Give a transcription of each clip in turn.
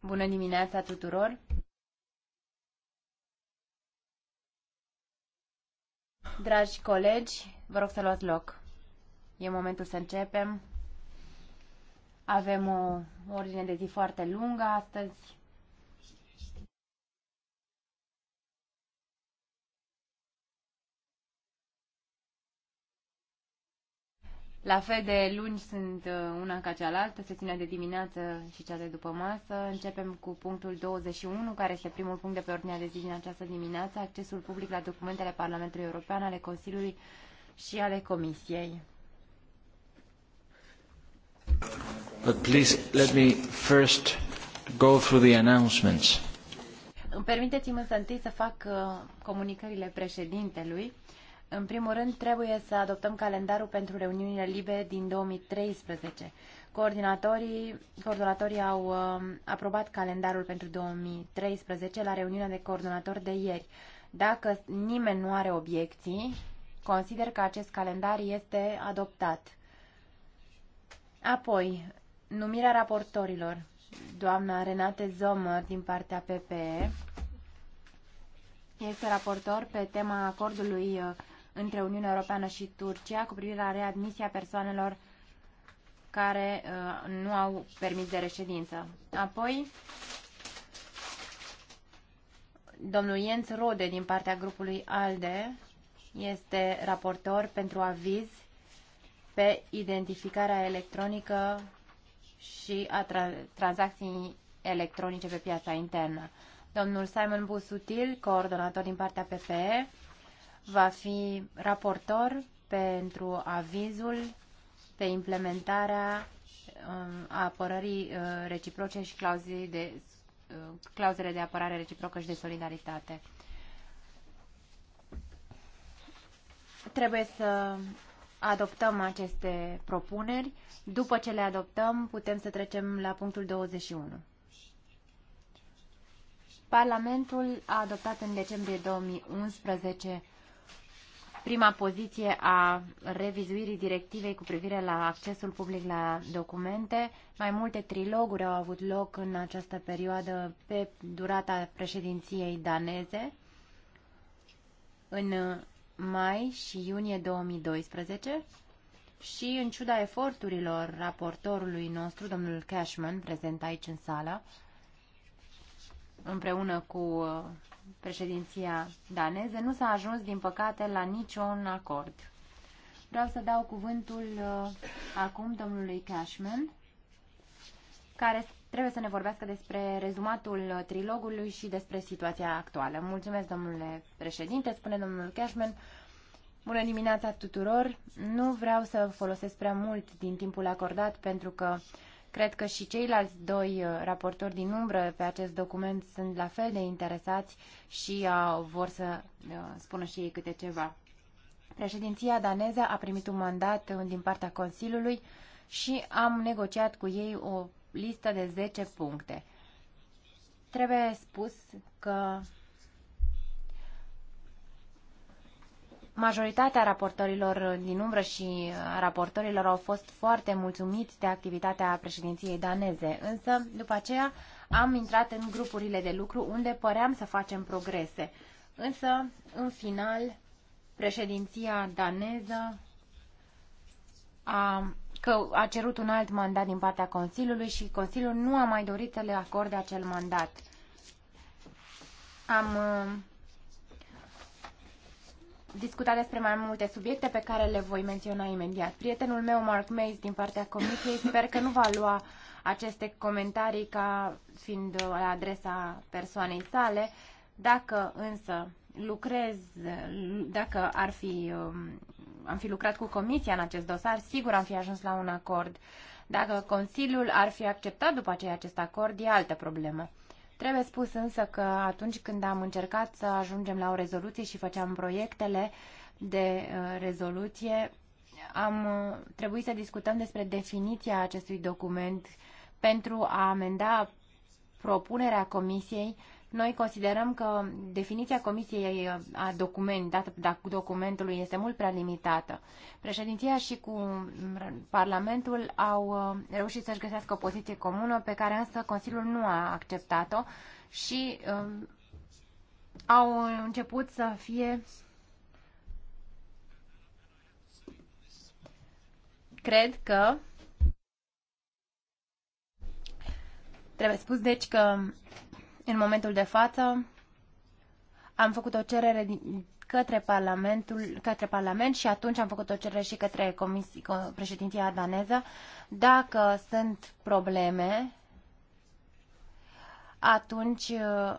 Bună dimineața tuturor. Dragi colegi, vă rog să luați loc. E momentul să începem. Avem o ordine de zi foarte lungă astăzi. La fel de luni sunt uh, una ca cealaltă, sesiunea de dimineață și cea de după masă. Începem cu punctul 21, care este primul punct de pe ordinea de zi din această dimineață, accesul public la documentele Parlamentului European, ale Consiliului și ale Comisiei. But please let me first go through the announcements. Îmi permiteți-mi să întâi să fac uh, comunicările președintelui. În primul rând, trebuie să adoptăm calendarul pentru reuniunile libere din 2013. Coordonatorii, coordonatorii au uh, aprobat calendarul pentru 2013 la reuniunea de coordonatori de ieri. Dacă nimeni nu are obiecții, consider că acest calendar este adoptat. Apoi, numirea raportorilor. Doamna Renate Zomăr din partea PPE este raportor pe tema acordului uh, între Uniunea Europeană și Turcia cu privire la readmisia persoanelor care uh, nu au permis de reședință. Apoi, domnul Jens Rode din partea grupului ALDE este raportor pentru aviz pe identificarea electronică și a tra- tranzacției electronice pe piața internă. Domnul Simon Busutil, coordonator din partea PPE, va fi raportor pentru avizul pe implementarea um, apărării uh, reciproce și clauzei de, uh, clauzele de apărare reciprocă și de solidaritate. Trebuie să adoptăm aceste propuneri. După ce le adoptăm, putem să trecem la punctul 21. Parlamentul a adoptat în decembrie 2011 prima poziție a revizuirii directivei cu privire la accesul public la documente. Mai multe triloguri au avut loc în această perioadă pe durata președinției daneze în mai și iunie 2012 și în ciuda eforturilor raportorului nostru, domnul Cashman, prezent aici în sală, împreună cu președinția daneză, nu s-a ajuns, din păcate, la niciun acord. Vreau să dau cuvântul uh, acum domnului Cashman, care trebuie să ne vorbească despre rezumatul trilogului și despre situația actuală. Mulțumesc, domnule președinte, spune domnul Cashman. Bună dimineața tuturor! Nu vreau să folosesc prea mult din timpul acordat pentru că uh, Cred că și ceilalți doi uh, raportori din umbră pe acest document sunt la fel de interesați și uh, vor să uh, spună și ei câte ceva. Președinția daneză a primit un mandat din partea Consiliului și am negociat cu ei o listă de 10 puncte. Trebuie spus că Majoritatea raportorilor din umbră și uh, raportorilor au fost foarte mulțumiți de activitatea președinției daneze, însă după aceea am intrat în grupurile de lucru unde păream să facem progrese. Însă, în final, președinția daneză a, că a cerut un alt mandat din partea Consiliului și Consiliul nu a mai dorit să le acorde acel mandat. Am uh, discutat despre mai multe subiecte pe care le voi menționa imediat. Prietenul meu, Mark Mays, din partea comisiei, sper că nu va lua aceste comentarii ca fiind la adresa persoanei sale. Dacă însă lucrez, dacă ar fi, um, am fi lucrat cu comisia în acest dosar, sigur am fi ajuns la un acord. Dacă Consiliul ar fi acceptat după aceea acest acord, e altă problemă. Trebuie spus însă că atunci când am încercat să ajungem la o rezoluție și făceam proiectele de uh, rezoluție, am uh, trebuit să discutăm despre definiția acestui document pentru a amenda propunerea Comisiei noi considerăm că definiția Comisiei uh, a document, dată documentului este mult prea limitată. Președinția și cu mm, Parlamentul au uh, reușit să-și găsească o poziție comună pe care însă Consiliul nu a acceptat-o și um, au început să fie cred că trebuie spus deci că în momentul de față am făcut o cerere către, Parlamentul, către Parlament și atunci am făcut o cerere și către comisii, președinția daneză. Dacă sunt probleme, atunci uh,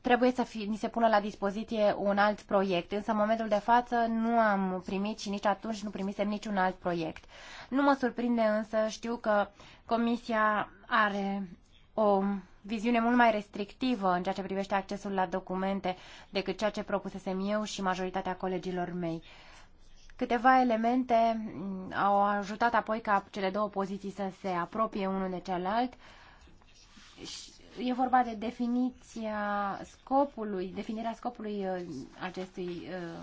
trebuie să ni se pună la dispoziție un alt proiect, însă în momentul de față nu am primit și nici atunci nu primisem niciun alt proiect. Nu mă surprinde însă, știu că Comisia are o viziune mult mai restrictivă în ceea ce privește accesul la documente decât ceea ce propusesem eu și majoritatea colegilor mei. Câteva elemente mm, au ajutat apoi ca cele două poziții să se apropie unul de celălalt. E vorba de definiția scopului, definirea scopului uh, acestui uh,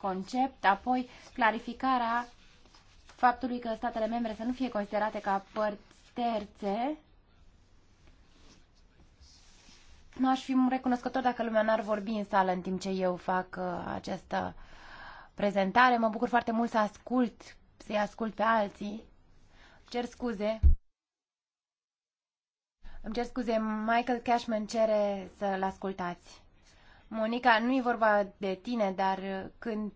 concept, apoi clarificarea faptului că statele membre să nu fie considerate ca părți terțe Nu aș fi recunoscător dacă lumea n-ar vorbi în sală în timp ce eu fac uh, această prezentare. Mă bucur foarte mult să ascult, să-i ascult pe alții. Cer scuze. Îmi cer scuze, Michael Cashman cere să-l ascultați. Monica, nu e vorba de tine, dar uh, când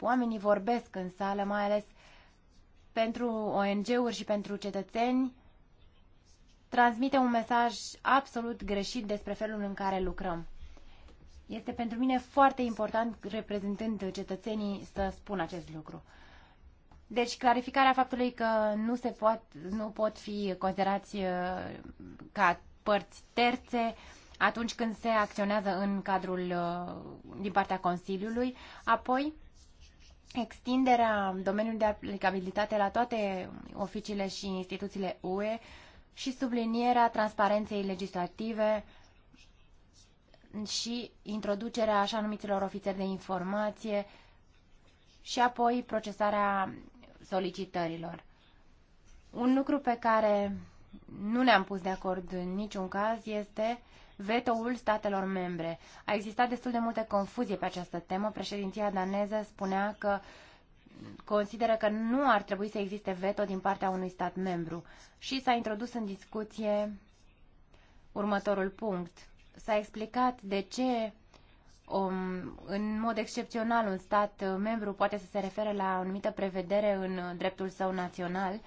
oamenii vorbesc în sală, mai ales pentru ONG-uri și pentru cetățeni, transmite un mesaj absolut greșit despre felul în care lucrăm. Este pentru mine foarte important, reprezentând cetățenii, să spun acest lucru. Deci, clarificarea faptului că nu, se pot, nu pot fi considerați uh, ca părți terțe atunci când se acționează în cadrul uh, din partea Consiliului, apoi extinderea domeniului de aplicabilitate la toate oficiile și instituțiile UE, și sublinierea transparenței legislative și introducerea așa numiților ofițeri de informație și apoi procesarea solicitărilor. Un lucru pe care nu ne-am pus de acord în niciun caz este vetoul statelor membre. A existat destul de multă confuzie pe această temă. Președinția daneză spunea că uh, consideră că nu ar trebui să existe veto din partea unui stat membru și s-a introdus în discuție următorul punct. S-a explicat de ce um, în mod excepțional un stat membru poate să se refere la o anumită prevedere în dreptul său național.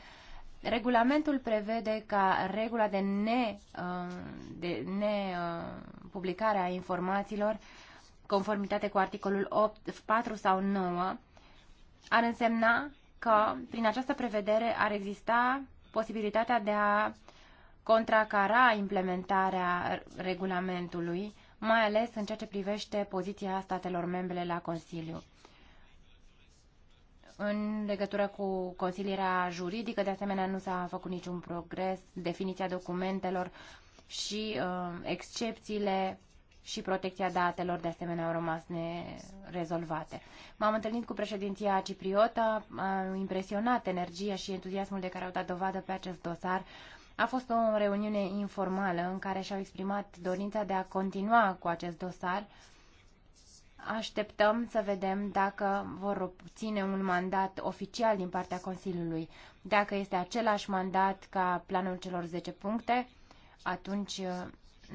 Regulamentul prevede ca regula de, ne, um, de nepublicare um, a informațiilor, conformitate cu articolul 8, 4 sau 9, ar însemna că prin această prevedere ar exista posibilitatea de a contracara implementarea regulamentului, mai ales în ceea ce privește poziția statelor membre la Consiliu. În legătură cu consilierea juridică, de asemenea, nu s-a făcut niciun progres, definiția documentelor și uh, excepțiile și protecția datelor de asemenea au rămas nerezolvate. M-am întâlnit cu președinția cipriotă, am impresionat energia și entuziasmul de care au dat dovadă pe acest dosar. A fost o reuniune informală în care și-au exprimat dorința de a continua cu acest dosar. Așteptăm să vedem dacă vor obține un mandat oficial din partea Consiliului. Dacă este același mandat ca planul celor 10 puncte, atunci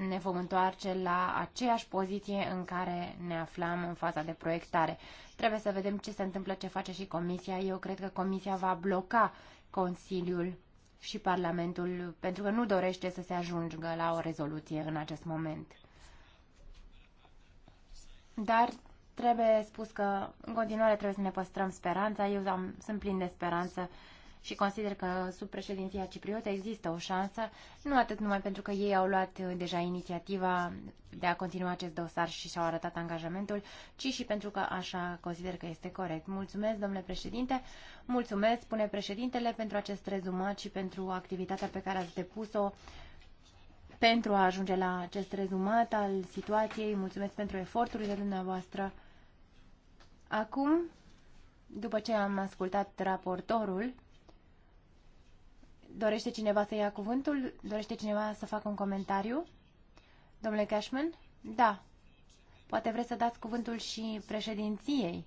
ne vom întoarce la aceeași poziție în care ne aflam în faza de proiectare. Trebuie să vedem ce se întâmplă, ce face și Comisia. Eu cred că Comisia va bloca Consiliul și Parlamentul pentru că nu dorește să se ajungă la o rezoluție în acest moment. Dar trebuie spus că în continuare trebuie să ne păstrăm speranța. Eu am, sunt plin de speranță și consider că sub președinția cipriotă există o șansă, nu atât numai pentru că ei au luat uh, deja inițiativa de a continua acest dosar și și-au arătat angajamentul, ci și pentru că așa consider că este corect. Mulțumesc, domnule președinte, mulțumesc, spune președintele, pentru acest rezumat și pentru activitatea pe care ați depus-o pentru a ajunge la acest rezumat al situației. Mulțumesc pentru eforturile dumneavoastră. Acum, după ce am ascultat raportorul, Dorește cineva să ia cuvântul? Dorește cineva să facă un comentariu? Domnule Cashman? Da. Poate vreți să dați cuvântul și președinției,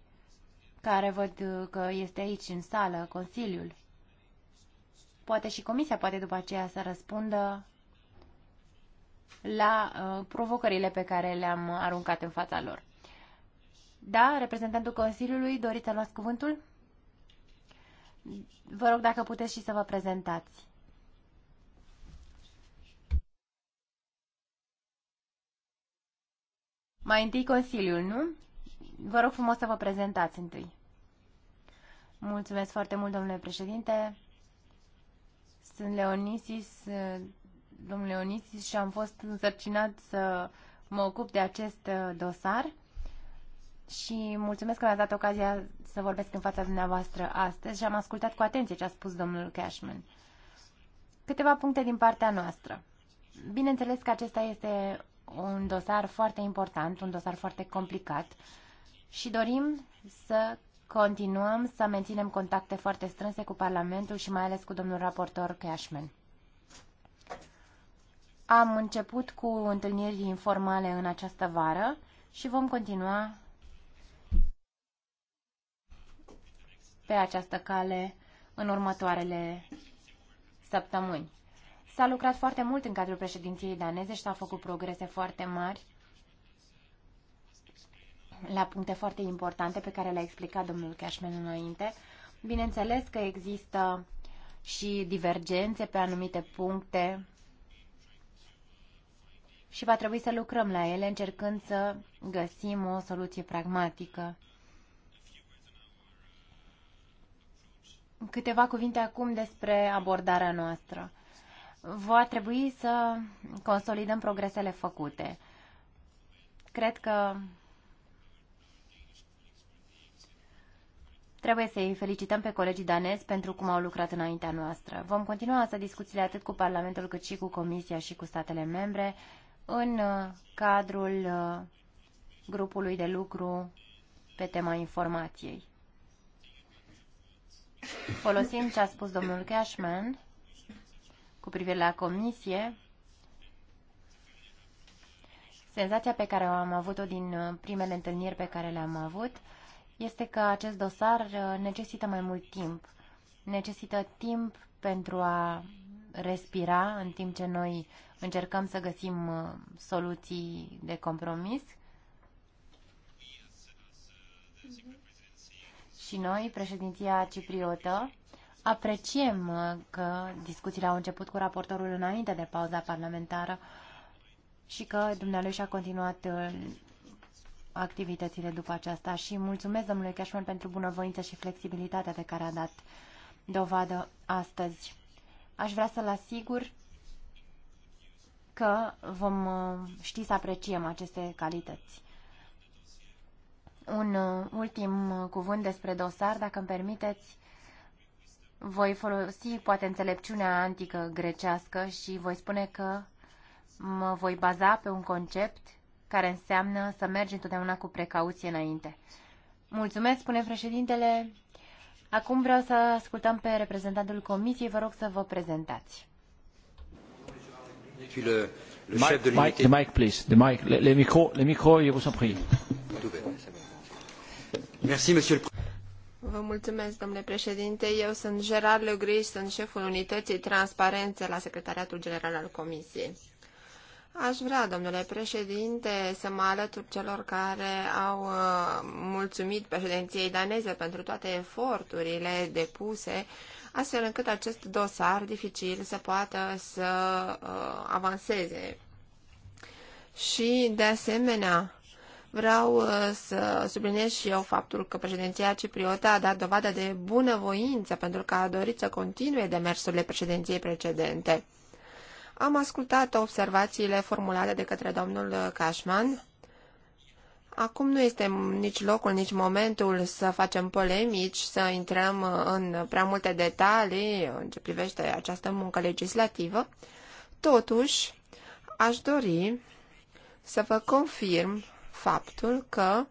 care văd că este aici în sală, Consiliul. Poate și Comisia poate după aceea să răspundă la uh, provocările pe care le-am aruncat în fața lor. Da, reprezentantul Consiliului, doriți să luați cuvântul? Vă rog dacă puteți și să vă prezentați. Mai întâi Consiliul, nu? Vă rog frumos să vă prezentați întâi. Mulțumesc foarte mult, domnule președinte. Sunt Leonisis, domnul Leonisis și am fost însărcinat să mă ocup de acest dosar și mulțumesc că mi-ați dat ocazia să vorbesc în fața dumneavoastră astăzi și am ascultat cu atenție ce a spus domnul Cashman. Câteva puncte din partea noastră. Bineînțeles că acesta este un dosar foarte important, un dosar foarte complicat și dorim să continuăm să menținem contacte foarte strânse cu Parlamentul și mai ales cu domnul raportor Cashman. Am început cu întâlniri informale în această vară și vom continua pe această cale în următoarele săptămâni. S-a lucrat foarte mult în cadrul președinției daneze și s-au făcut progrese foarte mari la puncte foarte importante pe care le-a explicat domnul Cashman înainte. Bineînțeles că există și divergențe pe anumite puncte și va trebui să lucrăm la ele încercând să găsim o soluție pragmatică. Câteva cuvinte acum despre abordarea noastră. Va trebui să consolidăm progresele făcute. Cred că Trebuie să-i felicităm pe colegii danezi pentru cum au lucrat înaintea noastră. Vom continua însă discuțiile atât cu Parlamentul cât și cu Comisia și cu statele membre în uh, cadrul uh, grupului de lucru pe tema informației folosim ce a spus domnul Cashman cu privire la comisie, senzația pe care o am avut-o din uh, primele întâlniri pe care le-am avut este că acest dosar uh, necesită mai mult timp. Necesită timp pentru a respira în timp ce noi încercăm să găsim uh, soluții de compromis. Mhm și noi, președinția cipriotă, apreciem uh, că discuțiile au început cu raportorul înainte de pauza parlamentară și că dumnealui și-a continuat uh, activitățile după aceasta și mulțumesc domnului Cashman pentru bunăvoință și flexibilitatea de care a dat dovadă astăzi. Aș vrea să-l asigur că vom uh, ști să apreciem aceste calități un uh, ultim uh, cuvânt despre dosar, dacă îmi permiteți. Voi folosi poate înțelepciunea antică grecească și voi spune că mă voi baza pe un concept care înseamnă să mergi întotdeauna cu precauție înainte. Mulțumesc, spune președintele. Acum vreau să ascultăm pe reprezentantul comisiei. Vă rog să vă prezentați. Mike, deci, le the mic, please. The mic. Le, le micro, le micro, eu vous en prie. Vă mulțumesc, domnule președinte. Eu sunt Gerard Legris, sunt șeful unității transparențe la Secretariatul General al Comisiei. Aș vrea, domnule președinte, să mă alătur celor care au uh, mulțumit președinției daneze pentru toate eforturile depuse, astfel încât acest dosar dificil să poată să uh, avanseze. Și, de asemenea, Vreau uh, să subliniez și eu faptul că președinția cipriotă a dat dovadă de bunăvoință pentru că a dorit să continue demersurile președinției precedente. Am ascultat observațiile formulate de către domnul Cashman. Acum nu este nici locul, nici momentul să facem polemici, să intrăm în prea multe detalii în ce privește această muncă legislativă. Totuși, aș dori să vă confirm faptul că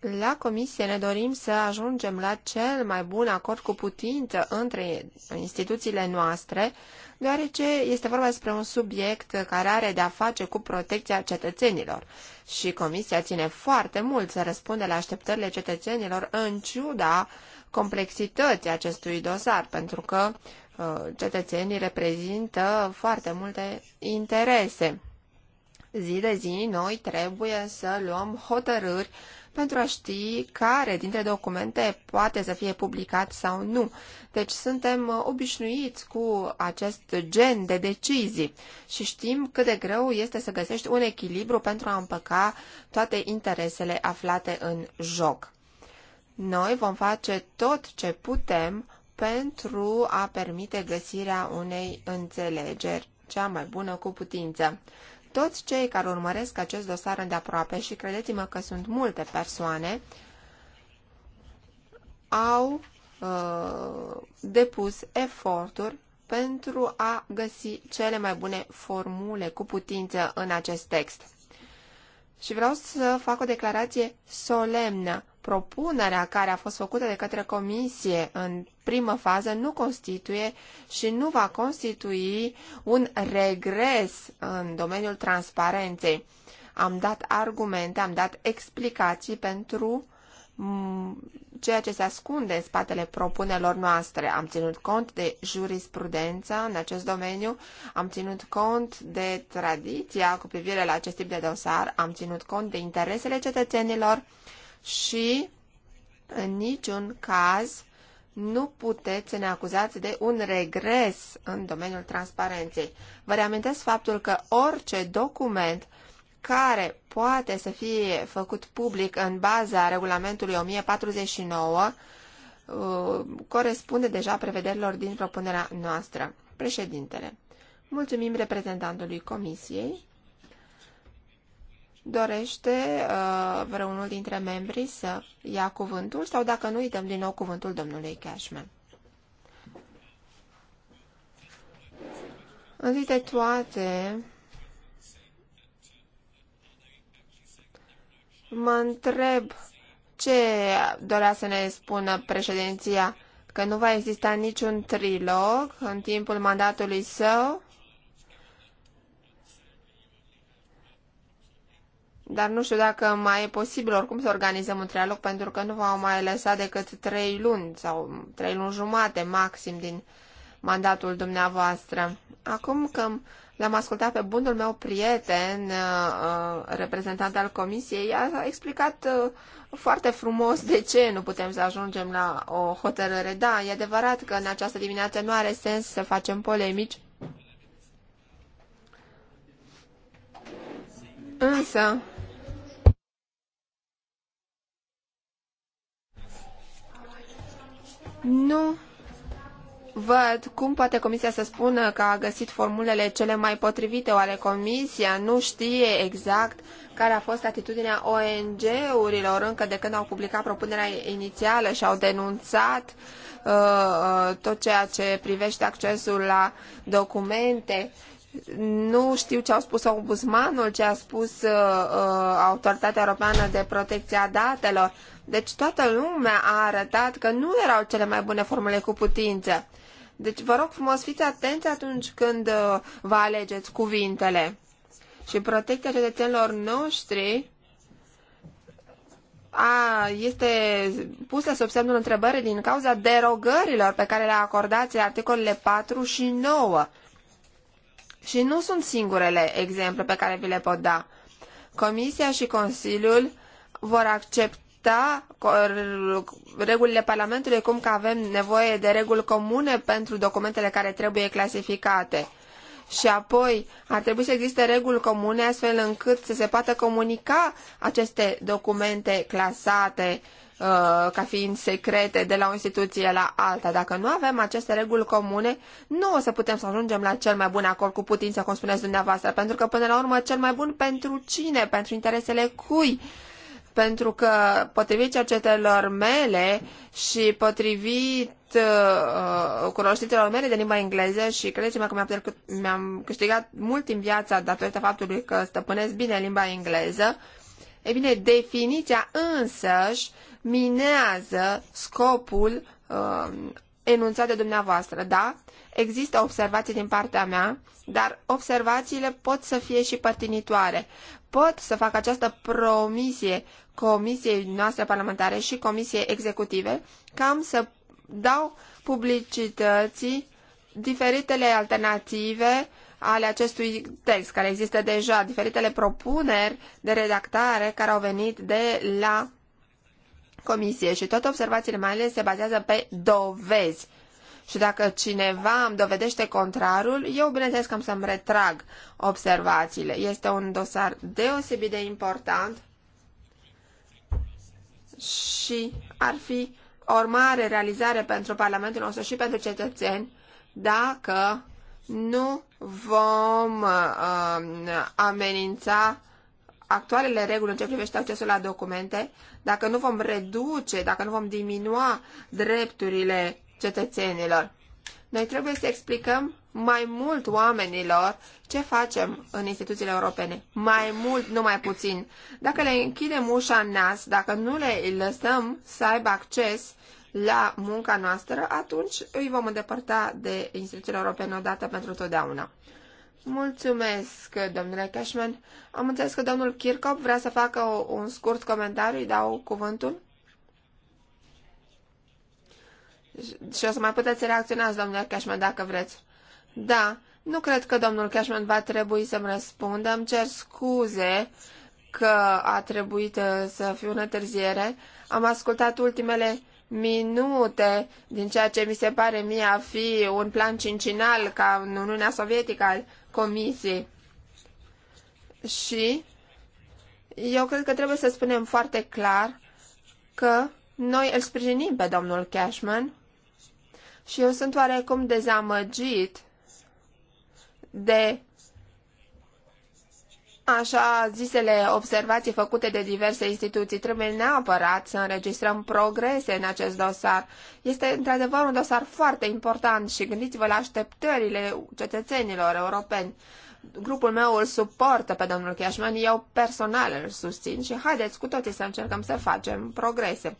la comisie ne dorim să ajungem la cel mai bun acord cu putință între instituțiile noastre, deoarece este vorba despre un subiect care are de-a face cu protecția cetățenilor și comisia ține foarte mult să răspunde la așteptările cetățenilor în ciuda complexității acestui dosar, pentru că uh, cetățenii reprezintă foarte multe interese zi de zi, noi trebuie să luăm hotărâri pentru a ști care dintre documente poate să fie publicat sau nu. Deci suntem obișnuiți cu acest gen de decizii și știm cât de greu este să găsești un echilibru pentru a împăca toate interesele aflate în joc. Noi vom face tot ce putem pentru a permite găsirea unei înțelegeri cea mai bună cu putință toți cei care urmăresc acest dosar îndeaproape, și credeți-mă că sunt multe persoane, au uh, depus eforturi pentru a găsi cele mai bune formule cu putință în acest text. Și vreau să fac o declarație solemnă propunerea care a fost făcută de către comisie în primă fază nu constituie și nu va constitui un regres în domeniul transparenței. Am dat argumente, am dat explicații pentru mm, ceea ce se ascunde în spatele propunerilor noastre. Am ținut cont de jurisprudența în acest domeniu, am ținut cont de tradiția cu privire la acest tip de dosar, am ținut cont de interesele cetățenilor, și în niciun caz nu puteți să ne acuzați de un regres în domeniul transparenței. Vă reamintesc faptul că orice document care poate să fie făcut public în baza regulamentului 1049 uh, corespunde deja prevederilor din propunerea noastră. Președintele, mulțumim reprezentantului Comisiei. Dorește uh, vreunul dintre membrii să ia cuvântul sau dacă nu, dăm din nou cuvântul domnului Cashman. zi de toate, mă întreb ce dorea să ne spună președinția, că nu va exista niciun trilog în timpul mandatului său? Dar nu știu dacă mai e posibil oricum să organizăm un trialog, pentru că nu v-au mai lăsat decât trei luni sau trei luni jumate maxim din mandatul dumneavoastră. Acum că l-am ascultat pe bunul meu prieten, uh, uh, reprezentant al comisiei, a explicat uh, foarte frumos de ce nu putem să ajungem la o hotărâre. Da, e adevărat că în această dimineață nu are sens să facem polemici, însă Nu văd cum poate Comisia să spună că a găsit formulele cele mai potrivite. Oare Comisia nu știe exact care a fost atitudinea ONG-urilor încă de când au publicat propunerea inițială și au denunțat uh, uh, tot ceea ce privește accesul la documente? nu știu ce au spus ombudsmanul, ce a spus uh, uh Autoritatea Europeană de protecția a Datelor. Deci toată lumea a arătat că nu erau cele mai bune formule cu putință. Deci vă rog frumos, fiți atenți atunci când uh, vă alegeți cuvintele. Și protecția cetățenilor noștri a, este pusă sub semnul întrebării din cauza derogărilor pe care le acordați articolele 4 și 9. Și nu sunt singurele exemple pe care vi le pot da. Comisia și Consiliul vor accepta respecta regulile Parlamentului, cum că avem nevoie de reguli comune pentru documentele care trebuie clasificate. Și apoi ar trebui să existe reguli comune astfel încât să se poată comunica aceste documente clasate uh, ca fiind secrete de la o instituție la alta. Dacă nu avem aceste reguli comune, nu o să putem să ajungem la cel mai bun acord cu putință, cum spuneți dumneavoastră, pentru că până la urmă cel mai bun pentru cine, pentru interesele cui. Uh, pentru că potrivit cercetărilor mele și potrivit uh, cunoștințelor mele de limba engleză și credeți-mă că mi-am, trecut, mi-am câștigat mult în viața datorită faptului că stăpânesc bine limba engleză, e bine, definiția însăși minează scopul uh, enunțat de dumneavoastră, da? Există observații din partea mea, dar observațiile pot să fie și părtinitoare. Pot să fac această promisie Comisiei noastre parlamentare și Comisiei executive cam să dau publicității diferitele alternative ale acestui text, care există deja, diferitele propuneri de redactare care au venit de la comisie și toate observațiile mele se bazează pe dovezi. Și dacă cineva îmi dovedește contrarul, eu bineînțeles că am să-mi retrag observațiile. Este un dosar deosebit de important și ar fi o mare realizare pentru Parlamentul nostru și pentru cetățeni dacă nu vom uh, amenința actualele reguli în ce privește accesul la documente, dacă nu vom reduce, dacă nu vom diminua drepturile cetățenilor. Noi trebuie să explicăm mai mult oamenilor ce facem în instituțiile europene. Mai mult, nu mai puțin. Dacă le închidem ușa în nas, dacă nu le lăsăm să aibă acces la munca noastră, atunci îi vom îndepărta de instituțiile europene odată pentru totdeauna. Mulțumesc, domnule Cashman. Am înțeles că domnul Kirchhoff vrea să facă un scurt comentariu, îi dau cuvântul. și o să mai puteți reacționați, domnule Cashman, dacă vreți. Da, nu cred că domnul Cashman va trebui să-mi răspundă. Îmi cer scuze că a trebuit uh, să fiu în întârziere. Am ascultat ultimele minute din ceea ce mi se pare mie a fi un plan cincinal ca în Uniunea Sovietică al Comisiei. Și eu cred că trebuie să spunem foarte clar că noi îl sprijinim pe domnul Cashman și eu sunt oarecum dezamăgit de așa zisele observații făcute de diverse instituții. Trebuie neapărat să înregistrăm progrese în acest dosar. Este într-adevăr un dosar foarte important și gândiți-vă la așteptările cetățenilor europeni. Grupul meu îl suportă pe domnul Cashman, eu personal îl susțin și haideți cu toții să încercăm să facem progrese.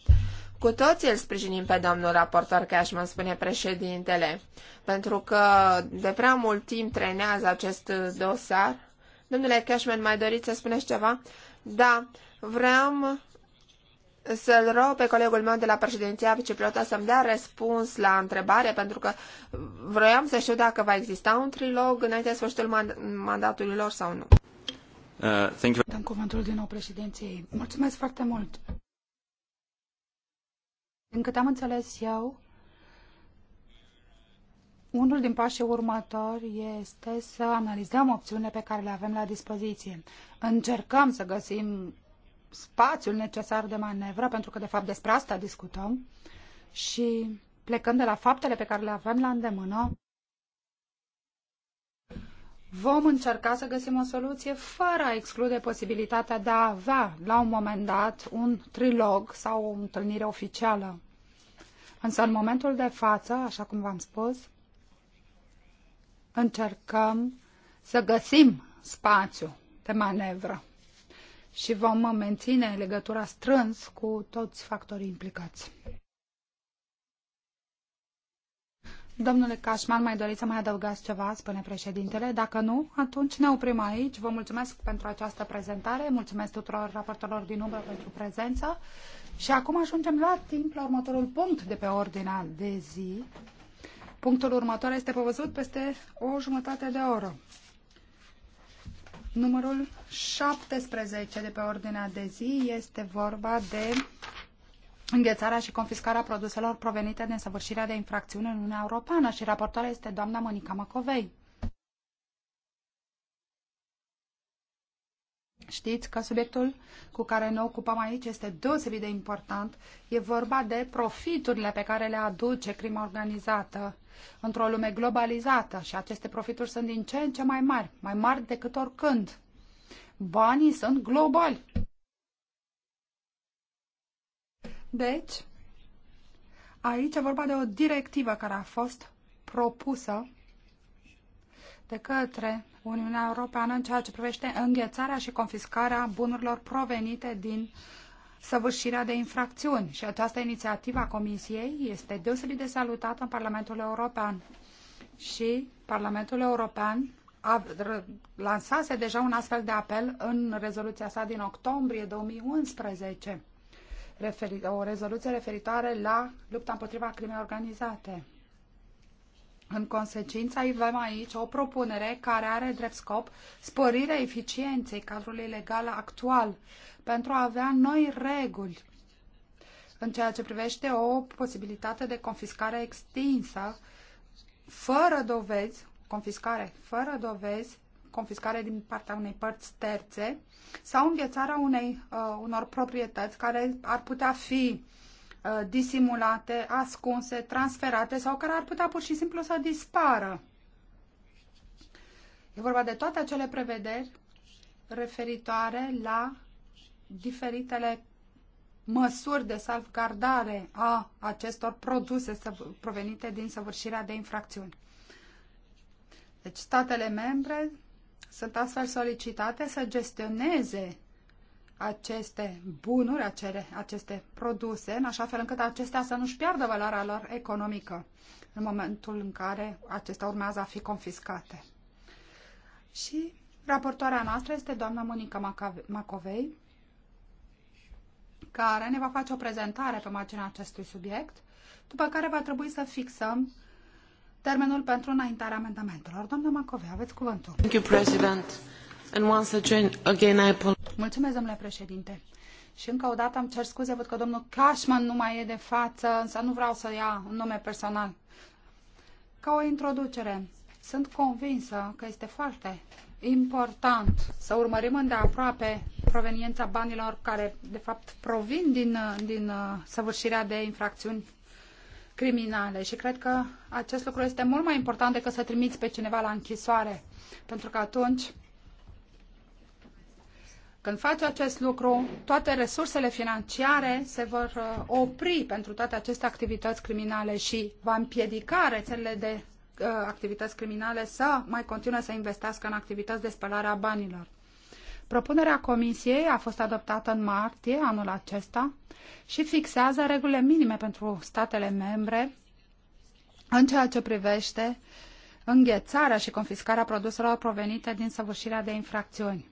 Cu toții îl sprijinim pe domnul raportor Cashman, spune președintele, pentru că de prea mult timp trenează acest dosar. Domnule Cashman, mai doriți să spuneți ceva? Da, vreau să-l rog pe colegul meu de la președinția vicepilotă să-mi dea răspuns la întrebare, pentru că vroiam să știu dacă va exista un trilog înainte de sfârșitul mandatului lor sau nu. Uh, thank you. Dăm cuvântul din nou președinției. Mulțumesc foarte mult. Din câte am înțeles eu, unul din pașii următori este să analizăm opțiunile pe care le avem la dispoziție. Încercăm să găsim spațiul necesar de manevră, pentru că de fapt despre asta discutăm și plecând de la faptele pe care le avem la îndemână, vom încerca să găsim o soluție fără a exclude posibilitatea de a avea, la un moment dat, un trilog sau o întâlnire oficială. Însă, în momentul de față, așa cum v-am spus, încercăm să găsim spațiu de manevră și vom menține legătura strâns cu toți factorii implicați. Domnule Cașman, mai doriți să mai adăugați ceva, spune președintele? Dacă nu, atunci ne oprim aici. Vă mulțumesc pentru această prezentare, mulțumesc tuturor raportorilor din umbră pentru prezență și acum ajungem la timp la următorul punct de pe ordinea de zi. Punctul următor este povăzut peste o jumătate de oră. Numărul 17 de pe ordinea de zi este vorba de înghețarea și confiscarea produselor provenite din săvârșirea de infracțiuni în Uniunea Europeană și raportoarea este doamna Monica Macovei. Știți că subiectul cu care ne ocupăm aici este deosebit de important. E vorba de profiturile pe care le aduce crima organizată într-o lume globalizată și aceste profituri sunt din ce în ce mai mari, mai mari decât oricând. Banii sunt globali. Deci, aici e vorba de o directivă care a fost propusă de către Uniunea Europeană în ceea ce privește înghețarea și confiscarea bunurilor provenite din săvârșirea de infracțiuni. Și această inițiativă a Comisiei este deosebit de salutată în Parlamentul European. Și Parlamentul European a lansase deja un astfel de apel în rezoluția sa din octombrie 2011 referi, o rezoluție referitoare la lupta împotriva crimei organizate. În consecință, avem aici o propunere care are drept scop sporirea eficienței cadrului legal actual pentru a avea noi reguli în ceea ce privește o posibilitate de confiscare extinsă, fără dovezi, confiscare fără dovezi, confiscare din partea unei părți terțe sau înghețarea unei, uh, unor proprietăți care ar putea fi uh, disimulate, ascunse, transferate sau care ar putea pur și simplu să dispară. E vorba de toate acele prevederi referitoare la diferitele măsuri de salvgardare a acestor produse provenite din săvârșirea de infracțiuni. Deci statele membre sunt astfel solicitate să gestioneze aceste bunuri, acele, aceste produse, în așa fel încât acestea să nu-și piardă valoarea lor economică în momentul în care acestea urmează a fi confiscate. Și raportoarea noastră este doamna Monica Macovei, care ne va face o prezentare pe marginea acestui subiect, după care va trebui să fixăm termenul pentru înaintarea amendamentelor. Doamna Macovei, aveți cuvântul. Thank you, President. And once again, again I Mulțumesc, domnule președinte. Și încă o dată am cer scuze, văd că domnul Cashman nu mai e de față, însă nu vreau să ia un nume personal. Ca o introducere, sunt convinsă că este foarte important să urmărim îndeaproape proveniența banilor care, de fapt, provin din, din uh, săvârșirea de infracțiuni criminale și cred că acest lucru este mult mai important decât să trimiți pe cineva la închisoare, pentru că atunci când faci acest lucru, toate resursele financiare se vor uh, opri pentru toate aceste activități criminale și va împiedica rețelele de uh, activități criminale să mai continue să investească în activități de spălare a banilor. Propunerea Comisiei a fost adoptată în martie anul acesta și fixează regulile minime pentru statele membre în ceea ce privește înghețarea și confiscarea produselor provenite din săvârșirea de infracțiuni.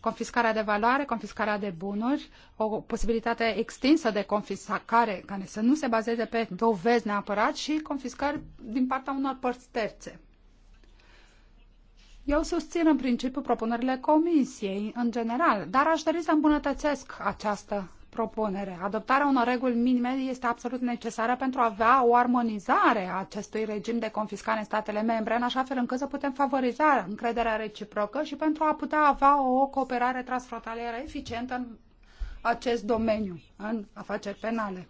Confiscarea de valoare, confiscarea de bunuri, o posibilitate extinsă de confiscare care să nu se bazeze pe dovezi neapărat și confiscări din partea unor părți terțe. Eu susțin în principiu propunerile comisiei în general, dar aș dori să îmbunătățesc această propunere. Adoptarea unor reguli minime este absolut necesară pentru a avea o armonizare a acestui regim de confiscare în statele membre, în așa fel încât să putem favoriza încrederea reciprocă și pentru a putea avea o cooperare transfrontalieră eficientă în acest domeniu, în afaceri penale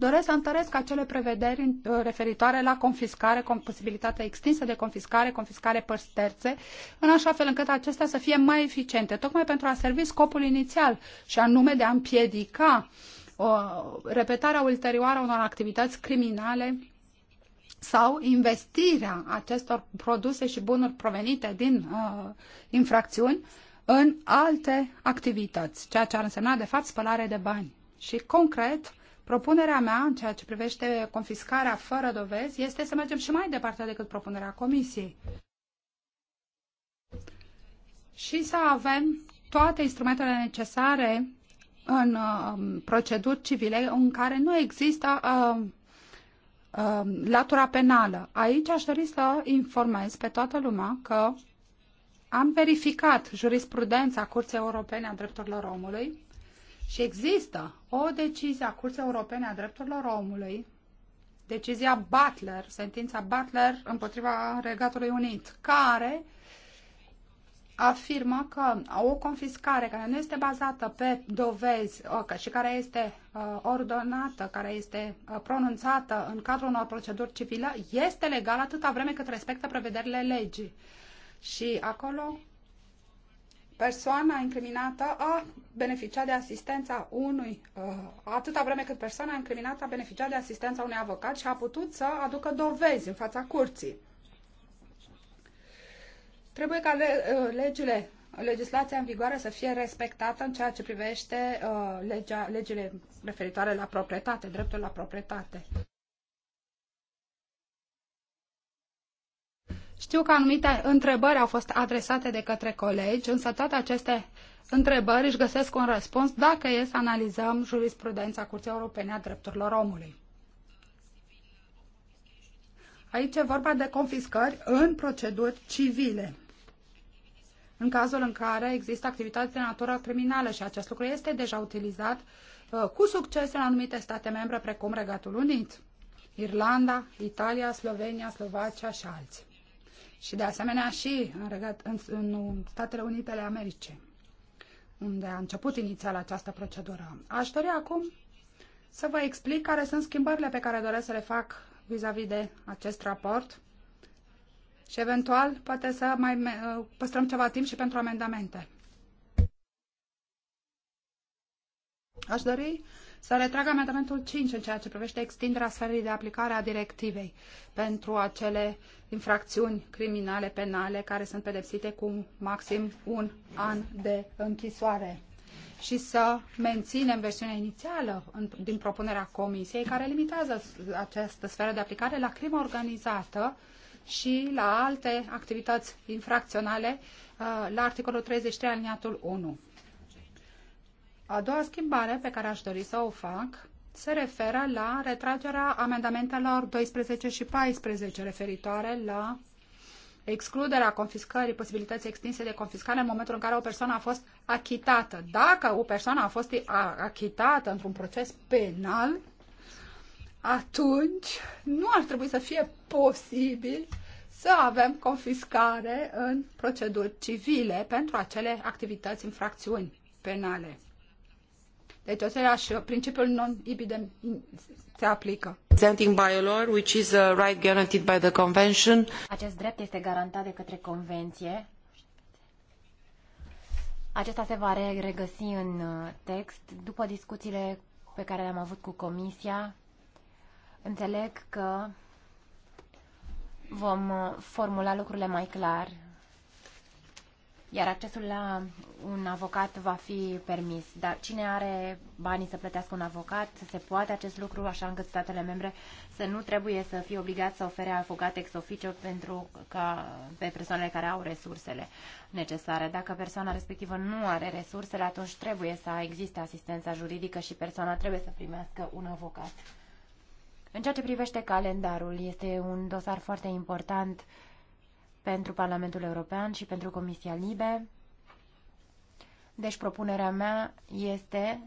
doresc să întăresc acele prevederi uh, referitoare la confiscare, posibilitatea extinsă de confiscare, confiscare părți terțe, în așa fel încât acestea să fie mai eficiente, tocmai pentru a servi scopul inițial și anume de a împiedica o uh, repetarea ulterioară a unor activități criminale sau investirea acestor produse și bunuri provenite din uh, infracțiuni în alte activități, ceea ce ar însemna, de fapt, spălare de bani. Și, concret, Propunerea mea în ceea ce privește confiscarea fără dovezi este să mergem și mai departe decât propunerea Comisiei și să avem toate instrumentele necesare în uh, proceduri civile în care nu există uh, uh, latura penală. Aici aș dori să informez pe toată lumea că am verificat jurisprudența Curții Europene a Drepturilor Omului și există o decizie a Curții Europene a Drepturilor Omului, decizia Butler, sentința Butler împotriva Regatului Unit, care afirmă că o confiscare care nu este bazată pe dovezi uh, și care este uh, ordonată, care este uh, pronunțată în cadrul unor proceduri civile, este legală atâta vreme cât respectă prevederile legii. Și acolo persoana incriminată a beneficiat de asistența unui, uh, atâta vreme cât persoana incriminată a beneficiat de asistența unui avocat și a putut să aducă dovezi în fața curții. Trebuie ca uh, legile, legislația în vigoare să fie respectată în ceea ce privește uh, legea, legile referitoare la proprietate, dreptul la proprietate. Știu că anumite întrebări au fost adresate de către colegi, însă toate aceste întrebări își găsesc un răspuns dacă e să analizăm jurisprudența Curții Europene a Drepturilor Omului. Aici e vorba de confiscări în proceduri civile, în cazul în care există activitate de natură criminală și acest lucru este deja utilizat uh, cu succes în anumite state membre, precum Regatul Unit, Irlanda, Italia, Slovenia, Slovacia și alții și de asemenea și în, regat, în, în Statele Unite ale Americii, unde a început inițial această procedură. Aș dori acum să vă explic care sunt schimbările pe care doresc să le fac vis-a-vis -vis de acest raport și eventual poate să mai uh, păstrăm ceva timp și pentru amendamente. Aș dori să retrag amendamentul 5 în ceea ce privește extinderea sferei de aplicare a directivei pentru acele infracțiuni criminale penale care sunt pedepsite cu maxim un an de închisoare și să menținem versiunea inițială din propunerea Comisiei, care limitează această sferă de aplicare la crimă organizată și la alte activități infracționale uh, la articolul 33 aliniatul 1. A doua schimbare pe care aș dori să o fac se referă la retragerea amendamentelor 12 și 14 referitoare la excluderea confiscării, posibilității extinse de confiscare în momentul în care o persoană a fost achitată. Dacă o persoană a fost achitată într-un proces penal, atunci nu ar trebui să fie posibil să avem confiscare în proceduri civile pentru acele activități, infracțiuni penale. Deci același principiul non-ibidem se aplică. Presenting by law, which is a right guaranteed by the convention. Acest drept este garantat de către convenție. Acesta se va regăsi în uh, text după discuțiile pe care le-am avut cu comisia. Înțeleg că vom uh, formula lucrurile mai clar iar accesul la un avocat va fi permis. Dar cine are banii să plătească un avocat, se poate acest lucru, așa încât statele membre să nu trebuie să fie obligat să ofere avocat ex officio pentru ca, pe persoanele care au resursele necesare. Dacă persoana respectivă nu are resursele, atunci trebuie să existe asistența juridică și persoana trebuie să primească un avocat. În ceea ce privește calendarul, este un dosar foarte important pentru Parlamentul European și pentru Comisia Libe. Deci propunerea mea este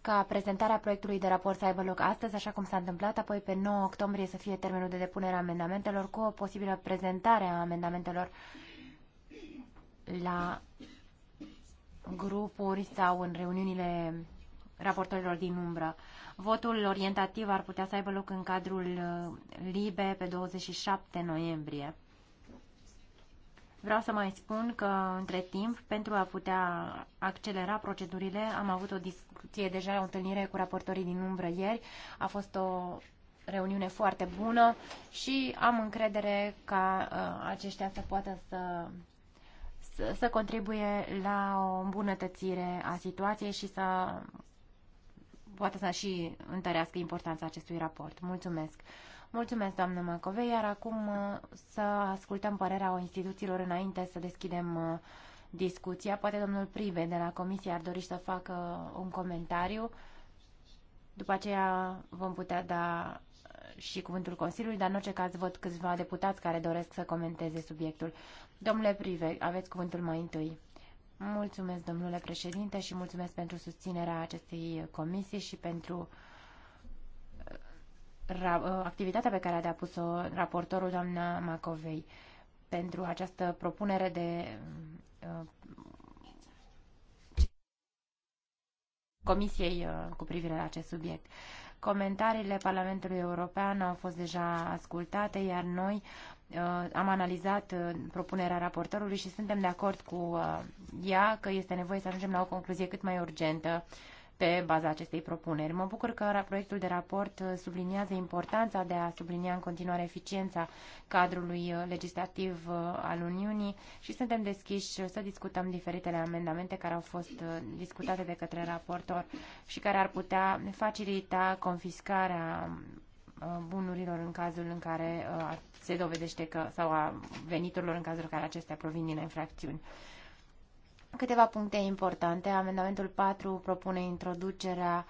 ca prezentarea proiectului de raport să aibă loc astăzi, așa cum s-a întâmplat, apoi pe 9 octombrie să fie termenul de depunere a amendamentelor cu o posibilă prezentare a amendamentelor la grupuri sau în reuniunile raportorilor din umbră. Votul orientativ ar putea să aibă loc în cadrul uh, LIBE pe 27 noiembrie. Vreau să mai spun că, între timp, pentru a putea accelera procedurile, am avut o discuție deja, o întâlnire cu raportorii din umbră ieri. A fost o reuniune foarte bună și am încredere ca uh, aceștia să poată să, să, să contribuie la o îmbunătățire a situației și să Poate să și întărească importanța acestui raport. Mulțumesc! Mulțumesc, doamnă Macovei, iar acum uh, să ascultăm părerea o instituțiilor înainte să deschidem uh, discuția. Poate domnul Prive de la Comisie ar dori să facă un comentariu. După aceea vom putea da uh, și cuvântul Consiliului, dar în orice caz văd câțiva deputați care doresc să comenteze subiectul. Domnule Prive, aveți cuvântul mai întâi. Mulțumesc, domnule președinte, și mulțumesc pentru susținerea acestei comisii și pentru uh, uh, activitatea pe care a depus-o raportorul doamna Macovei pentru această propunere de uh, Comisiei cu privire la acest subiect. Comentariile Parlamentului European au fost deja ascultate, iar noi Uh, am analizat uh, propunerea raportorului și suntem de acord cu uh, ea că este nevoie să ajungem la o concluzie cât mai urgentă pe baza acestei propuneri. Mă bucur că proiectul de raport subliniază importanța de a sublinia în continuare eficiența cadrului legislativ al Uniunii și suntem deschiși să discutăm diferitele amendamente care au fost discutate de către raportor și care ar putea facilita confiscarea um, Uh, bunurilor în cazul în care uh, se dovedește că, sau a veniturilor în cazul în care acestea provin din infracțiuni. Câteva puncte importante. Amendamentul 4 propune introducerea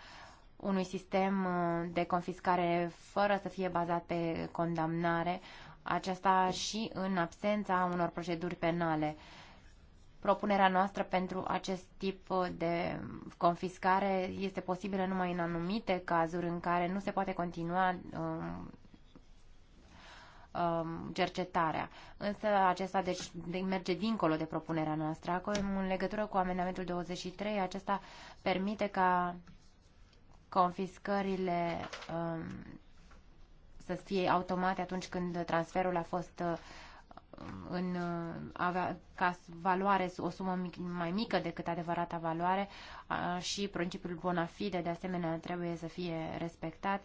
unui sistem uh, de confiscare fără să fie bazat pe condamnare, aceasta și în absența unor proceduri penale. Uh, propunerea noastră pentru acest tip uh, de confiscare este posibilă numai în anumite cazuri în care nu se poate continua um, um, cercetarea. Însă acesta deci, merge dincolo de propunerea noastră. Acum, în legătură cu amendamentul 23, acesta permite ca confiscările um, să fie automate atunci când transferul a fost uh, în uh, avea ca valoare o sumă mic, mai mică decât adevărata valoare și principiul bona fide de asemenea trebuie să fie respectat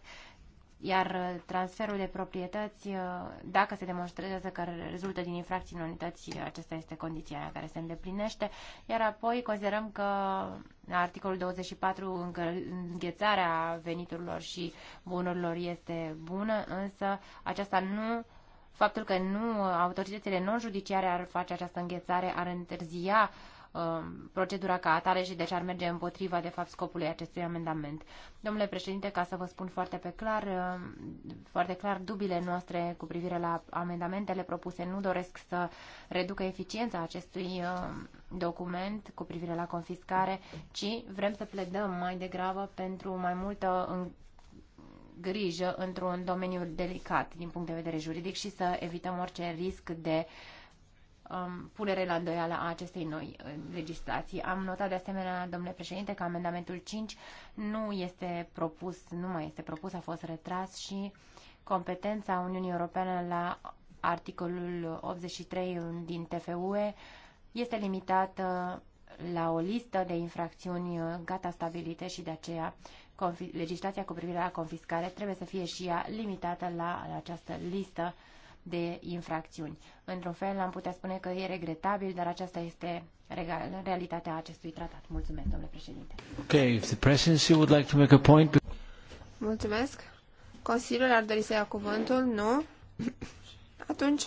iar uh, transferul de proprietăți, uh, dacă se demonstrează că rezultă din infracționalități, acesta este condiția care se îndeplinește, iar apoi considerăm că articolul 24 înghețarea veniturilor și bunurilor este bună, însă aceasta nu Faptul că nu autoritățile non-judiciare ar face această înghețare ar întârzia um, procedura ca atare și deci ar merge împotriva, de fapt, scopului acestui amendament. Domnule președinte, ca să vă spun foarte pe clar, um, foarte clar, dubile noastre cu privire la amendamentele propuse nu doresc să reducă eficiența acestui um, document cu privire la confiscare, ci vrem să pledăm mai degrabă pentru mai multă grijă într-un domeniu delicat din punct de vedere juridic și să evităm orice risc de um, punere la îndoială a acestei noi uh, legislații. Am notat de asemenea, domnule președinte, că amendamentul 5 nu este propus, nu mai este propus, a fost retras și competența Uniunii Europene la articolul 83 din TFUE este limitată la o listă de infracțiuni uh, gata stabilite și de aceea legislația cu privire la confiscare trebuie să fie și ea limitată la această listă de infracțiuni. Într-un fel, am putea spune că e regretabil, dar aceasta este realitatea acestui tratat. Mulțumesc, domnule președinte. Okay, if the presidency would like to make a point... Mulțumesc. Consiliul ar dori să ia cuvântul? Nu? Atunci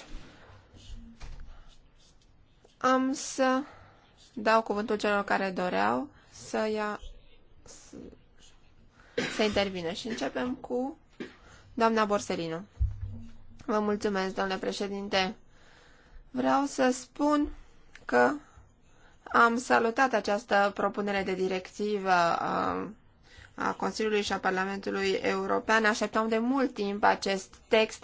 am să dau cuvântul celor care doreau să ia să intervină. Și începem cu doamna Borsellino. Vă mulțumesc, domnule președinte. Vreau să spun că am salutat această propunere de directivă a, a Consiliului și a Parlamentului European. Așteptam de mult timp acest text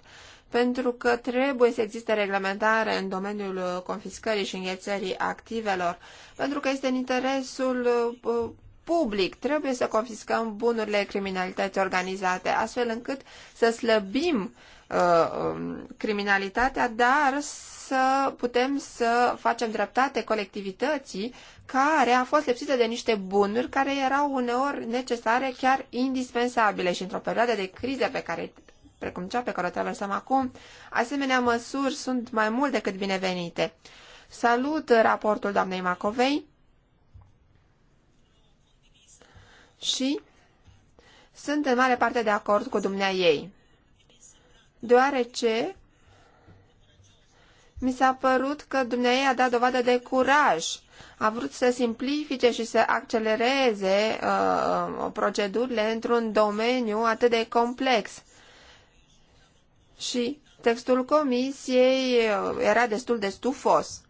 pentru că trebuie să existe reglementare în domeniul confiscării și înghețării activelor, pentru că este în interesul uh, public. Trebuie să confiscăm bunurile criminalității organizate, astfel încât să slăbim uh, um, criminalitatea, dar să putem să facem dreptate colectivității care a fost lipsită de niște bunuri care erau uneori necesare, chiar indispensabile și într-o perioadă de criză pe care precum cea pe care o traversăm acum, asemenea măsuri sunt mai mult decât binevenite. Salut raportul doamnei Macovei, și sunt în mare parte de acord cu dumnea ei, deoarece mi s-a părut că dumnea ei a dat dovadă de curaj, a vrut să simplifice și să accelereze uh, uh procedurile într-un domeniu atât de complex. Și textul comisiei uh, era destul de stufos.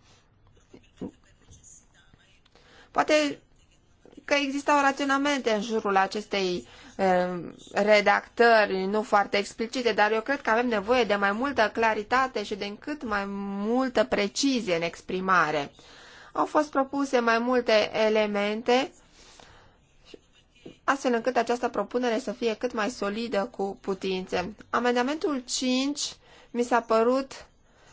Poate că existau raționamente în jurul acestei eh, redactări nu foarte explicite, dar eu cred că avem nevoie de mai multă claritate și de cât mai multă precizie în exprimare. Au fost propuse mai multe elemente astfel încât această propunere să fie cât mai solidă cu putințe. Amendamentul 5 mi s-a părut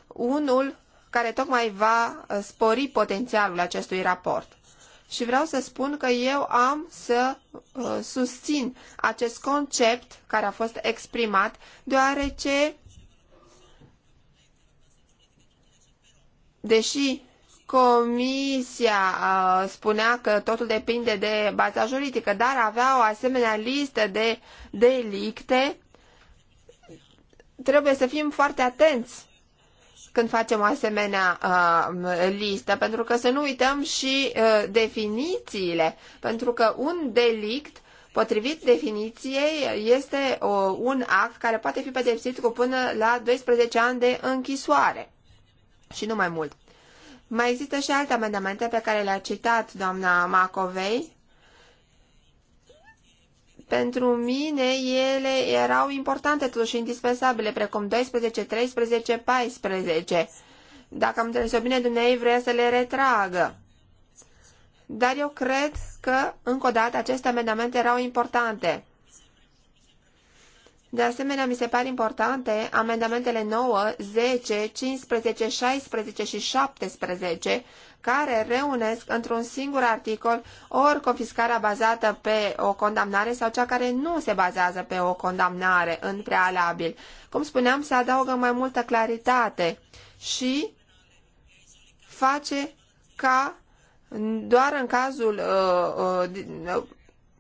unul care tocmai va eh, spori potențialul acestui raport. Și vreau să spun că eu am să uh, susțin acest concept care a fost exprimat, deoarece, deși Comisia uh, spunea că totul depinde de baza juridică, dar avea o asemenea listă de delicte, trebuie să fim foarte atenți când facem o asemenea uh, listă, pentru că să nu uităm și uh, definițiile, pentru că un delict, potrivit definiției, este uh, un act care poate fi pedepsit cu până la 12 ani de închisoare și nu mai mult. Mai există și alte amendamente pe care le-a citat doamna Macovei pentru mine ele erau importante totuși indispensabile, precum 12, 13, 14. Dacă am înțeles-o bine, Dumnezeu vrea să le retragă. Dar eu cred că, încă o dată, aceste amendamente erau importante. De asemenea, mi se par importante amendamentele 9, 10, 15, 16 și 17, care reunesc într-un singur articol ori confiscarea bazată pe o condamnare sau cea care nu se bazează pe o condamnare în prealabil. Cum spuneam, se adaugă mai multă claritate și face ca doar în cazul uh, uh,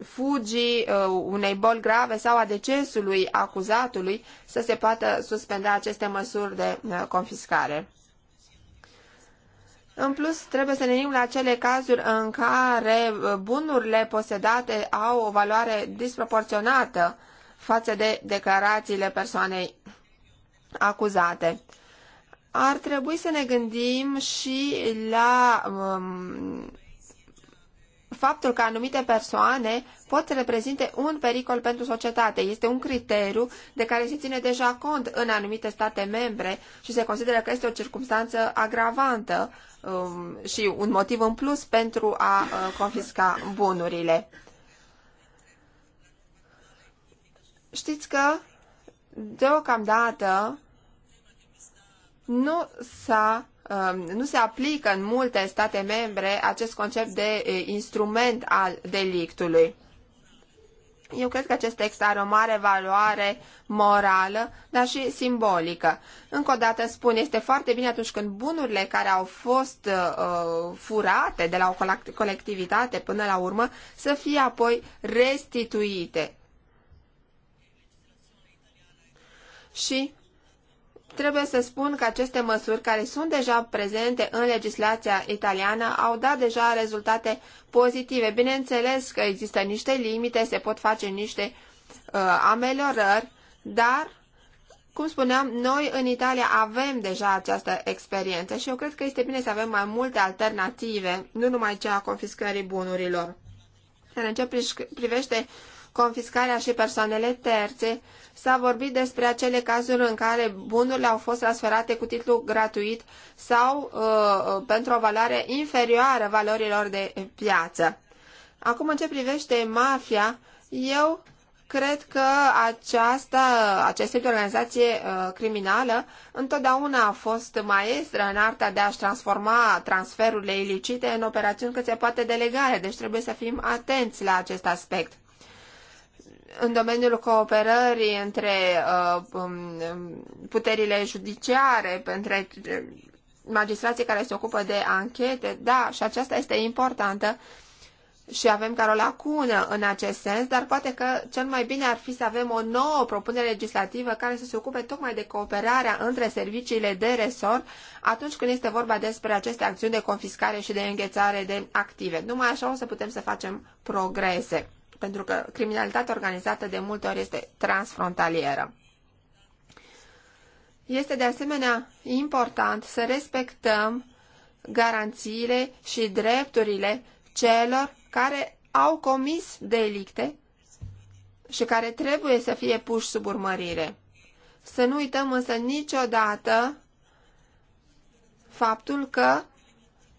fugii uh, unei boli grave sau a decesului acuzatului să se poată suspenda aceste măsuri de uh, confiscare. În plus, trebuie să ne gândim la acele cazuri în care uh, bunurile posedate au o valoare disproporționată față de declarațiile persoanei acuzate. Ar trebui să ne gândim și la um, faptul că anumite persoane pot să reprezinte un pericol pentru societate. Este un criteriu de care se ține deja cont în anumite state membre și se consideră că este o circunstanță agravantă um, și un motiv în plus pentru a uh, confisca bunurile. Știți că deocamdată nu s-a Um, nu se aplică în multe state membre acest concept de instrument al delictului. Eu cred că acest text are o mare valoare morală, dar și simbolică. Încă o dată spun, este foarte bine atunci când bunurile care au fost uh, furate de la o colectivitate până la urmă să fie apoi restituite. Și Trebuie să spun că aceste măsuri care sunt deja prezente în legislația italiană au dat deja rezultate pozitive. Bineînțeles că există niște limite, se pot face niște uh, ameliorări, dar, cum spuneam, noi în Italia avem deja această experiență și eu cred că este bine să avem mai multe alternative, nu numai cea a confiscării bunurilor. În ce privește confiscarea și persoanele terțe, S-a vorbit despre acele cazuri în care bunurile au fost transferate cu titlu gratuit sau uh, uh, pentru o valoare inferioară valorilor de piață. Acum, în ce privește mafia, eu cred că această, acest tip de organizație uh, criminală întotdeauna a fost maestră în arta de a-și transforma transferurile ilicite în operațiuni cât se poate de legale, deci trebuie să fim atenți la acest aspect în domeniul cooperării între uh, um, um, puterile judiciare, între uh, magistrații care se ocupă de anchete, da, și aceasta este importantă și avem care o lacună în acest sens, dar poate că cel mai bine ar fi să avem o nouă propunere legislativă care să se ocupe tocmai de cooperarea între serviciile de resort atunci când este vorba despre aceste acțiuni de confiscare și de înghețare de active. Numai așa o să putem să facem progrese pentru că criminalitatea organizată de multe ori este transfrontalieră. Este de asemenea important să respectăm garanțiile și drepturile celor care au comis delicte și care trebuie să fie puși sub urmărire. Să nu uităm însă niciodată faptul că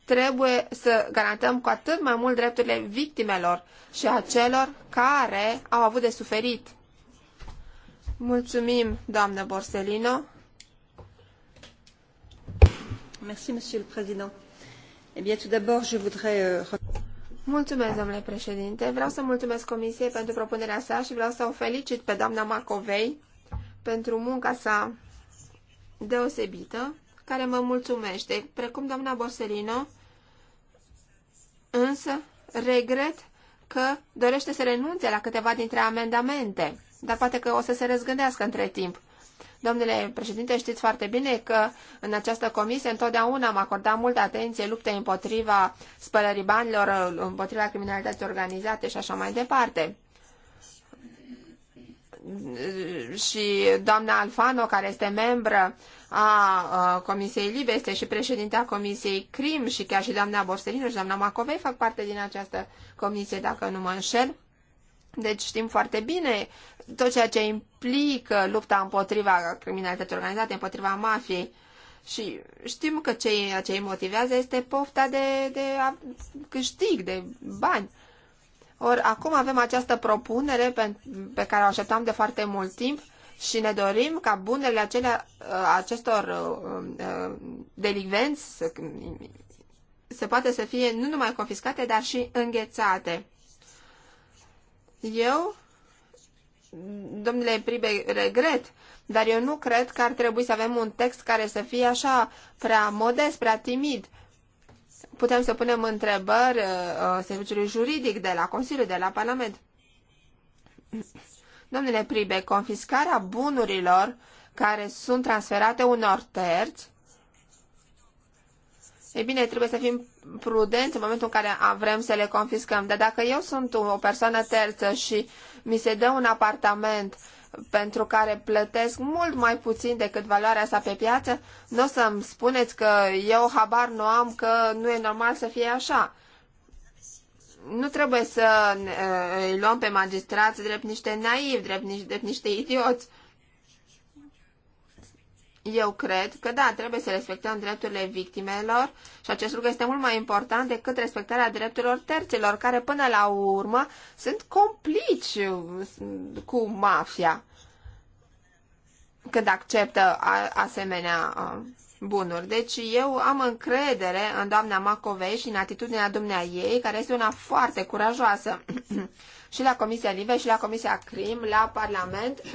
trebuie să garantăm cu atât mai mult drepturile victimelor și a celor care au avut de suferit. Mulțumim, doamnă Borsellino. Merci, monsieur le président. Eh bien, tout d'abord, je voudrais... Euh, mulțumesc, domnule președinte. Vreau să mulțumesc Comisiei pentru propunerea sa și vreau să o felicit pe doamna Macovei pentru munca sa deosebită care mă mulțumește, precum doamna Borsellino, însă regret că dorește să renunțe la câteva dintre amendamente, dar poate că o să se răzgândească între timp. Domnule președinte, știți foarte bine că în această comisie întotdeauna am acordat multă atenție luptei împotriva spălării banilor, împotriva criminalității organizate și așa mai departe. Și doamna Alfano, care este membră a Comisiei Libe, este și președintea Comisiei CRIM și chiar și doamna Borsellino și doamna Macovei fac parte din această comisie, dacă nu mă înșel. Deci știm foarte bine tot ceea ce implică lupta împotriva criminalității organizate, împotriva mafiei. Și știm că ce îi motivează este pofta de, de a câștig, de bani. Ori acum avem această propunere pe, pe care o așteptam de foarte mult timp și ne dorim ca bunele acelea, uh, acestor uh, uh, delinvenți să, se poate să fie nu numai confiscate, dar și înghețate. Eu, domnule Pribe, regret, dar eu nu cred că ar trebui să avem un text care să fie așa prea modest, prea timid. Putem să punem întrebări uh, serviciului juridic de la Consiliu, de la Parlament. Domnule Pribe, confiscarea bunurilor care sunt transferate unor terți, e bine, trebuie să fim prudenți în momentul în care vrem să le confiscăm. Dar dacă eu sunt o persoană terță și mi se dă un apartament pentru care plătesc mult mai puțin decât valoarea sa pe piață, nu o să-mi spuneți că eu habar nu am că nu e normal să fie așa nu trebuie să uh, îi luăm pe magistrați drept niște naivi, drept, niște, drept niște idioți. Eu cred că da, trebuie să respectăm drepturile victimelor și acest lucru este mult mai important decât respectarea drepturilor terților, care până la urmă sunt complici uh, cu mafia când acceptă asemenea uh, bunuri. Deci eu am încredere în doamna Macovei și în atitudinea dumnea ei, care este una foarte curajoasă și la Comisia Live și la Comisia Crim, la Parlament.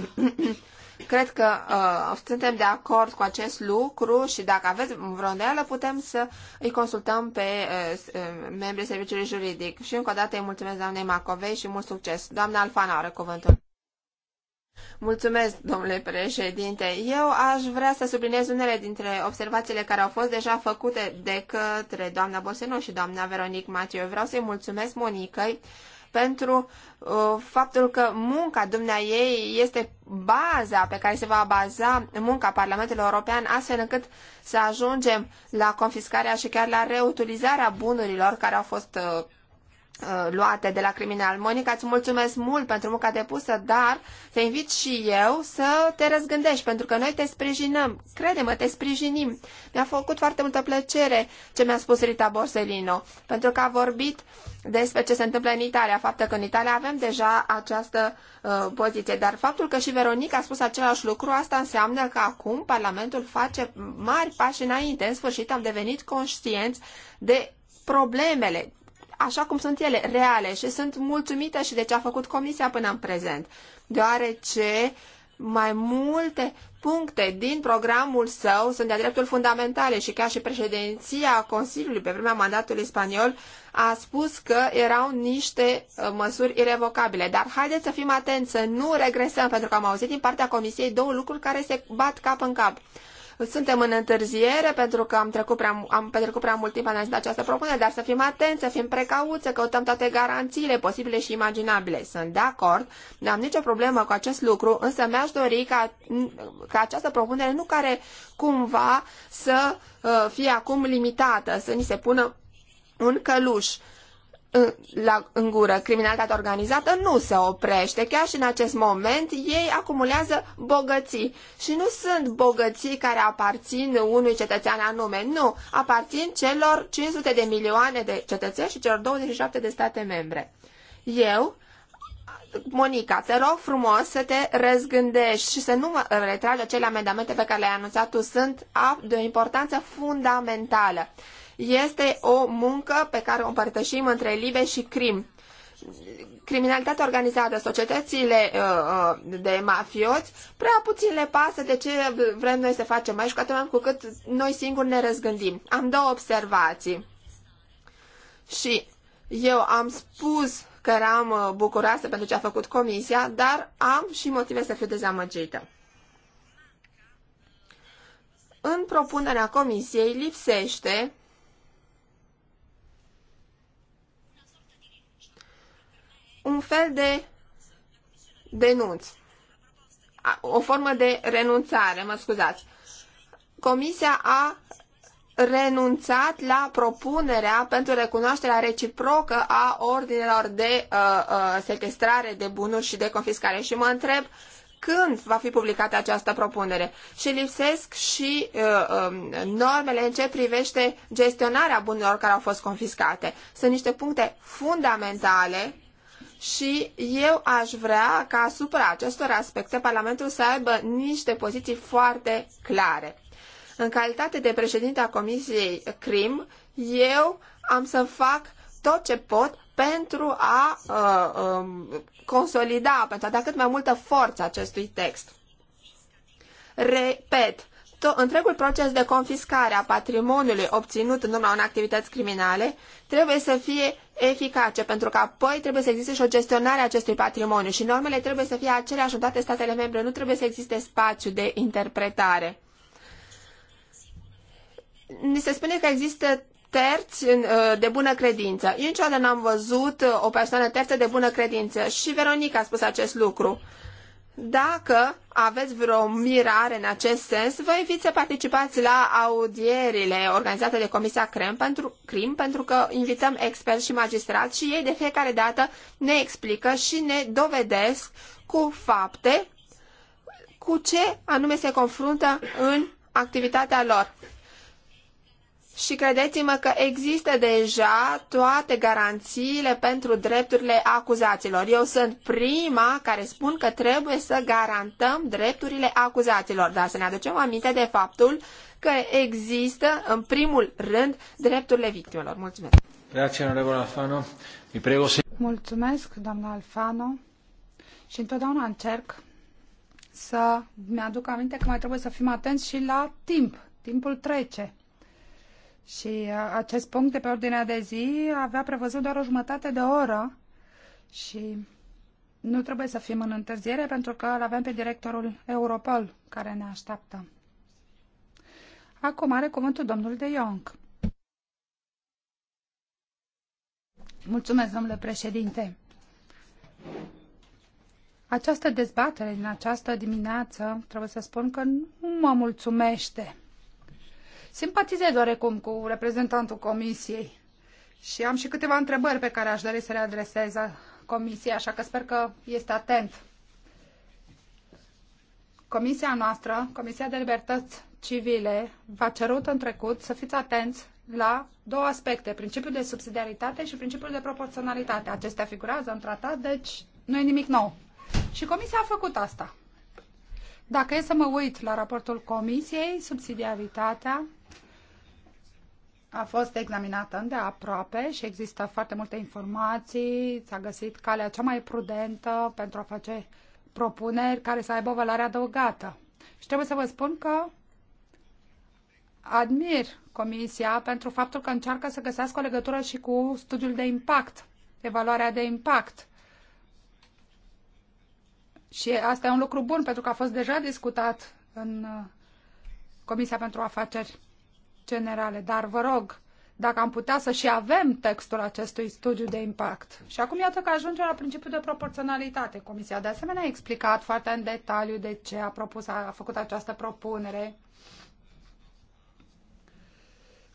Cred că uh, suntem de acord cu acest lucru și dacă aveți vreo putem să îi consultăm pe uh, uh, membrii serviciului juridic. Și încă o dată îi mulțumesc doamnei Macovei și mult succes. Doamna Alfana are cuvântul. Mulțumesc, domnule președinte. Eu aș vrea să subliniez unele dintre observațiile care au fost deja făcute de către doamna Boseno și doamna Veronic Matiu. Vreau să-i mulțumesc Monicăi pentru uh, faptul că munca dumnea ei este baza pe care se va baza munca Parlamentului European, astfel încât să ajungem la confiscarea și chiar la reutilizarea bunurilor care au fost uh, Uh, luate de la criminal. Monica, îți mulțumesc mult pentru munca depusă, dar te invit și eu să te răzgândești, pentru că noi te sprijinăm. Crede-mă, te sprijinim. Mi-a făcut foarte multă plăcere ce mi-a spus Rita Borsellino, pentru că a vorbit despre ce se întâmplă în Italia, faptul că în Italia avem deja această uh, poziție, dar faptul că și Veronica a spus același lucru, asta înseamnă că acum Parlamentul face mari pași înainte. În sfârșit am devenit conștienți de problemele așa cum sunt ele, reale și sunt mulțumită și de ce a făcut comisia până în prezent, deoarece mai multe puncte din programul său sunt de dreptul fundamentale și chiar și președinția Consiliului pe vremea mandatului spaniol a spus că erau niște uh, măsuri irevocabile. Dar haideți să fim atenți, să nu regresăm, pentru că am auzit din partea Comisiei două lucruri care se bat cap în cap. Suntem în întârziere pentru că am, trecut prea, am petrecut prea mult timp analizând această propunere, dar să fim atenți, să fim precauți, să căutăm toate garanțiile posibile și imaginabile. Sunt de acord, nu am nicio problemă cu acest lucru, însă mi-aș dori ca, ca această propunere nu care cumva să uh, fie acum limitată, să ni se pună un căluș. Uh, la, în gură. Criminalitatea organizată nu se oprește. Chiar și în acest moment ei acumulează bogății. Și nu sunt bogății care aparțin unui cetățean anume. Nu, aparțin celor 500 de milioane de cetățeni și celor 27 de state membre. Eu, Monica, te rog frumos să te răzgândești și să nu retragi acele amendamente pe care le-ai anunțat tu. Sunt de o importanță fundamentală. Este o muncă pe care o împărtășim între Libe și Crim. Criminalitatea organizată, societățile uh, uh de mafioți, prea puțin le pasă de ce vrem noi să facem mai și cu atât cu cât noi singuri ne răzgândim. Am două observații. Și eu am spus că eram uh, bucuroasă pentru ce a făcut comisia, dar am și motive să fiu dezamăgită. În propunerea comisiei lipsește un fel de denunț, o formă de renunțare, mă scuzați. Comisia a renunțat la propunerea pentru recunoașterea reciprocă a ordinelor de uh, uh, sequestrare de bunuri și de confiscare și mă întreb când va fi publicată această propunere și lipsesc și uh, uh, normele în ce privește gestionarea bunurilor care au fost confiscate. Sunt niște puncte fundamentale și eu aș vrea ca asupra acestor aspecte Parlamentul să aibă niște poziții foarte clare. În calitate de președinte a Comisiei CRIM, eu am să fac tot ce pot pentru a uh, uh, consolida, pentru a da cât mai multă forță acestui text. Repet, întregul proces de confiscare a patrimoniului obținut în urma unei activități criminale trebuie să fie eficace, pentru că apoi trebuie să existe și o gestionare a acestui patrimoniu și normele trebuie să fie aceleași în toate statele membre, nu trebuie să existe spațiu de interpretare. Ni se spune că există terți ă, de bună credință. Eu niciodată n-am văzut ă, o persoană terță de bună credință și Veronica a spus acest lucru. Dacă aveți vreo mirare în acest sens, vă invit să participați la audierile organizate de Comisia CREM pentru, CRIM, pentru că invităm experți și magistrați și ei de fiecare dată ne explică și ne dovedesc cu fapte cu ce anume se confruntă în activitatea lor și credeți-mă că există deja toate garanțiile pentru drepturile acuzaților. Eu sunt prima care spun că trebuie să garantăm drepturile acuzaților, dar să ne aducem aminte de faptul că există, în primul rând, drepturile victimelor. Mulțumesc! Grazie, onorevole Alfano. Mi prego se... Mulțumesc, doamna Alfano. Și întotdeauna încerc să mi-aduc aminte că mai trebuie să fim atenți și la timp. Timpul trece. Și uh, acest punct de pe ordinea de zi avea prevăzut doar o jumătate de oră și nu trebuie să fim în întârziere pentru că îl avem pe directorul Europol care ne așteaptă. Acum are cuvântul domnul de Jong. Mulțumesc, domnule președinte. Această dezbatere din această dimineață, trebuie să spun că nu mă mulțumește. Simpatizez oarecum cu reprezentantul Comisiei și am și câteva întrebări pe care aș dori să le adresez Comisiei, așa că sper că este atent. Comisia noastră, Comisia de Libertăți Civile, v-a cerut în trecut să fiți atenți la două aspecte, principiul de subsidiaritate și principiul de proporționalitate. Acestea figurează în tratat, deci nu e nimic nou. Și Comisia a făcut asta. Dacă e să mă uit la raportul Comisiei, subsidiaritatea a fost examinată îndeaproape și există foarte multe informații. S-a găsit calea cea mai prudentă pentru a face propuneri care să aibă o valoare adăugată. Și trebuie să vă spun că admir Comisia pentru faptul că încearcă să găsească o legătură și cu studiul de impact, evaluarea de impact. Și asta e un lucru bun pentru că a fost deja discutat în uh, Comisia pentru Afaceri generale, dar vă rog, dacă am putea să și avem textul acestui studiu de impact. Și acum iată că ajungem la principiul de proporționalitate. Comisia de asemenea a explicat foarte în detaliu de ce a, propus, a făcut această propunere.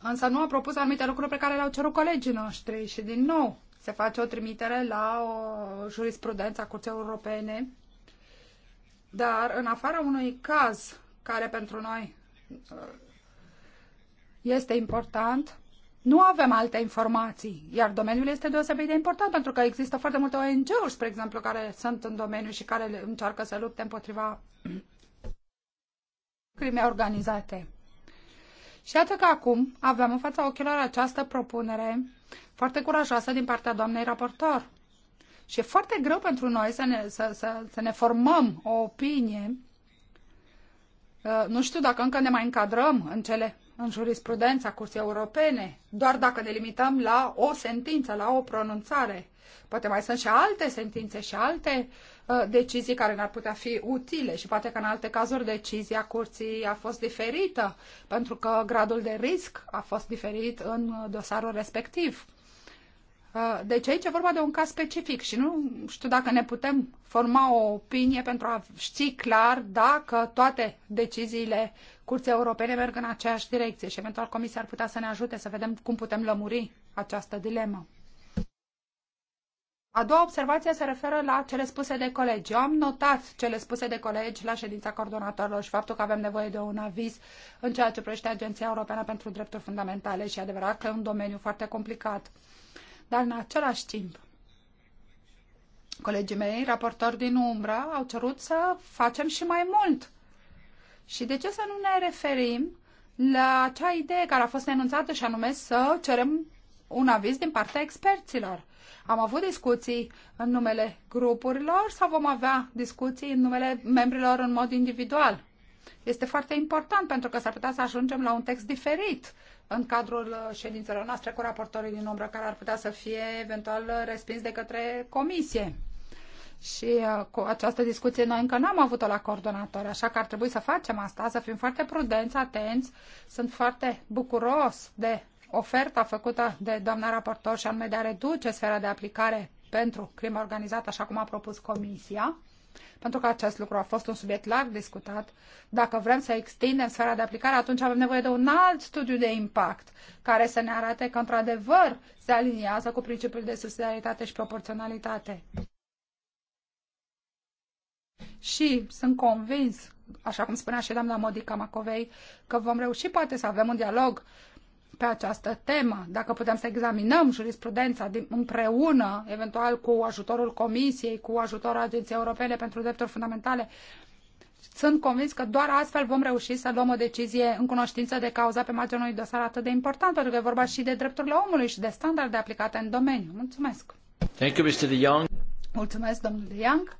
Însă nu a propus anumite lucruri pe care le-au cerut colegii noștri și din nou se face o trimitere la o jurisprudență a Curții Europene. Dar în afara unui caz care pentru noi este important. Nu avem alte informații, iar domeniul este deosebit de important pentru că există foarte multe ONG-uri, spre exemplu, care sunt în domeniu și care încearcă să lupte împotriva crimei organizate. Și atât că acum avem în fața ochilor această propunere foarte curajoasă din partea doamnei raportor. Și e foarte greu pentru noi să ne, să, să, să ne formăm o opinie. Uh, nu știu dacă încă ne mai încadrăm în cele în jurisprudența Curții Europene, doar dacă ne limităm la o sentință, la o pronunțare. Poate mai sunt și alte sentințe și alte uh, decizii care ne-ar putea fi utile și poate că în alte cazuri decizia curții a fost diferită pentru că gradul de risc a fost diferit în dosarul respectiv. Uh, deci aici e vorba de un caz specific și nu știu dacă ne putem forma o opinie pentru a ști clar dacă toate deciziile uh, curții europene merg în aceeași direcție și eventual Comisia ar putea să ne ajute să vedem cum putem lămuri această dilemă. A doua observație se referă la cele spuse de colegi. Eu am notat cele spuse de colegi la ședința coordonatorilor și faptul că avem nevoie de un aviz în ceea ce privește Agenția Europeană pentru Drepturi Fundamentale și adevărat că e un domeniu foarte complicat. Dar în același timp, colegii mei, raportori din umbră, au cerut să facem și mai mult și de ce să nu ne referim la acea idee care a fost enunțată și anume să cerem un aviz din partea experților? Am avut discuții în numele grupurilor sau vom avea discuții în numele membrilor în mod individual? Este foarte important pentru că s-ar putea să ajungem la un text diferit în cadrul uh, ședințelor noastre cu raportorii din umbră care ar putea să fie eventual uh, respins de către comisie. Și uh, cu această discuție noi încă n-am avut-o la coordonator, așa că ar trebui să facem asta, să fim foarte prudenți, atenți. Sunt foarte bucuros de oferta făcută de doamna raportor și anume de a reduce sfera de aplicare pentru crimă organizată, așa cum a propus Comisia, pentru că acest lucru a fost un subiect larg discutat. Dacă vrem să extindem sfera de aplicare, atunci avem nevoie de un alt studiu de impact care să ne arate că, într-adevăr, se aliniază cu principiul de subsidiaritate și proporționalitate. Și sunt convins, așa cum spunea și doamna Modica Macovei, că vom reuși poate să avem un dialog pe această temă, dacă putem să examinăm jurisprudența din, împreună, eventual cu ajutorul Comisiei, cu ajutorul Agenției Europene pentru Drepturi Fundamentale, sunt convins că doar astfel vom reuși să luăm o decizie în cunoștință de cauza pe marginea unui dosar atât de important, pentru că e vorba și de drepturile omului și de standarde aplicate în domeniu. Mulțumesc! Thank you, Mr. De Young. Mulțumesc, domnule Young.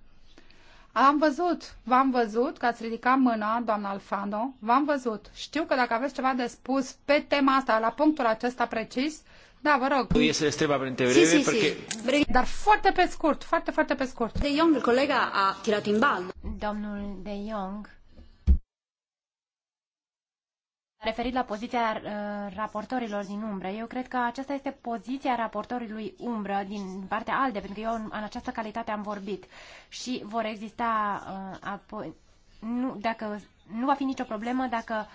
Am văzut, v-am văzut că ați ridicat mâna, doamna Alfano, v-am văzut. Știu că dacă aveți ceva de spus pe tema asta, la punctul acesta precis, da, vă rog. Este extremamente breve, si, si, perché... si. Dar foarte pe scurt, foarte, foarte pe scurt. De Jong, colega a tirat în bal. Domnul De Jong referit la poziția uh, raportorilor din umbră. Eu cred că aceasta este poziția raportorului umbră din partea ALDE, pentru că eu în această calitate am vorbit și vor exista uh, apoi... Nu, dacă, nu va fi nicio problemă dacă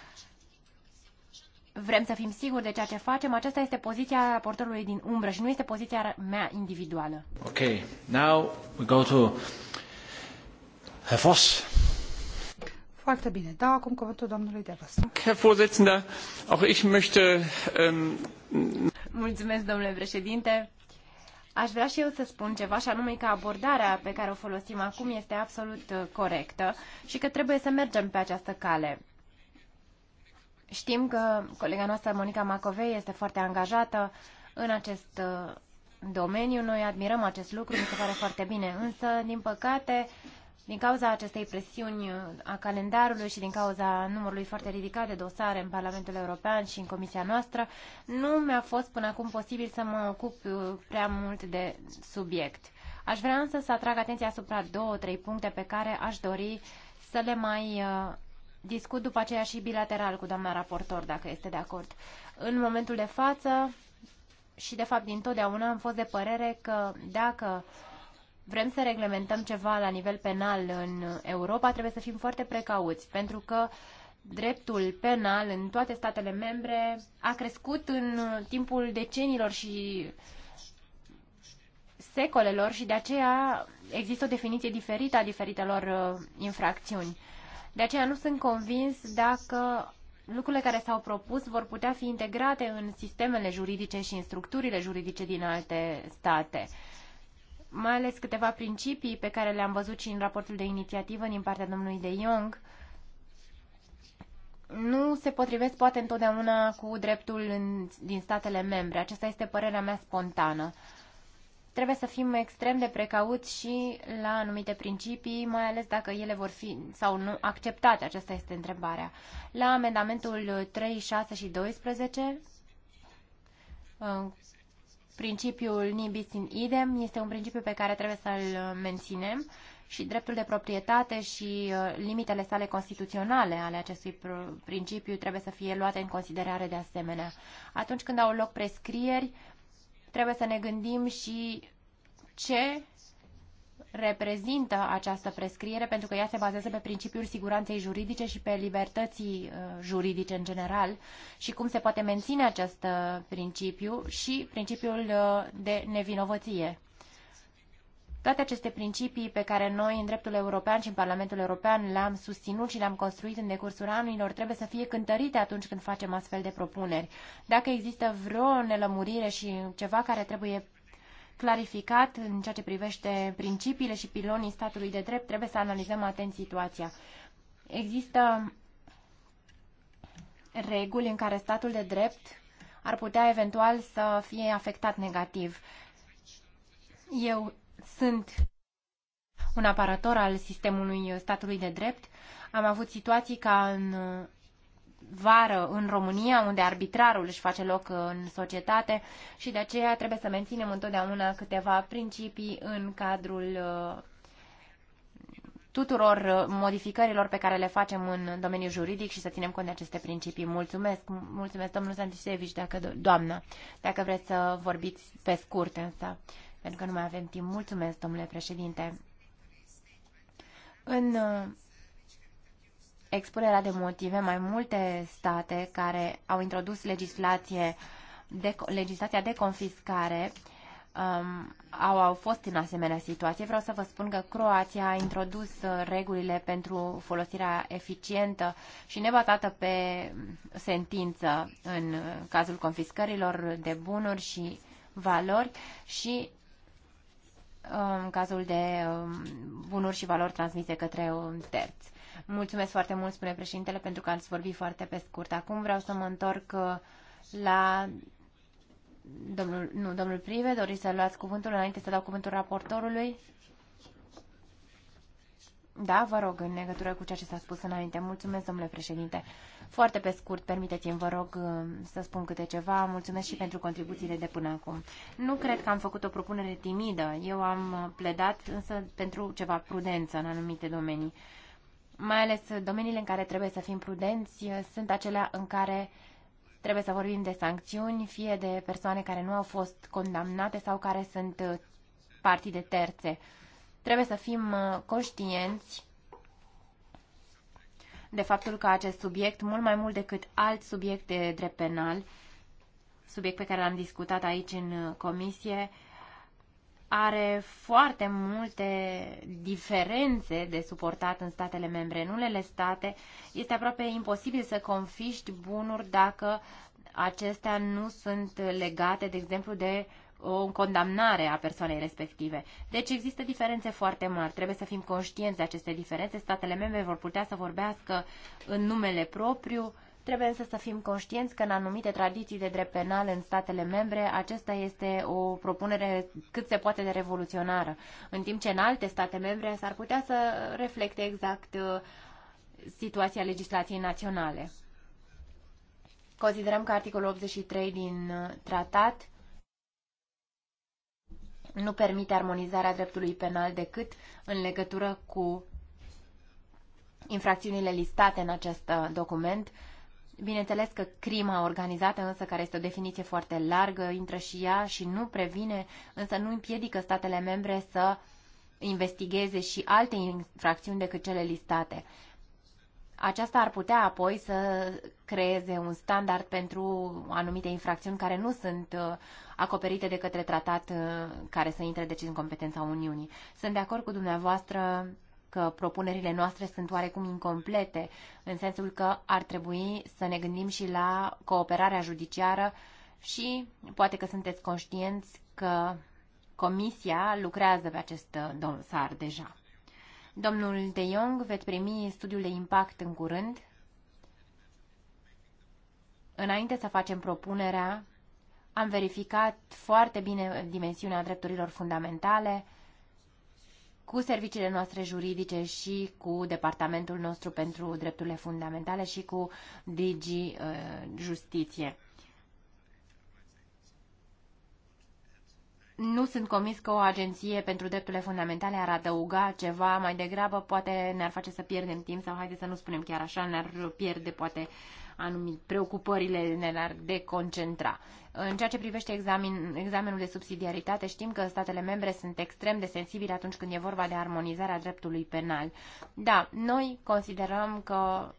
vrem să fim siguri de ceea ce facem. Aceasta este poziția raportorului din umbră și nu este poziția mea individuală. Ok, now we go to Herr Voss. Foarte Herr Vorsitzender, auch ich möchte... Ähm, Mulțumesc, domnule președinte. Aș vrea și eu să spun ceva, și anume că abordarea pe care o folosim acum este absolut uh, corectă și că trebuie să mergem pe această cale. Știm că colega noastră, Monica Macovei, este foarte angajată în acest uh, domeniu. Noi admirăm acest lucru, mi se pare foarte bine. Însă, din păcate, din cauza acestei presiuni a calendarului și din cauza numărului foarte ridicat de dosare în Parlamentul European și în Comisia noastră, nu mi-a fost până acum posibil să mă ocup uh, prea mult de subiect. Aș vrea însă să atrag atenția asupra două, trei puncte pe care aș dori să le mai uh, discut după aceea și bilateral cu doamna raportor, dacă este de acord. În momentul de față și, de fapt, din totdeauna am fost de părere că dacă uh, vrem să reglementăm ceva la nivel penal în Europa, trebuie să fim foarte precauți, pentru că dreptul penal în toate statele membre a crescut în timpul decenilor și secolelor și de aceea există o definiție diferită a diferitelor uh, infracțiuni. De aceea nu sunt convins dacă lucrurile care s-au propus vor putea fi integrate în sistemele juridice și în structurile juridice din alte state mai ales câteva principii pe care le-am văzut și în raportul de inițiativă din partea domnului de Jong, nu se potrivesc poate întotdeauna cu dreptul în, din statele membre. Aceasta este părerea mea spontană. Trebuie să fim extrem de precauți și la anumite principii, mai ales dacă ele vor fi sau nu acceptate. Aceasta este întrebarea. La amendamentul 3, 6 și 12, Principiul nibis in idem este un principiu pe care trebuie să-l uh, menținem și dreptul de proprietate și uh, limitele sale constituționale ale acestui principiu trebuie să fie luate în considerare de asemenea. Atunci când au loc prescrieri, trebuie să ne gândim și ce reprezintă această prescriere pentru că ea se bazează pe principiul siguranței juridice și pe libertății uh, juridice în general și cum se poate menține acest uh, principiu și principiul uh, de nevinovăție. Toate aceste principii pe care noi în dreptul european și în Parlamentul European le-am susținut și le-am construit în decursul anilor trebuie să fie cântărite atunci când facem astfel de propuneri. Dacă există vreo nelămurire și ceva care trebuie clarificat în ceea ce privește principiile și pilonii statului de drept, trebuie să analizăm atent situația. Există reguli în care statul de drept ar putea eventual să fie afectat negativ. Eu sunt un aparator al sistemului statului de drept. Am avut situații ca în vară în România, unde arbitrarul își face loc în societate și de aceea trebuie să menținem întotdeauna câteva principii în cadrul uh, tuturor uh, modificărilor pe care le facem în domeniul juridic și să ținem cont de aceste principii. Mulțumesc, mulțumesc domnul Santisevici, dacă, doamnă, dacă vreți să vorbiți pe scurt, însă, pentru că nu mai avem timp. Mulțumesc, domnule președinte. În uh, expunerea de motive, mai multe state care au introdus legislație de, legislația de confiscare um, au, au fost în asemenea situație. Vreau să vă spun că Croația a introdus uh, regulile pentru folosirea eficientă și nebatată pe sentință în uh, cazul confiscărilor de bunuri și valori și în um, cazul de um, bunuri și valori transmise către un terț. Mulțumesc foarte mult, spune președintele, pentru că ați vorbit foarte pe scurt. Acum vreau să mă întorc uh, la domnul, nu, domnul Prive. Doriți să luați cuvântul înainte să dau cuvântul raportorului? Da, vă rog, în legătură cu ceea ce s-a spus înainte. Mulțumesc, domnule președinte. Foarte pe scurt, permiteți-mi, vă rog, uh, să spun câte ceva. Mulțumesc și pentru contribuțiile de până acum. Nu cred că am făcut o propunere timidă. Eu am uh, pledat, însă, pentru ceva prudență în anumite domenii mai ales domeniile în care trebuie să fim prudenți eh, sunt acelea în care trebuie să vorbim de sancțiuni, fie de persoane care nu au fost condamnate sau care sunt eh, partii de terțe. Trebuie să fim eh, conștienți de faptul că acest subiect, mult mai mult decât alt subiect de drept penal, subiect pe care l-am discutat aici în comisie, are foarte multe diferențe de suportat în statele membre. În unele state este aproape imposibil să confiști bunuri dacă acestea nu sunt legate, de exemplu, de o condamnare a persoanei respective. Deci există diferențe foarte mari. Trebuie să fim conștienți de aceste diferențe. Statele membre vor putea să vorbească în numele propriu uh, Trebuie însă să fim conștienți că în anumite tradiții de drept penal în statele membre, acesta este o propunere cât se poate de revoluționară, în timp ce în alte state membre s-ar putea să reflecte exact uh, situația legislației naționale. Considerăm că articolul 83 din uh, tratat nu permite armonizarea dreptului penal decât în legătură cu infracțiunile listate în acest uh, document, Bineînțeles că crima organizată, însă, care este o definiție foarte largă, intră și ea și nu previne, însă nu împiedică statele membre să investigheze și alte infracțiuni decât cele listate. Aceasta ar putea apoi să creeze un standard pentru anumite infracțiuni care nu sunt uh, acoperite de către tratat uh, care să intre deci în competența Uniunii. Sunt de acord cu dumneavoastră că propunerile noastre sunt oarecum incomplete, în sensul că ar trebui să ne gândim și la cooperarea judiciară și poate că sunteți conștienți că Comisia lucrează pe acest uh, dosar deja. Domnul De Jong, veți primi studiul de impact în curând. Înainte să facem propunerea, am verificat foarte bine dimensiunea drepturilor fundamentale, cu serviciile noastre juridice și cu departamentul nostru pentru drepturile fundamentale și cu Digi uh, Justiție. nu sunt convins că o agenție pentru drepturile fundamentale ar adăuga ceva mai degrabă, poate ne-ar face să pierdem timp sau haide să nu spunem chiar așa, ne-ar pierde poate anumit, preocupările ne ar deconcentra. În ceea ce privește examen, examenul de subsidiaritate, știm că statele membre sunt extrem de sensibile atunci când e vorba de armonizarea dreptului penal. Da, noi considerăm că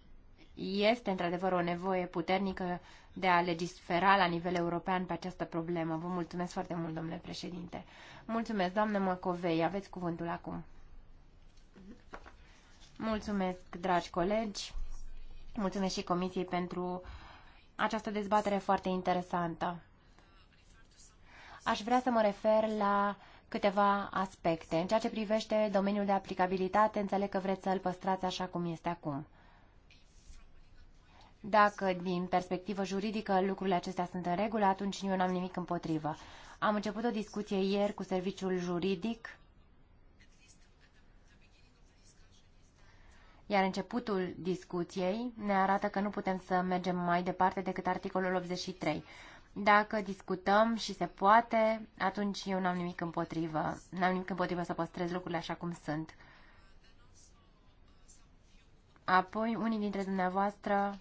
este într-adevăr o nevoie puternică de a legisfera la nivel european pe această problemă. Vă mulțumesc foarte mult, domnule președinte. Mulțumesc, doamnă Măcovei. Aveți cuvântul acum. Mulțumesc, dragi colegi. Mulțumesc și Comisiei pentru această dezbatere foarte interesantă. Aș vrea să mă refer la câteva aspecte. În ceea ce privește domeniul de aplicabilitate, înțeleg că vreți să-l păstrați așa cum este acum. Dacă din perspectivă juridică lucrurile acestea sunt în regulă, atunci eu n-am nimic împotrivă. Am început o discuție ieri cu serviciul juridic Iar începutul discuției ne arată că nu putem să mergem mai departe decât articolul 83. Dacă discutăm și se poate, atunci eu n-am nimic împotrivă. N-am nimic împotrivă să păstrez lucrurile așa cum sunt. Apoi, unii dintre dumneavoastră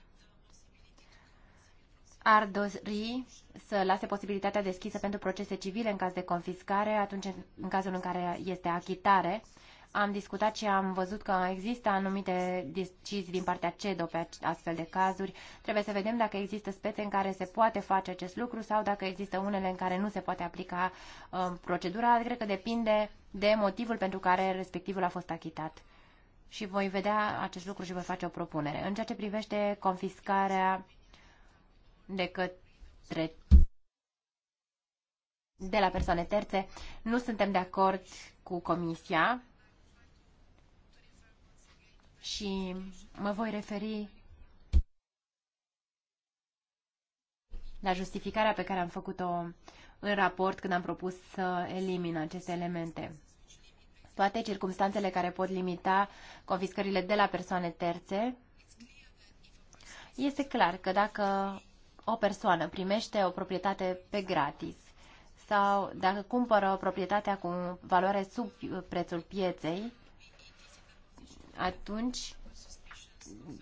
ar dori să lase posibilitatea deschisă pentru procese civile în caz de confiscare, atunci în cazul în care este achitare am discutat și am văzut că există anumite decizii din partea CEDO pe astfel de cazuri. Trebuie să vedem dacă există spețe în care se poate face acest lucru sau dacă există unele în care nu se poate aplica um, procedura. Cred că depinde de motivul pentru care respectivul a fost achitat. Și voi vedea acest lucru și voi face o propunere. În ceea ce privește confiscarea de către de la persoane terțe, nu suntem de acord cu Comisia și mă voi referi la justificarea pe care am făcut-o în raport când am propus să elimin aceste elemente. Toate circumstanțele care pot limita confiscările de la persoane terțe, este clar că dacă o persoană primește o proprietate pe gratis sau dacă cumpără o proprietate cu valoare sub prețul pieței, atunci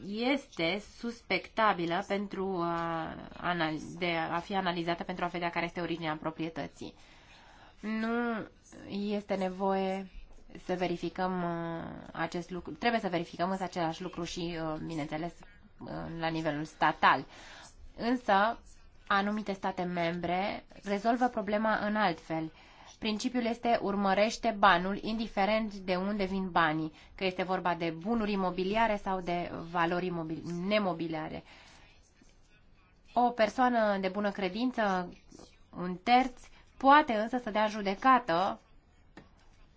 este suspectabilă pentru a, de a fi analizată pentru a vedea care este originea proprietății. Nu este nevoie să verificăm uh, acest lucru. Trebuie să verificăm însă același lucru și, uh, bineînțeles, uh, la nivelul statal. Însă, anumite state membre rezolvă problema în alt fel. Principiul este urmărește banul, indiferent de unde vin banii, că este vorba de bunuri imobiliare sau de valori nemobiliare. O persoană de bună credință, un terț, poate însă să dea judecată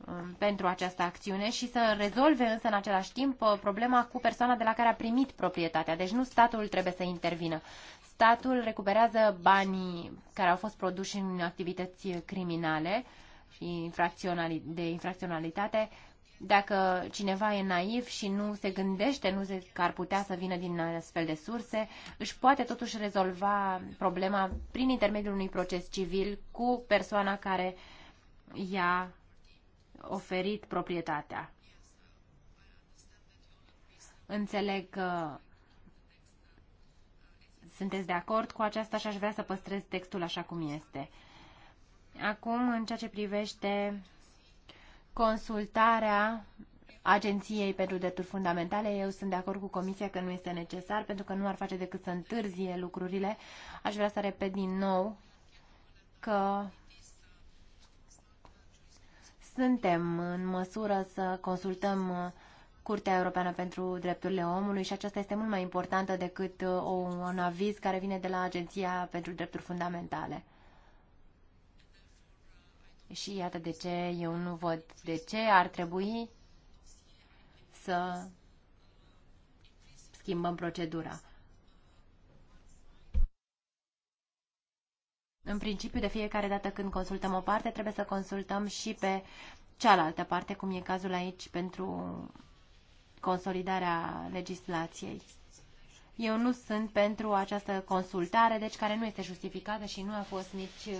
um, pentru această acțiune și să rezolve însă în același timp uh, problema cu persoana de la care a primit proprietatea. Deci nu statul trebuie să intervină statul recuperează banii care au fost produși în activități criminale și de infracționalitate. Dacă cineva e naiv și nu se gândește, nu se, că ar putea să vină din astfel de surse, își poate totuși rezolva problema prin intermediul unui proces civil cu persoana care i-a oferit proprietatea. Înțeleg că sunteți de acord cu aceasta și aș vrea să păstrez textul așa cum este. Acum, în ceea ce privește consultarea Agenției pentru Drepturi Fundamentale, eu sunt de acord cu Comisia că nu este necesar, pentru că nu ar face decât să întârzie lucrurile. Aș vrea să repet din nou că suntem în măsură să consultăm Curtea Europeană pentru Drepturile Omului și aceasta este mult mai importantă decât uh, un aviz care vine de la Agenția pentru Drepturi Fundamentale. Și iată de ce eu nu văd de ce ar trebui să schimbăm procedura. În principiu, de fiecare dată când consultăm o parte, trebuie să consultăm și pe cealaltă parte, cum e cazul aici pentru consolidarea legislației. Eu nu sunt pentru această consultare, deci care nu este justificată și nu a fost nici uh,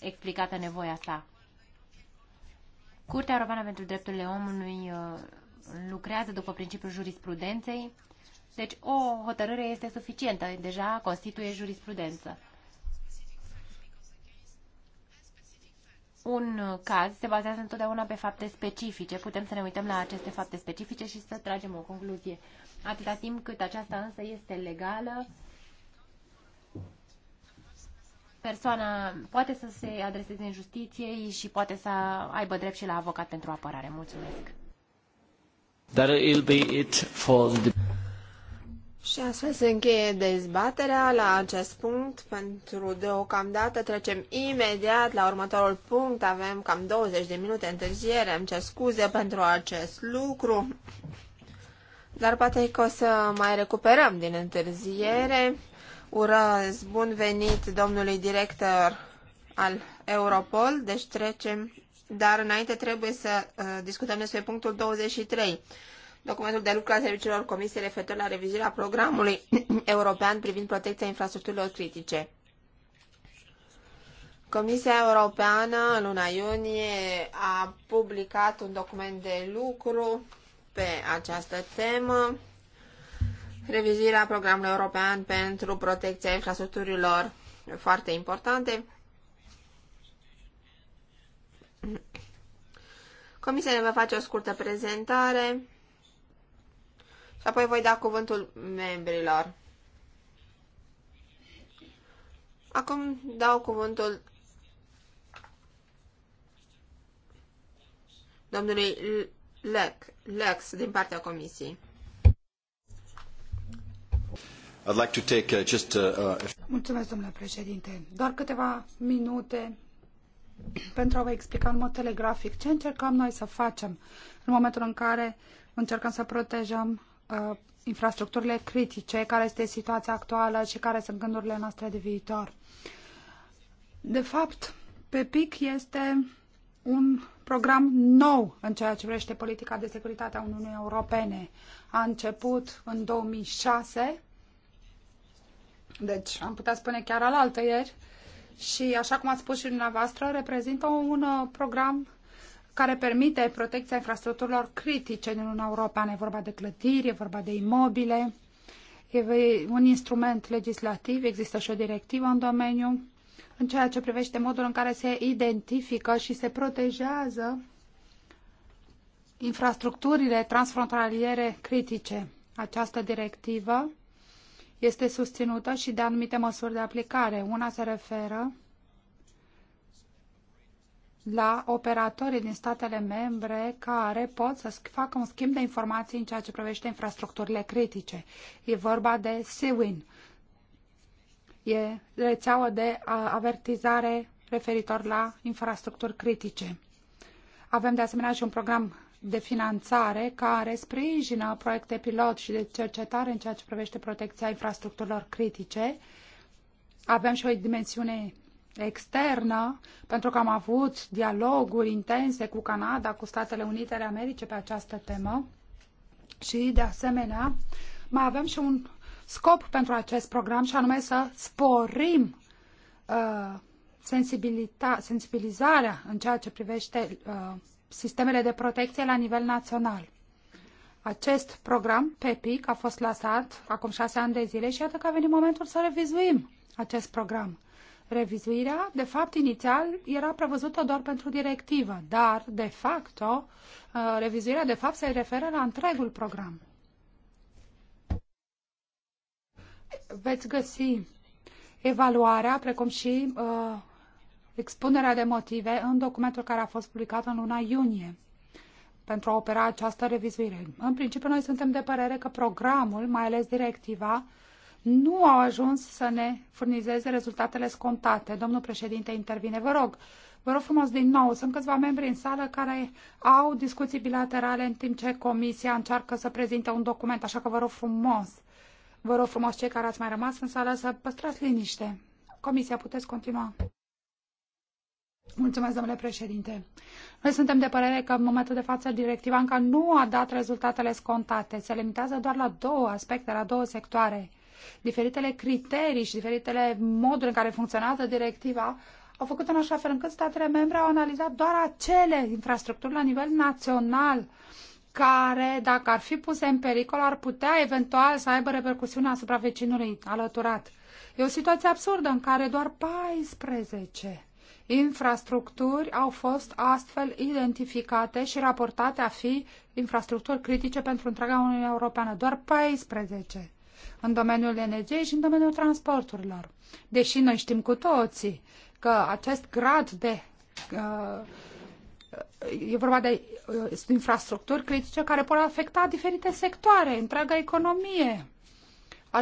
explicată nevoia sa. Curtea Europeană pentru Drepturile Omului uh, lucrează după principiul jurisprudenței, deci o hotărâre este suficientă, deja constituie jurisprudență. un uh, caz se bazează întotdeauna pe fapte specifice. Putem să ne uităm la aceste fapte specifice și să tragem o concluzie. Atâta timp cât aceasta însă este legală, persoana poate să se adreseze în justiție și poate să aibă drept și la avocat pentru apărare. Mulțumesc! That be it for the... Și astfel se încheie dezbaterea la acest punct. Pentru deocamdată trecem imediat la următorul punct. Avem cam 20 de minute întârziere. Îmi cer scuze pentru acest lucru. Dar poate că o să mai recuperăm din întârziere. Urăz bun venit domnului director al Europol. Deci trecem. Dar înainte trebuie să uh, discutăm despre punctul 23 documentul de lucru al serviciilor comisiei referitor la revizuirea programului european privind protecția infrastructurilor critice. Comisia Europeană în luna iunie a publicat un document de lucru pe această temă, revizuirea programului european pentru protecția infrastructurilor foarte importante. Comisia ne va face o scurtă prezentare și apoi voi da cuvântul membrilor. Acum dau cuvântul domnului Lex, Lex din partea comisiei. I'd like to take uh, just a... Uh, uh, Mulțumesc, domnule președinte. Doar câteva minute pentru a vă explica în mod telegrafic ce încercăm noi să facem în momentul în care încercăm să protejăm Uh, infrastructurile critice, care este situația actuală și care sunt gândurile noastre de viitor. De fapt, pe PIC este un program nou în ceea ce privește politica de securitate a Uniunii Europene. A început în 2006, deci am putea spune chiar al altă ieri, și așa cum ați spus și dumneavoastră, reprezintă un uh, program care permite protecția infrastructurilor critice din Uniunea Europeană. E vorba de clădiri, e vorba de imobile, e un instrument legislativ, există și o directivă în domeniu, în ceea ce privește modul în care se identifică și se protejează infrastructurile transfrontaliere critice. Această directivă este susținută și de anumite măsuri de aplicare. Una se referă la operatorii din statele membre care pot să facă un schimb de informații în ceea ce privește infrastructurile critice. E vorba de SEWIN. E rețeaua de avertizare referitor la infrastructuri critice. Avem de asemenea și un program de finanțare care sprijină proiecte pilot și de cercetare în ceea ce privește protecția infrastructurilor critice. Avem și o dimensiune externă, pentru că am avut dialoguri intense cu Canada, cu Statele Unite ale Americii pe această temă și, de asemenea, mai avem și un scop pentru acest program și anume să sporim uh, sensibilizarea în ceea ce privește uh, sistemele de protecție la nivel național. Acest program, PEPIC, a fost lansat acum șase ani de zile și iată că a venit momentul să revizuim acest program. Revizuirea, de fapt, inițial era prevăzută doar pentru directivă, dar, de fapt, uh, revizuirea, de fapt, se referă la întregul program. Veți găsi evaluarea, precum și uh, expunerea de motive în documentul care a fost publicat în luna iunie pentru a opera această revizuire. În principiu, noi suntem de părere că programul, mai ales directiva, uh, nu au ajuns să ne furnizeze rezultatele scontate. Domnul președinte intervine, vă rog. Vă rog frumos din nou, sunt câțiva membri în sală care au discuții bilaterale în timp ce comisia încearcă să prezinte un document, așa că vă rog frumos, vă rog frumos cei care ați mai rămas în sală să păstrați liniște. Comisia, puteți continua. Mulțumesc, domnule președinte. Noi suntem de părere că în momentul de față directiva încă nu a dat rezultatele scontate. Se limitează doar la două aspecte, la două sectoare diferitele criterii și diferitele moduri în care funcționează directiva au făcut în așa fel încât statele membre au analizat doar acele infrastructuri la nivel național care, dacă ar fi puse în pericol, ar putea eventual să aibă repercusiune asupra vecinului alăturat. E o situație absurdă în care doar 14 infrastructuri au fost astfel identificate și raportate a fi infrastructuri critice pentru întreaga Uniune Europeană. Doar 14 în domeniul energiei și în domeniul transporturilor. Deși noi știm cu toții că acest grad de uh, e vorba de uh, infrastructuri critice care pot afecta diferite sectoare, întreaga economie.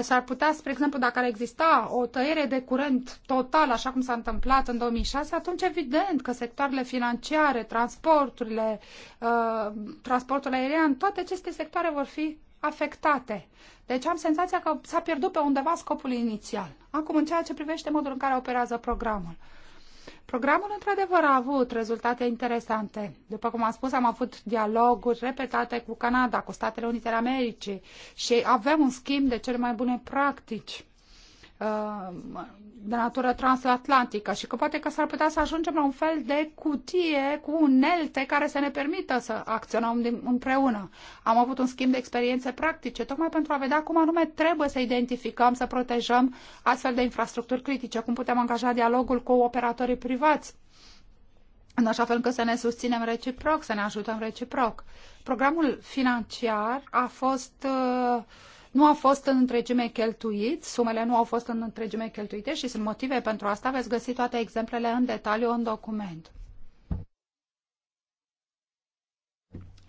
S-ar putea, spre exemplu, dacă ar exista o tăiere de curent total, așa cum s-a întâmplat în 2006, atunci evident că sectoarele financiare, transporturile, uh, transportul aerian, toate aceste sectoare vor fi afectate. Deci am senzația că s-a pierdut pe undeva scopul inițial. Acum, în ceea ce privește modul în care operează programul. Programul, într-adevăr, a avut rezultate interesante. După cum am spus, am avut dialoguri repetate cu Canada, cu Statele Unite ale Americii și avem un schimb de cele mai bune practici. Uh, de natură transatlantică și că poate că s-ar putea să ajungem la un fel de cutie cu unelte care să ne permită să acționăm împreună. Am avut un schimb de experiențe practice, tocmai pentru a vedea cum anume trebuie să identificăm, să protejăm astfel de infrastructuri critice, cum putem angaja dialogul cu operatorii privați în așa fel încât să ne susținem reciproc, să ne ajutăm reciproc. Programul financiar a fost uh, nu au fost în întregime cheltuit, sumele nu au fost în întregime cheltuite și sunt motive pentru asta. Veți găsi toate exemplele în detaliu în document.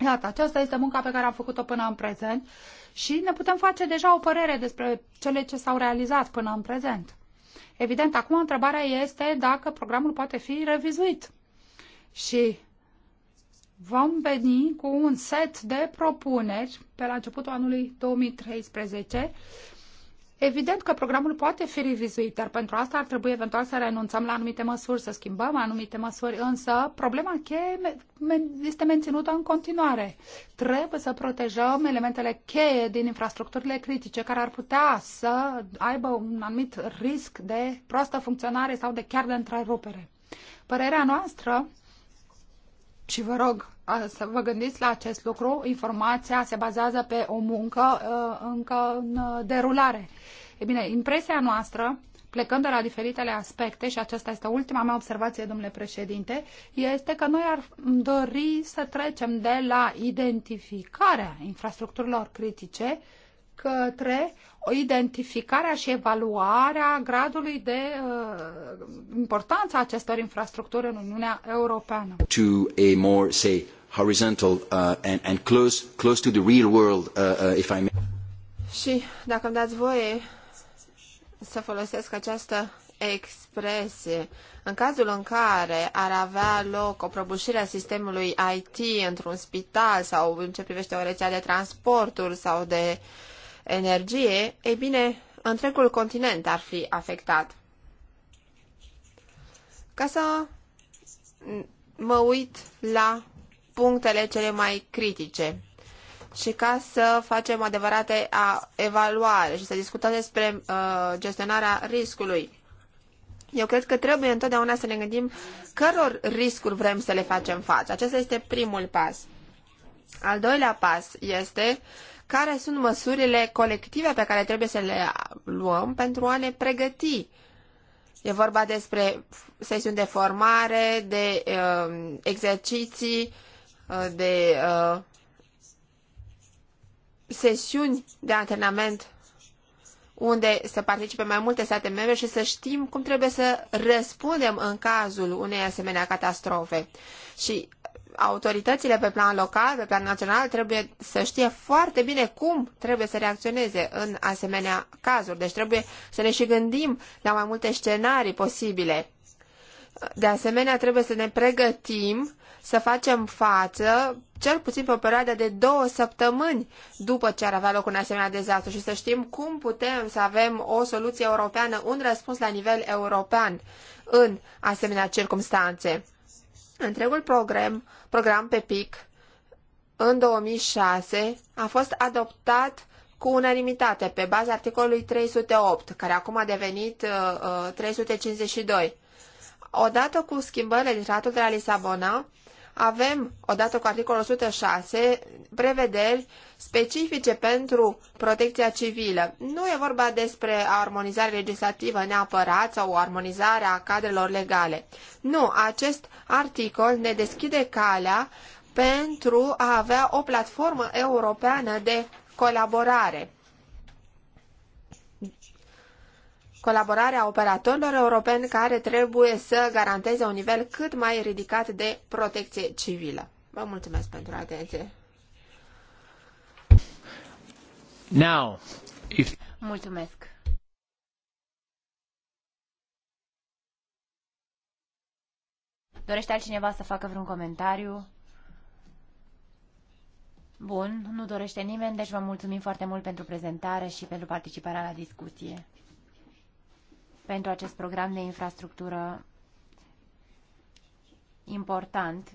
Iată, aceasta este munca pe care am făcut-o până în prezent și ne putem face deja o părere despre cele ce s-au realizat până în prezent. Evident, acum întrebarea este dacă programul poate fi revizuit. Și vom veni cu un set de propuneri pe la începutul anului 2013. Evident că programul poate fi revizuit, dar pentru asta ar trebui eventual să renunțăm la anumite măsuri, să schimbăm anumite măsuri, însă problema cheie este menținută în continuare. Trebuie să protejăm elementele cheie din infrastructurile critice care ar putea să aibă un anumit risc de proastă funcționare sau de chiar de întrerupere. Părerea noastră și vă rog să vă gândiți la acest lucru. Informația se bazează pe o muncă ă, încă în ă, derulare. E bine, impresia noastră, plecând de la diferitele aspecte, și aceasta este ultima mea observație, domnule președinte, este că noi ar dori să trecem de la identificarea infrastructurilor critice către identificarea și evaluarea gradului de uh, importanță a acestor infrastructuri în Uniunea Europeană. To a more, say, horizontal uh, and, and close, close to the real world, uh, uh, if I may. Și dacă îmi dați voie să folosesc această expresie, în cazul în care ar avea loc o prăbușire a sistemului IT într-un spital sau în ce privește o rețea de transporturi sau de uh, energie, ei bine, întregul continent ar fi afectat. Ca să mă uit la punctele cele mai critice și ca să facem adevărate evaluare și să discutăm despre uh, gestionarea riscului. Eu cred că trebuie întotdeauna să ne gândim căror riscuri vrem să le facem față. Acesta este primul pas. Al doilea pas este care sunt măsurile colective pe care trebuie să le luăm pentru a ne pregăti. E vorba despre sesiuni de formare, de uh, exerciții, uh, de uh, sesiuni de antrenament unde să participe mai multe state membre și să știm cum trebuie să răspundem în cazul unei asemenea catastrofe. Și autoritățile pe plan local, pe plan național, trebuie să știe foarte bine cum trebuie să reacționeze în asemenea cazuri. Deci trebuie să ne și gândim la mai multe scenarii posibile. De asemenea, trebuie să ne pregătim să facem față, cel puțin pe o perioadă de două săptămâni după ce ar avea loc un asemenea dezastru și să știm cum putem să avem o soluție europeană, un răspuns la nivel european în asemenea circumstanțe. Întregul program program pe pic în 2006 a fost adoptat cu unanimitate pe baza articolului 308, care acum a devenit uh, 352. Uh, Odată cu schimbările din tratul de la Lisabona, avem, odată cu articolul 106, prevederi specifice pentru protecția civilă. Nu e vorba despre armonizare legislativă neapărat sau o armonizare a cadrelor legale. Nu, acest articol ne deschide calea pentru a avea o platformă europeană de colaborare colaborarea operatorilor europeni care trebuie să garanteze un nivel cât mai ridicat de protecție civilă. Vă mulțumesc pentru atenție. Now, if... Mulțumesc. Dorește altcineva să facă vreun comentariu? Bun, nu dorește nimeni, deci vă mulțumim foarte mult pentru prezentare și pentru participarea la discuție pentru acest program de infrastructură important.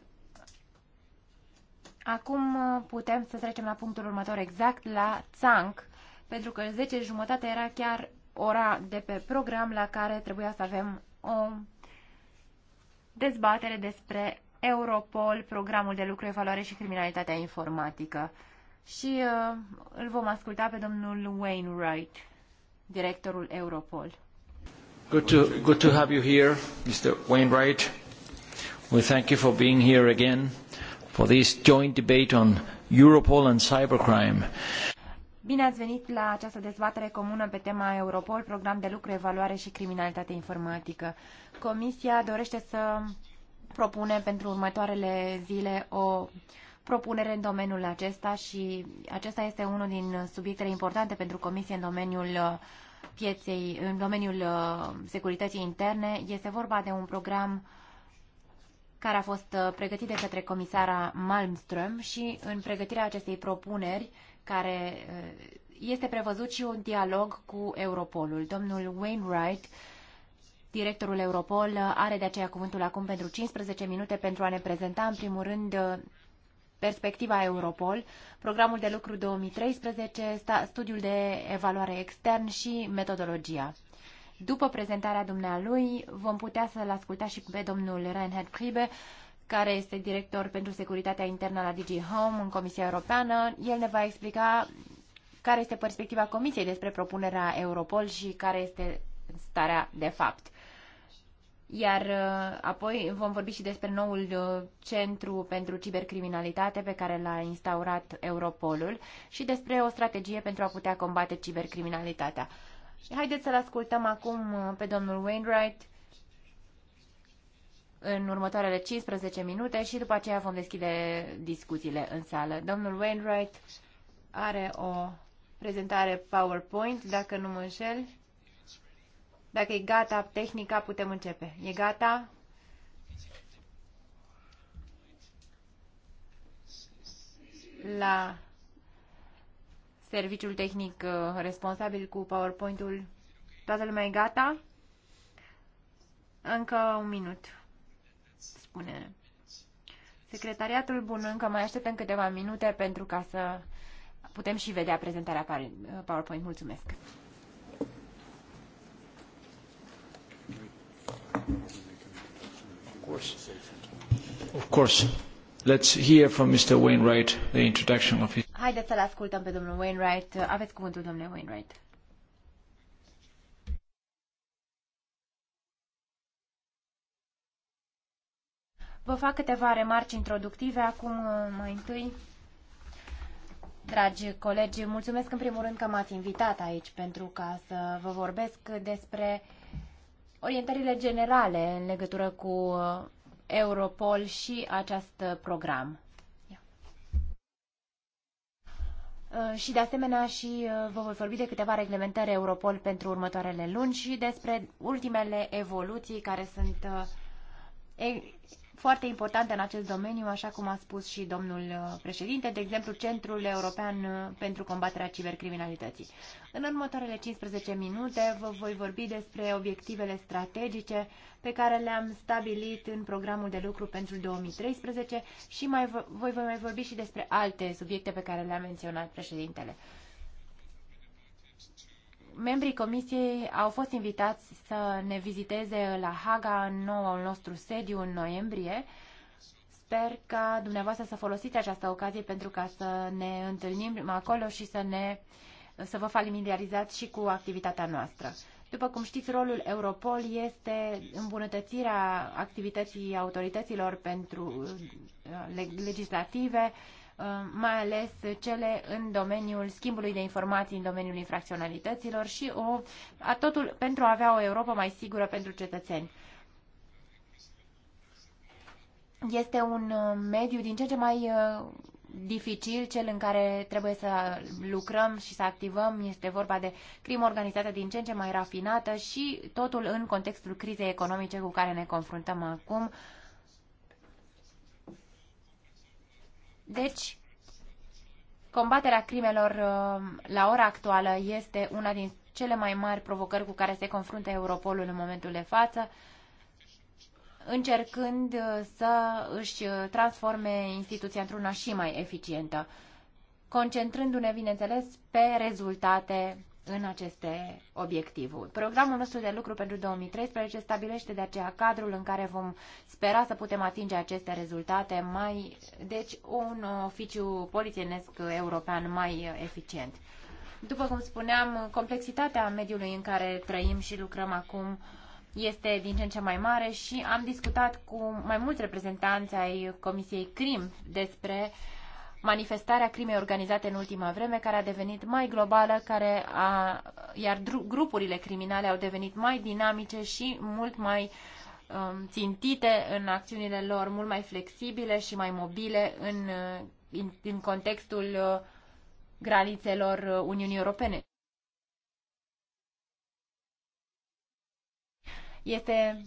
Acum uh, putem să trecem la punctul următor, exact la țanc, pentru că 10 jumătate era chiar ora de pe program la care trebuia să avem o dezbatere despre Europol, programul de lucru, evaluare și criminalitatea informatică. Și uh, îl vom asculta pe domnul Wainwright, directorul Europol. Good to, good to have you here, Mr. Wainwright. We thank you for being here again for this joint debate on Europol and cybercrime. Bine ați venit la această dezbatere comună pe tema Europol, program de lucru, evaluare și criminalitate informatică. Comisia dorește să propune pentru următoarele zile o propunere în domeniul acesta și acesta este unul din subiectele importante pentru Comisie în domeniul uh, pieței în domeniul uh, securității interne. Este vorba de un program care a fost uh, pregătit de către comisara Malmström și în pregătirea acestei propuneri, care uh, este prevăzut și un dialog cu Europolul. Domnul Wainwright, directorul Europol, are de aceea cuvântul acum pentru 15 minute pentru a ne prezenta în primul rând perspectiva Europol, programul de lucru 2013, studiul de evaluare extern și metodologia. După prezentarea dumnealui, vom putea să-l asculta și pe domnul Reinhard Priebe, care este director pentru securitatea internă la DG Home în Comisia Europeană. El ne va explica care este perspectiva Comisiei despre propunerea Europol și care este starea de fapt. Iar uh, apoi vom vorbi și despre noul uh, centru pentru cibercriminalitate pe care l-a instaurat Europolul și despre o strategie pentru a putea combate cibercriminalitatea. Haideți să-l ascultăm acum uh, pe domnul Wainwright în următoarele 15 minute și după aceea vom deschide discuțiile în sală. Domnul Wainwright are o prezentare PowerPoint, dacă nu mă înșel. Dacă e gata tehnica, putem începe. E gata? La serviciul tehnic uh, responsabil cu PowerPoint-ul, toată lumea e gata? Încă un minut, spune. Secretariatul bun, încă mai așteptăm câteva minute pentru ca să putem și vedea prezentarea uh, PowerPoint. Mulțumesc! Of course. Let's hear from Mr. Wainwright the introduction of his... Haideți să-l ascultăm pe domnul Wainwright. Aveți cuvântul, domnule Wainwright. Vă fac câteva remarci introductive acum mai întâi. Dragi colegi, mulțumesc în primul rând că m-ați invitat aici pentru ca să vă vorbesc despre uh, orientările generale în legătură cu Europol și acest program. Uh, și de asemenea și uh, vă voi vorbi de câteva reglementări Europol pentru următoarele luni și despre ultimele evoluții care sunt uh, foarte importante în acest domeniu, așa cum a spus și domnul uh, președinte, de exemplu Centrul European uh, pentru combaterea cibercriminalității. În următoarele 15 minute vă voi vorbi despre obiectivele strategice pe care le-am stabilit în programul de lucru pentru 2013 și mai voi, voi mai vorbi și despre alte subiecte pe care le-a menționat președintele membrii comisiei au fost invitați să ne viziteze la Haga în noul nostru sediu în noiembrie. Sper ca dumneavoastră să folosiți această ocazie pentru ca să ne întâlnim acolo și să, ne, să vă familiarizați și cu activitatea noastră. După cum știți, rolul Europol este îmbunătățirea activității autorităților pentru uh, legislative, Uh, mai ales cele în domeniul schimbului de informații în domeniul infracționalităților și o, a totul pentru a avea o Europa mai sigură pentru cetățeni. Este un uh, mediu din ce ce mai uh, dificil, cel în care trebuie să lucrăm și să activăm. Este vorba de crimă organizată din ce în ce mai rafinată și totul în contextul crizei economice cu care ne confruntăm acum Deci, combaterea crimelor uh, la ora actuală este una din cele mai mari provocări cu care se confruntă Europolul în momentul de față, încercând uh, să își uh, transforme instituția într-una și mai eficientă, concentrându-ne, bineînțeles, pe rezultate în aceste obiectivuri. Programul nostru de lucru pentru 2013 stabilește de aceea cadrul în care vom spera să putem atinge aceste rezultate mai, deci un oficiu polițienesc european mai eficient. După cum spuneam, complexitatea mediului în care trăim și lucrăm acum este din ce în ce mai mare și am discutat cu mai mulți reprezentanți ai Comisiei CRIM despre uh, manifestarea crimei organizate în ultima vreme, care a devenit mai globală, care a, iar grupurile criminale au devenit mai dinamice și mult mai um, țintite în acțiunile lor, mult mai flexibile și mai mobile în, în, uh, în contextul uh, granițelor uh, Uniunii Europene. Este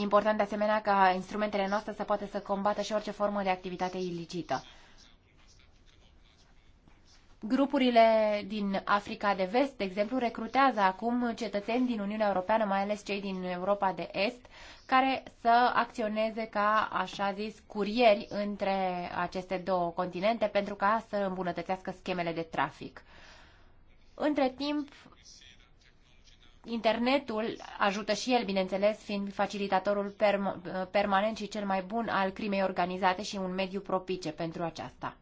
important de asemenea ca instrumentele noastre să poată să combată și orice formă de activitate ilicită. Grupurile din Africa de Vest, de exemplu, recrutează acum cetățeni din Uniunea Europeană, mai ales cei din Europa de Est, care să acționeze ca, așa zis, curieri între aceste două continente pentru ca să îmbunătățească schemele de trafic. Între timp, internetul ajută și el, bineînțeles, fiind facilitatorul perm- permanent și cel mai bun al crimei organizate și un mediu propice pentru aceasta.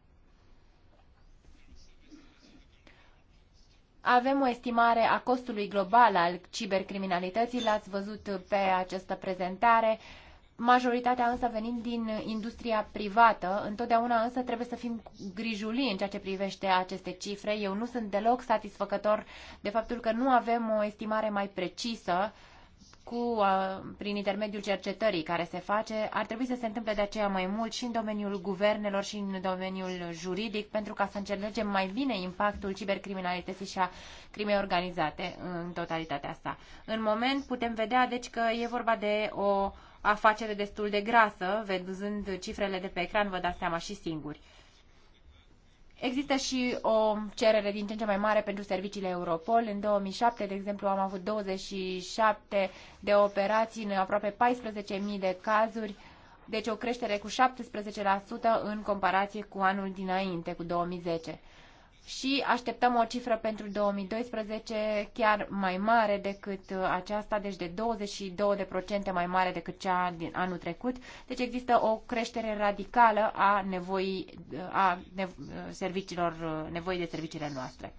Avem o estimare a costului global al cibercriminalității, l-ați văzut pe această prezentare. Uh, majoritatea însă venind din industria privată. Întotdeauna însă trebuie să fim grijulii în ceea ce privește aceste cifre. Eu nu sunt deloc satisfăcător de faptul că nu avem o estimare mai precisă cu, uh, prin intermediul cercetării care se face. Ar trebui să se întâmple de aceea mai mult și în domeniul guvernelor și în domeniul juridic pentru ca să înțelegem mai bine impactul cibercriminalității și a crimei organizate în totalitatea asta. În moment putem vedea deci că e vorba de o afacere destul de grasă, văzând cifrele de pe ecran, vă dați seama și singuri. Există și o cerere din ce în ce mai mare pentru serviciile Europol. În 2007, de exemplu, am avut 27 de operații în aproape 14.000 de cazuri, deci o creștere cu 17% în comparație cu anul dinainte, cu 2010 și așteptăm o cifră pentru 2012 chiar mai mare decât uh, aceasta, deci de 22% mai mare decât cea din anul trecut. Deci există o creștere radicală a nevoii uh, a uh, serviciilor, nevoii de serviciile noastre.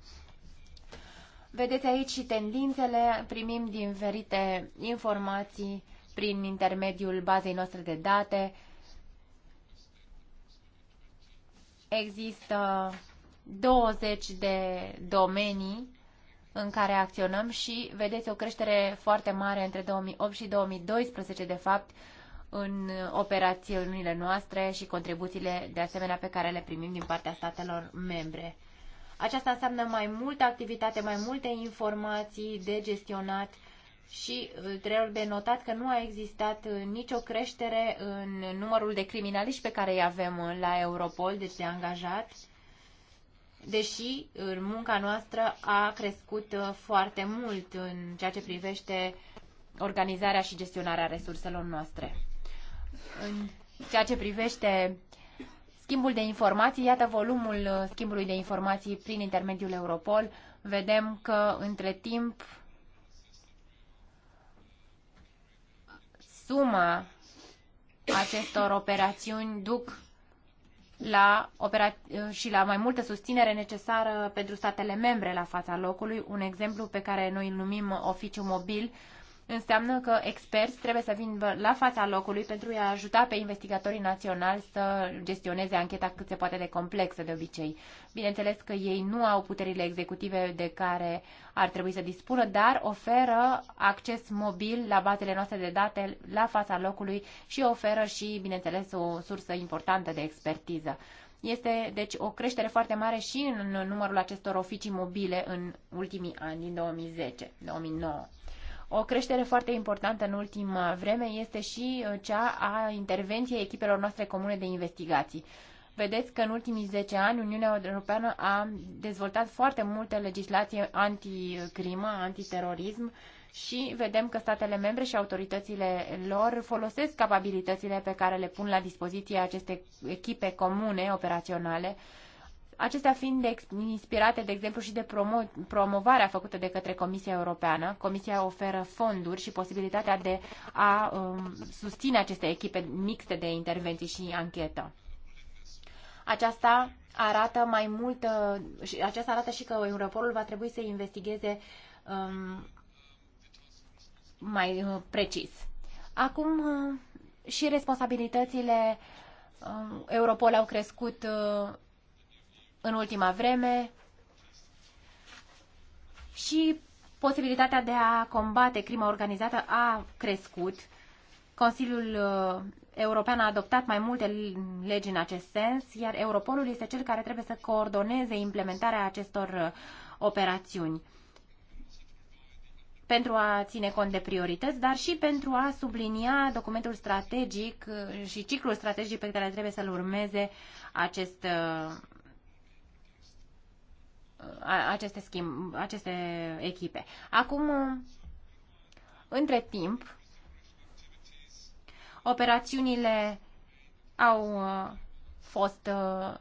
Vedeți aici și tendințele, primim din verite informații prin intermediul bazei noastre de date. Există 20 de domenii în care acționăm și vedeți o creștere foarte mare între 2008 și 2012, de fapt, în operațiunile noastre și contribuțiile de asemenea pe care le primim din partea statelor membre. Aceasta înseamnă mai multă activitate, mai multe informații de gestionat și uh, trebuie de notat că nu a existat uh, nicio creștere în numărul de criminaliști pe care îi avem uh, la Europol, deci de angajați deși munca noastră a crescut uh, foarte mult în ceea ce privește organizarea și gestionarea resurselor noastre. În ceea ce privește schimbul de informații, iată volumul uh, schimbului de informații prin intermediul Europol, vedem că între timp suma acestor operațiuni duc la și la mai multă susținere necesară pentru statele membre la fața locului, un exemplu pe care noi îl numim oficiu mobil, uh, înseamnă că experți trebuie să vină la fața locului pentru a ajuta pe investigatorii naționali să gestioneze ancheta cât se poate de complexă de obicei. Bineînțeles că ei nu au puterile executive de care ar trebui să dispună, dar oferă acces mobil la bazele noastre de date la fața locului și oferă și, bineînțeles, o sursă importantă de expertiză. Este, deci, o creștere foarte mare și în numărul acestor oficii mobile în ultimii ani, din 2010-2009. O creștere foarte importantă în ultima vreme este și uh, cea a intervenției echipelor noastre comune de investigații. Vedeți că în ultimii 10 ani Uniunea Europeană a dezvoltat foarte multe legislații anticrimă, antiterorism și vedem că statele membre și autoritățile lor folosesc capabilitățile pe care le pun la dispoziție aceste echipe comune operaționale acestea fiind de, inspirate, de exemplu, și de promo, promovarea făcută de către Comisia Europeană. Comisia oferă fonduri și posibilitatea de a um, susține aceste echipe mixte de intervenții și anchetă. Aceasta arată mai mult, uh, și aceasta arată și că Europolul va trebui să investigheze um, mai uh, precis. Acum uh, și responsabilitățile uh, Europol au crescut uh, în ultima vreme și posibilitatea de a combate crima organizată a crescut. Consiliul uh, European a adoptat mai multe legi în acest sens, iar Europolul este cel care trebuie să coordoneze implementarea acestor uh, operațiuni pentru a ține cont de priorități, dar și pentru a sublinia documentul strategic uh, și ciclul strategic pe care trebuie să-l urmeze acest aceste, schimb, aceste echipe. Acum, între timp, operațiunile au uh, fost uh,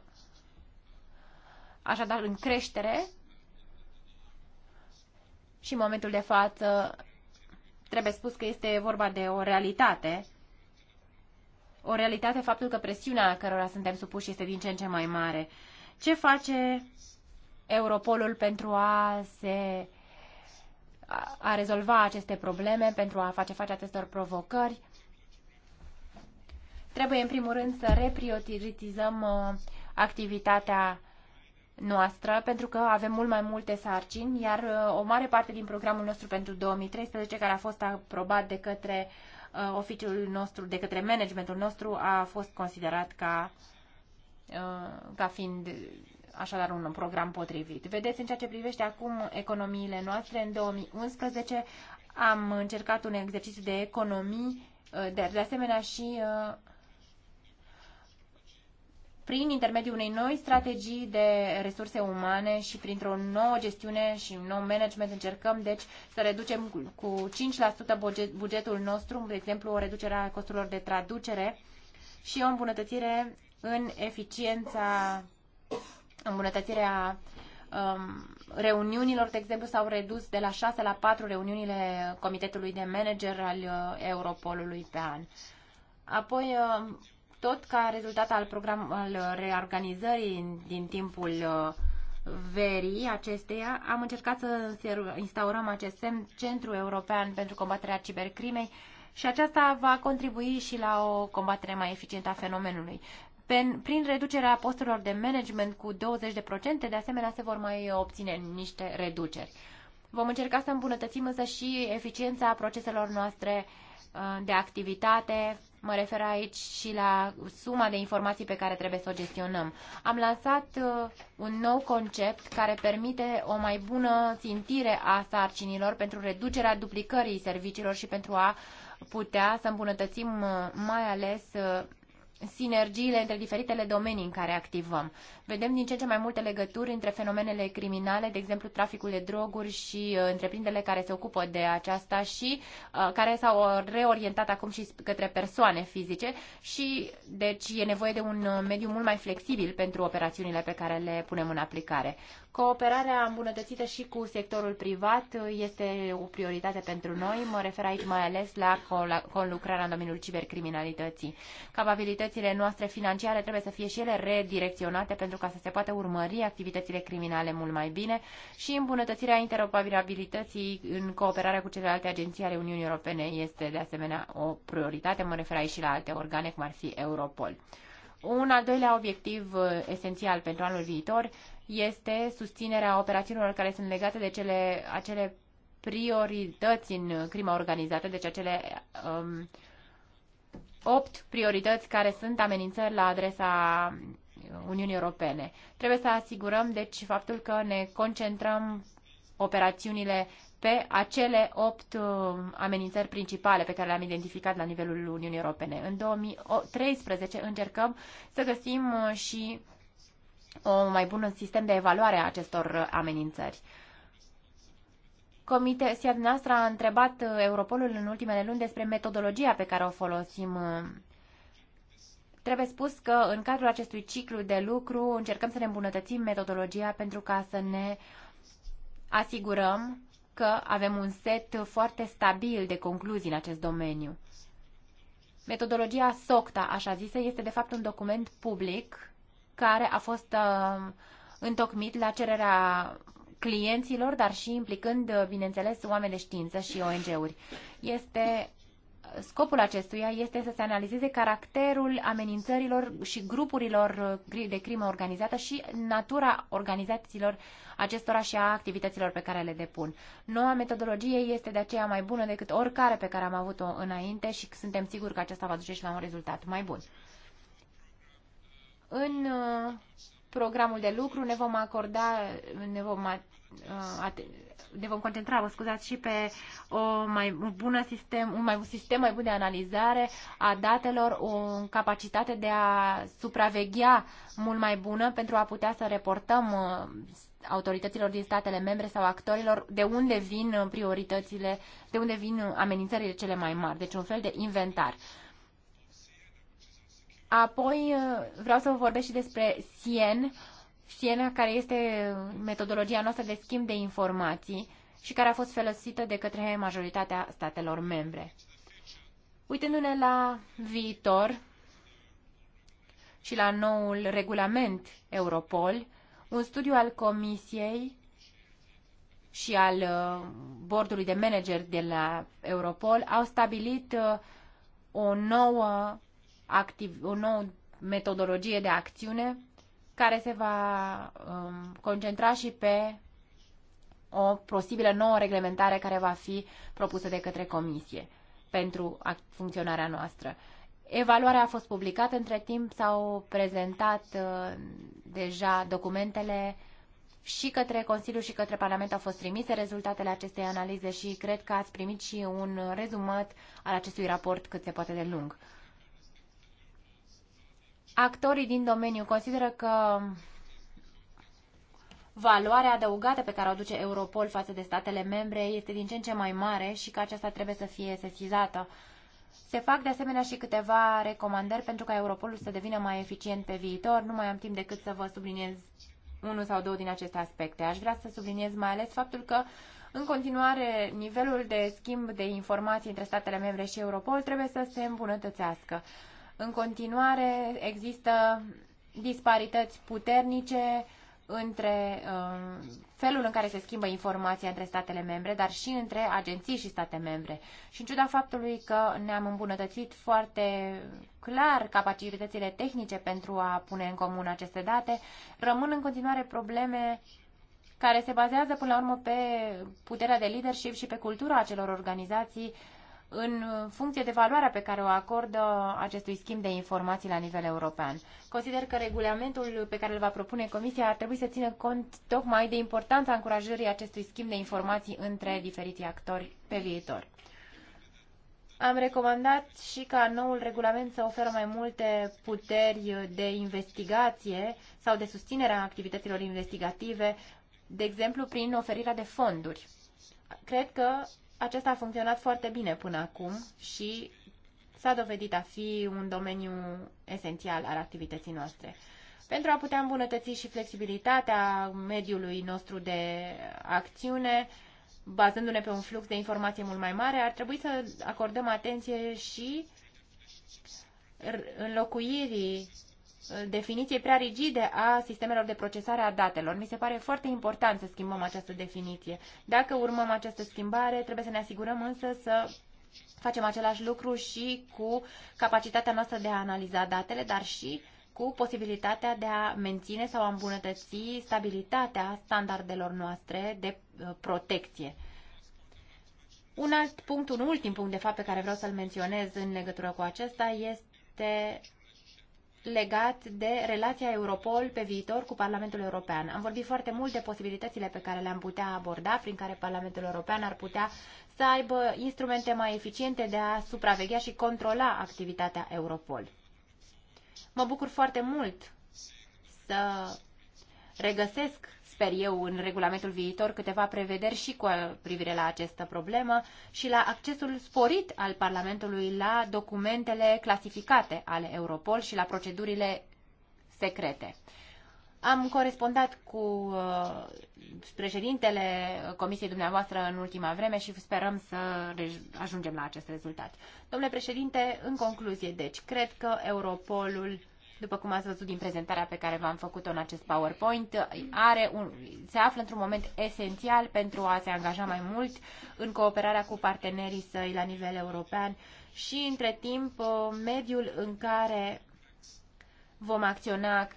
așadar în creștere și în momentul de față trebuie spus că este vorba de o realitate. O realitate faptul că presiunea cărora suntem supuși este din ce în ce mai mare. Ce face Europolul pentru a se a rezolva aceste probleme, pentru a face face acestor provocări. Trebuie, în primul rând, să reprioritizăm uh, activitatea noastră, pentru că avem mult mai multe sarcini, iar uh, o mare parte din programul nostru pentru 2013, care a fost aprobat de către uh, oficiul nostru, de către managementul nostru, a fost considerat ca, ca fiind așadar un program potrivit. Vedeți, în ceea ce privește acum economiile noastre, în 2011 am încercat un exercițiu de economii, uh, de, de asemenea și uh, prin intermediul unei noi strategii de resurse umane și printr-o nouă gestiune și un nou management încercăm deci să reducem cu 5% bugetul nostru, de exemplu o reducere a costurilor de traducere și o îmbunătățire în eficiența îmbunătățirea um, reuniunilor, de exemplu, s-au redus de la 6 la 4 reuniunile Comitetului de Manager al uh, Europolului pe an. Apoi, uh, tot ca rezultat al, program, al reorganizării din timpul uh, verii acesteia, am încercat să instaurăm acest semn Centru European pentru combaterea cibercrimei și aceasta va contribui și la o combatere mai eficientă a fenomenului prin reducerea posturilor de management cu 20%, de asemenea se vor mai obține niște reduceri. Vom încerca să îmbunătățim însă și eficiența proceselor noastre uh, de activitate. Mă refer aici și la suma de informații pe care trebuie să o gestionăm. Am lansat uh, un nou concept care permite o mai bună țintire a sarcinilor pentru reducerea duplicării serviciilor și pentru a putea să îmbunătățim uh, mai ales sinergiile între diferitele domenii în care activăm. Vedem din ce în ce mai multe legături între fenomenele criminale, de exemplu traficul de droguri și uh, întreprinderile care se ocupă de aceasta și uh, care s-au reorientat acum și către persoane fizice și deci e nevoie de un uh, mediu mult mai flexibil pentru operațiunile pe care le punem în aplicare. Cooperarea îmbunătățită și cu sectorul privat uh, este o prioritate pentru noi. Mă refer aici mai ales la conlucrarea în domeniul cibercriminalității. Capabilitățile noastre financiare trebuie să fie și ele redirecționate pentru ca să se poată urmări activitățile criminale mult mai bine și îmbunătățirea interoperabilității în cooperarea cu celelalte agenții ale Uniunii Europene este de asemenea o prioritate. Mă refer aici și la alte organe, cum ar fi Europol. Un al doilea obiectiv uh, esențial pentru anul viitor este susținerea operațiunilor care sunt legate de cele, acele priorități în crima organizată, deci acele um, opt priorități care sunt amenințări la adresa Uniunii Europene. Trebuie să asigurăm, deci, faptul că ne concentrăm operațiunile pe acele opt uh, amenințări principale pe care le-am identificat la nivelul Uniunii Europene. În 2013 încercăm să găsim uh, și un mai bun sistem de evaluare a acestor uh, amenințări. Comisia noastră a întrebat Europolul în ultimele luni despre metodologia pe care o folosim. Trebuie spus că în cadrul acestui ciclu de lucru încercăm să ne îmbunătățim metodologia pentru ca să ne asigurăm că avem un set foarte stabil de concluzii în acest domeniu. Metodologia SOCTA, așa zisă, este de fapt un document public care a fost uh, întocmit la cererea clienților, dar și implicând, uh, bineînțeles, oameni de știință și ONG-uri. Este Scopul acestuia este să se analizeze caracterul amenințărilor și grupurilor uh, de crimă organizată și natura organizațiilor acestora și a activităților pe care le depun. Noua metodologie este de aceea mai bună decât oricare pe care am avut-o înainte și suntem siguri că aceasta va duce și la un rezultat mai bun. În uh, programul de lucru ne vom acorda, ne vom Uh, ne vom concentra, vă scuzați, și pe o mai bună sistem, un, mai, un sistem mai bun de analizare a datelor, o capacitate de a supraveghea mult mai bună pentru a putea să reportăm uh, autorităților din statele membre sau actorilor de unde vin uh, prioritățile, de unde vin amenințările cele mai mari, deci un fel de inventar. Apoi vreau să vă vorbesc și despre SIEN, Siena, care este metodologia noastră de schimb de informații și care a fost folosită de către majoritatea statelor membre. Uitându-ne la viitor și la noul regulament Europol, un studiu al Comisiei și al uh, bordului de manager de la Europol au stabilit uh, o nouă, activ, o nouă metodologie de acțiune care se va um, concentra și pe o posibilă nouă reglementare care va fi propusă de către Comisie pentru funcționarea noastră. Evaluarea a fost publicată, între timp s-au prezentat uh, deja documentele și către Consiliu și către Parlament au fost trimise rezultatele acestei analize și cred că ați primit și un rezumat al acestui raport cât se poate de lung. Actorii din domeniu consideră că valoarea adăugată pe care o aduce Europol față de statele membre este din ce în ce mai mare și că aceasta trebuie să fie sesizată. Se fac de asemenea și câteva recomandări pentru ca Europolul să devină mai eficient pe viitor. Nu mai am timp decât să vă subliniez unul sau două din aceste aspecte. Aș vrea să subliniez mai ales faptul că în continuare, nivelul de schimb de informații între statele membre și Europol trebuie să se îmbunătățească. În continuare există disparități puternice între uh, felul în care se schimbă informația între statele membre, dar și între agenții și state membre. Și în ciuda faptului că ne-am îmbunătățit foarte clar capacitățile tehnice pentru a pune în comun aceste date, rămân în continuare probleme care se bazează până la urmă pe puterea de leadership și pe cultura acelor organizații uh, în funcție de valoarea pe care o acordă acestui schimb de informații la nivel european. Consider că regulamentul pe care îl va propune Comisia ar trebui să țină cont tocmai de importanța încurajării acestui schimb de informații între diferiții actori pe viitor. Am recomandat și ca noul regulament să oferă mai multe puteri de investigație sau de susținere a activităților investigative, de exemplu prin oferirea de fonduri. Cred că acesta a funcționat foarte bine până acum și s-a dovedit a fi un domeniu esențial al activității noastre. Pentru a putea îmbunătăți și flexibilitatea mediului nostru de acțiune, bazându-ne pe un flux de informație mult mai mare, ar trebui să acordăm atenție și înlocuirii Definiție prea rigide a sistemelor de procesare a datelor. Mi se pare foarte important să schimbăm această definiție. Dacă urmăm această schimbare, trebuie să ne asigurăm însă să facem același lucru și cu capacitatea noastră de a analiza datele, dar și cu posibilitatea de a menține sau a îmbunătăți stabilitatea standardelor noastre de uh, protecție. Un alt punct, un ultim punct, de fapt, pe care vreau să-l menționez în legătură cu acesta este legat de relația Europol pe viitor cu Parlamentul European. Am vorbit foarte mult de posibilitățile pe care le-am putea aborda, prin care Parlamentul European ar putea să aibă instrumente mai eficiente de a supraveghea și controla activitatea Europol. Mă bucur foarte mult să regăsesc sper eu, în regulamentul viitor câteva prevederi și cu privire la această problemă și la accesul sporit al Parlamentului la documentele clasificate ale Europol și la procedurile secrete. Am corespondat cu uh, președintele comisiei dumneavoastră în ultima vreme și sperăm să ajungem la acest rezultat. Domnule președinte, în concluzie, deci, cred că Europolul după cum ați văzut din prezentarea pe care v-am făcut-o în acest PowerPoint, are un, se află într-un moment esențial pentru a se angaja mai mult în cooperarea cu partenerii săi la nivel european și, între timp, uh, mediul în care vom acționa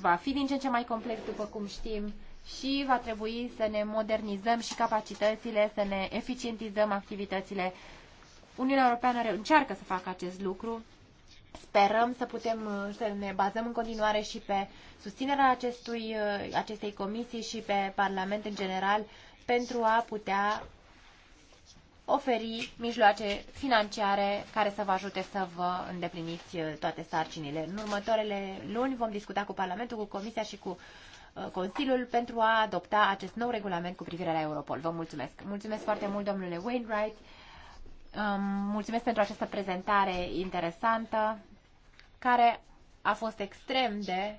va fi din ce în ce mai complex, după cum știm, și va trebui să ne modernizăm și capacitățile, să ne eficientizăm activitățile. Uniunea Europeană încearcă să facă acest lucru Sperăm să putem uh, să ne bazăm în continuare și pe susținerea acestui, uh, acestei comisii și pe Parlament în general pentru a putea oferi mijloace financiare care să vă ajute să vă îndepliniți uh, toate sarcinile. În următoarele luni vom discuta cu Parlamentul, cu Comisia și cu Consiliul pentru a adopta acest nou regulament cu privire la Europol. Vă mulțumesc! Mulțumesc foarte mult, domnule Wainwright! mulțumesc pentru această prezentare interesantă, care a fost extrem de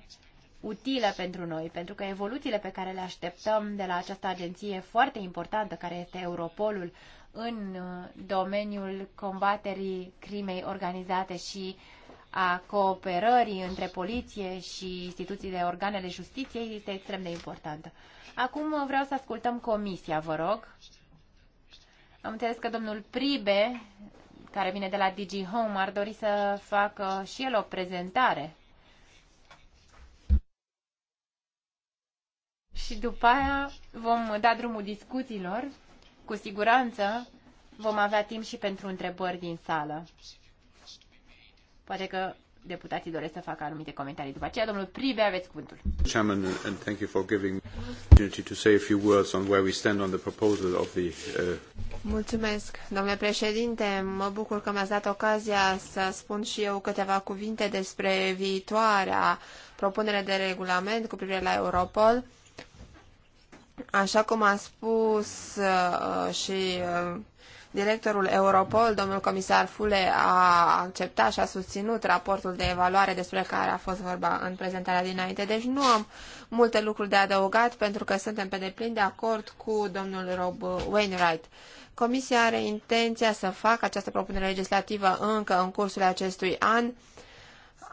utilă pentru noi, pentru că evoluțiile pe care le așteptăm de la această agenție foarte importantă, care este Europolul, în uh, domeniul combaterii crimei organizate și a cooperării între poliție și instituțiile organele justiției este extrem de importantă. Acum vreau să ascultăm comisia, vă rog. Am înțeles că domnul Pribe, care vine de la Digi Home, ar dori să facă și el o prezentare. Și după aia vom da drumul discuțiilor. Cu siguranță vom avea timp și pentru întrebări din sală. Poate că deputații doresc să facă anumite comentarii. După aceea, domnul Pribe, aveți cuvântul. Chairman, and thank you for giving opportunity to say a few words on where we stand on the proposal of the... Uh, Mulțumesc, domnule președinte. Mă bucur că mi-ați dat ocazia să spun și eu câteva cuvinte despre viitoarea propunere de regulament cu privire la Europol. Așa cum a spus uh, și uh, Directorul Europol, domnul comisar Fule, a acceptat și a susținut raportul de evaluare despre care a fost vorba în prezentarea dinainte. Deci nu am multe lucruri de adăugat pentru că suntem pe deplin de acord cu domnul Rob Wainwright. Comisia are intenția să facă această propunere legislativă încă în cursul acestui an.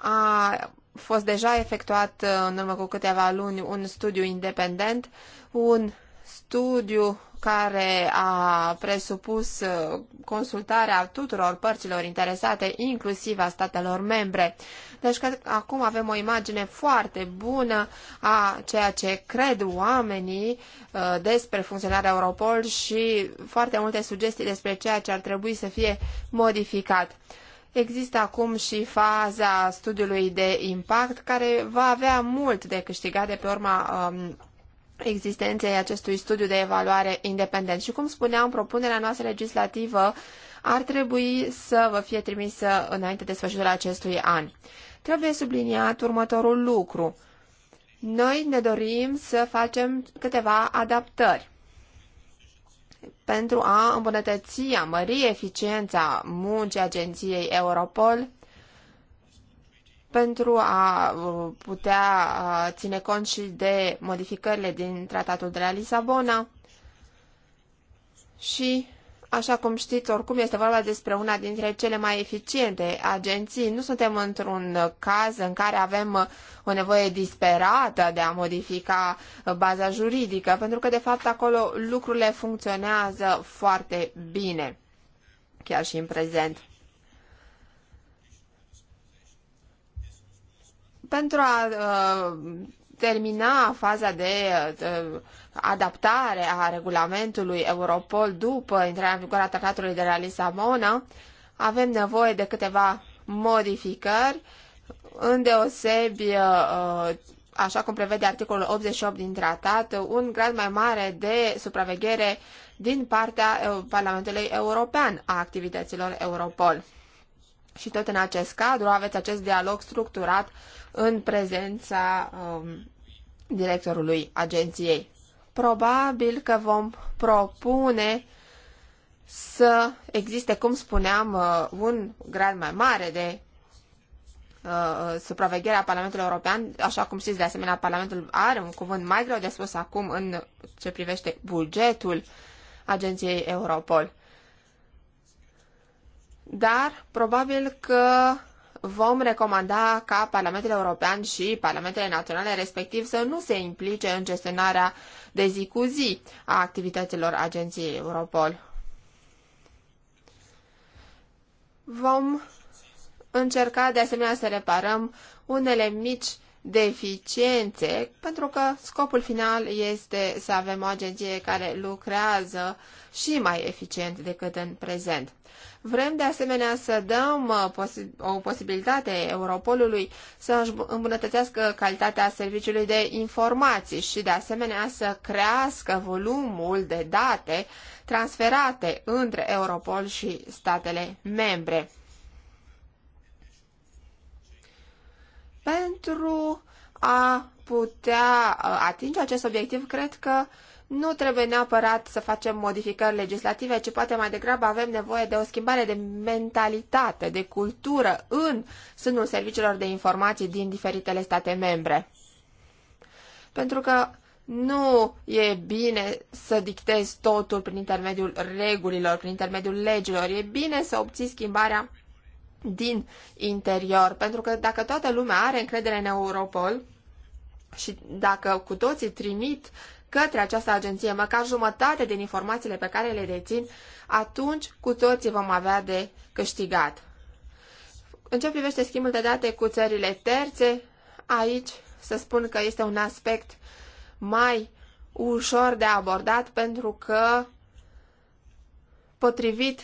A fost deja efectuat în urmă cu câteva luni un studiu independent, un studiu care a presupus uh, consultarea tuturor părților interesate, inclusiv a statelor membre. Deci că acum avem o imagine foarte bună a ceea ce cred oamenii uh, despre funcționarea Europol și foarte multe sugestii despre ceea ce ar trebui să fie modificat. Există acum și faza studiului de impact care va avea mult de câștigat de pe urma um, existenței acestui studiu de evaluare independent. Și cum spuneam, propunerea noastră legislativă ar trebui să vă fie trimisă înainte de sfârșitul acestui an. Trebuie subliniat următorul lucru. Noi ne dorim să facem câteva adaptări pentru a îmbunătăți, a mări eficiența muncii agenției Europol pentru a uh, putea ține cont și de modificările din Tratatul de la Lisabona. Și, așa cum știți, oricum este vorba despre una dintre cele mai eficiente agenții. Nu suntem într-un caz în care avem o nevoie disperată de a modifica baza juridică, pentru că, de fapt, acolo lucrurile funcționează foarte bine, chiar și în prezent. pentru a uh, termina faza de uh, adaptare a regulamentului Europol după intrarea în vigoare a tratatului de la Lisabona, avem nevoie de câteva modificări, îndeosebi, uh, uh așa cum prevede articolul 88 din tratat, un grad mai mare de supraveghere din partea uh, Parlamentului European a activităților Europol. Și tot în acest cadru aveți acest dialog structurat în prezența um, directorului agenției. Probabil că vom propune să existe, cum spuneam, uh, un grad mai mare de supravegherea supraveghere a Parlamentului European. Așa cum știți, de asemenea, Parlamentul are un cuvânt mai greu de spus acum în ce privește bugetul agenției Europol. Dar probabil că vom recomanda ca Parlamentul European și Parlamentele Naționale respectiv să nu se implice în gestionarea de zi cu zi a activităților agenției Europol. Vom încerca de asemenea să reparăm unele mici deficiențe, pentru că scopul final este să avem o agenție care lucrează și mai eficient decât în prezent. Vrem de asemenea să dăm uh, o posibilitate Europolului să îmbunătățească calitatea serviciului de informații și de asemenea să crească volumul de date transferate între Europol și statele membre. Pentru a putea uh, atinge acest obiectiv, cred că uh, nu trebuie neapărat să facem modificări legislative, ci poate mai degrabă avem nevoie de o schimbare de mentalitate, de cultură în sânul serviciilor de informații din diferitele state membre. Pentru că nu e bine să dictezi totul prin intermediul regulilor, prin intermediul legilor. E bine să obții schimbarea din interior, pentru că dacă toată lumea are încredere în Europol și dacă cu toții trimit către această agenție măcar jumătate din informațiile pe care le dețin, atunci cu toții vom avea de câștigat. În ce privește schimbul de date cu țările terțe, aici să spun că este un aspect mai ușor de abordat pentru că, potrivit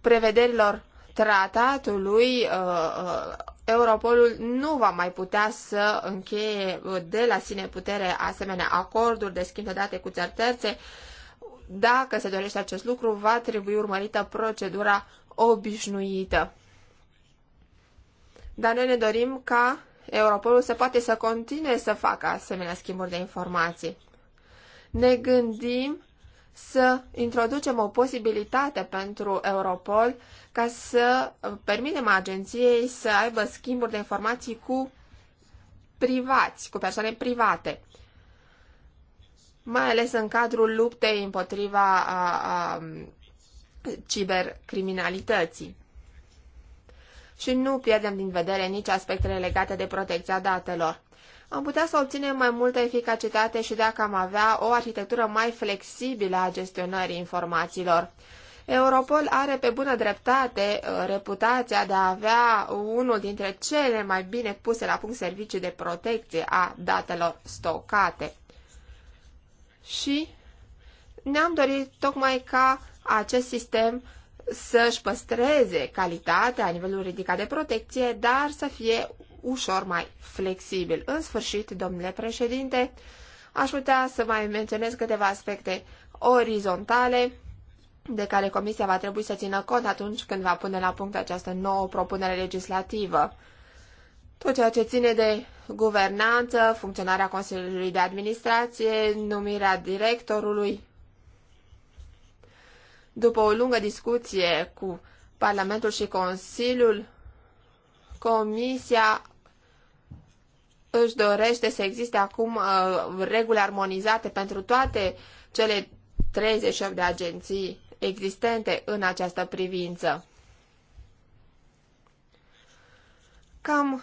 prevederilor tratatului, uh, uh, Europolul nu va mai putea să încheie de la sine putere asemenea acorduri de schimb de date cu țări terțe. Dacă se dorește acest lucru, va trebui urmărită procedura obișnuită. Dar noi ne dorim ca Europolul să poate să continue să facă asemenea schimburi de informații. Ne gândim să introducem o posibilitate pentru Europol ca să permitem agenției să aibă schimburi de informații cu privați, cu persoane private, mai ales în cadrul luptei împotriva a, a, cibercriminalității. Și nu pierdem din vedere nici aspectele legate de protecția datelor am putea să obținem mai multă eficacitate și dacă am avea o arhitectură mai flexibilă a gestionării informațiilor. Europol are pe bună dreptate uh, reputația de a avea unul dintre cele mai bine puse la punct servicii de protecție a datelor stocate. Și ne-am dorit tocmai ca acest sistem să-și păstreze calitatea, nivelul ridicat de protecție, dar să fie ușor mai flexibil. În sfârșit, domnule președinte, aș putea să mai menționez câteva aspecte orizontale de care Comisia va trebui să țină cont atunci când va pune la punct această nouă propunere legislativă. Tot ceea ce ține de guvernanță, funcționarea Consiliului de Administrație, numirea directorului. După o lungă discuție cu Parlamentul și Consiliul, Comisia își dorește să existe acum uh, reguli armonizate pentru toate cele 38 de agenții existente în această privință. Cam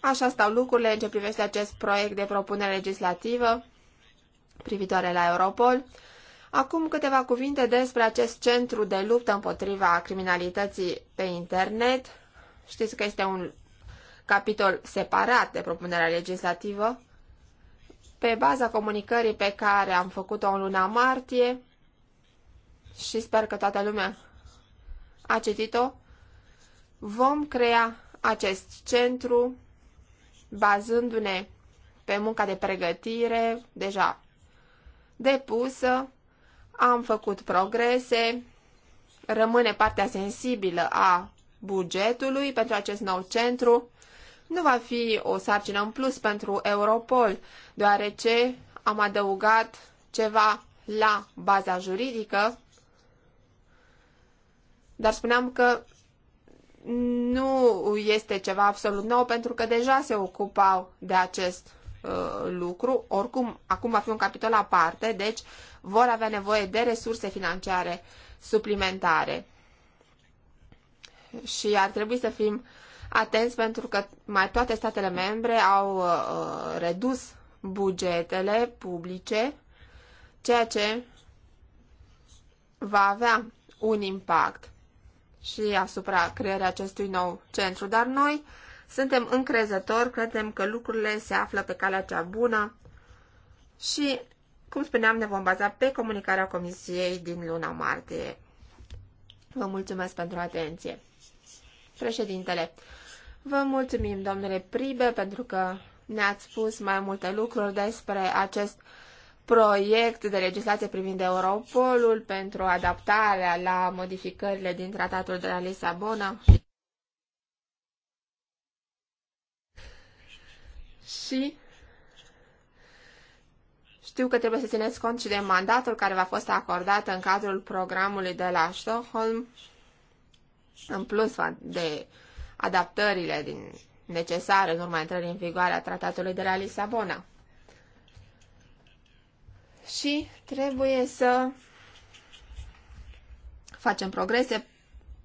așa stau lucrurile în ce privește acest proiect de propunere legislativă privitoare la Europol. Acum câteva cuvinte despre acest centru de luptă împotriva criminalității pe internet. Știți că este un capitol separat de propunerea legislativă, pe baza comunicării pe care am făcut-o în luna martie și sper că toată lumea a citit-o, vom crea acest centru bazându-ne pe munca de pregătire deja depusă, am făcut progrese, rămâne partea sensibilă a bugetului pentru acest nou centru nu va fi o sarcină în plus pentru Europol, deoarece am adăugat ceva la baza juridică, dar spuneam că nu este ceva absolut nou pentru că deja se ocupau de acest uh, lucru. Oricum, acum va fi un capitol aparte, deci vor avea nevoie de resurse financiare suplimentare. Și ar trebui să fim atenți pentru că mai toate statele membre au uh, uh, redus bugetele publice, ceea ce va avea un impact și asupra creării acestui nou centru. Dar noi suntem încrezători, credem că lucrurile se află pe calea cea bună și, cum spuneam, ne vom baza pe comunicarea Comisiei din luna martie. Vă mulțumesc pentru atenție. Președintele, Vă mulțumim, domnule Pribe, pentru că ne-ați spus mai multe lucruri despre acest proiect de legislație privind Europolul pentru adaptarea la modificările din tratatul de la Lisabona. Și știu că trebuie să țineți cont și de mandatul care v-a fost acordat în cadrul programului de la Stockholm, în plus de adaptările din, necesare în urma intrării în vigoare a tratatului de la Lisabona. Și trebuie să facem progrese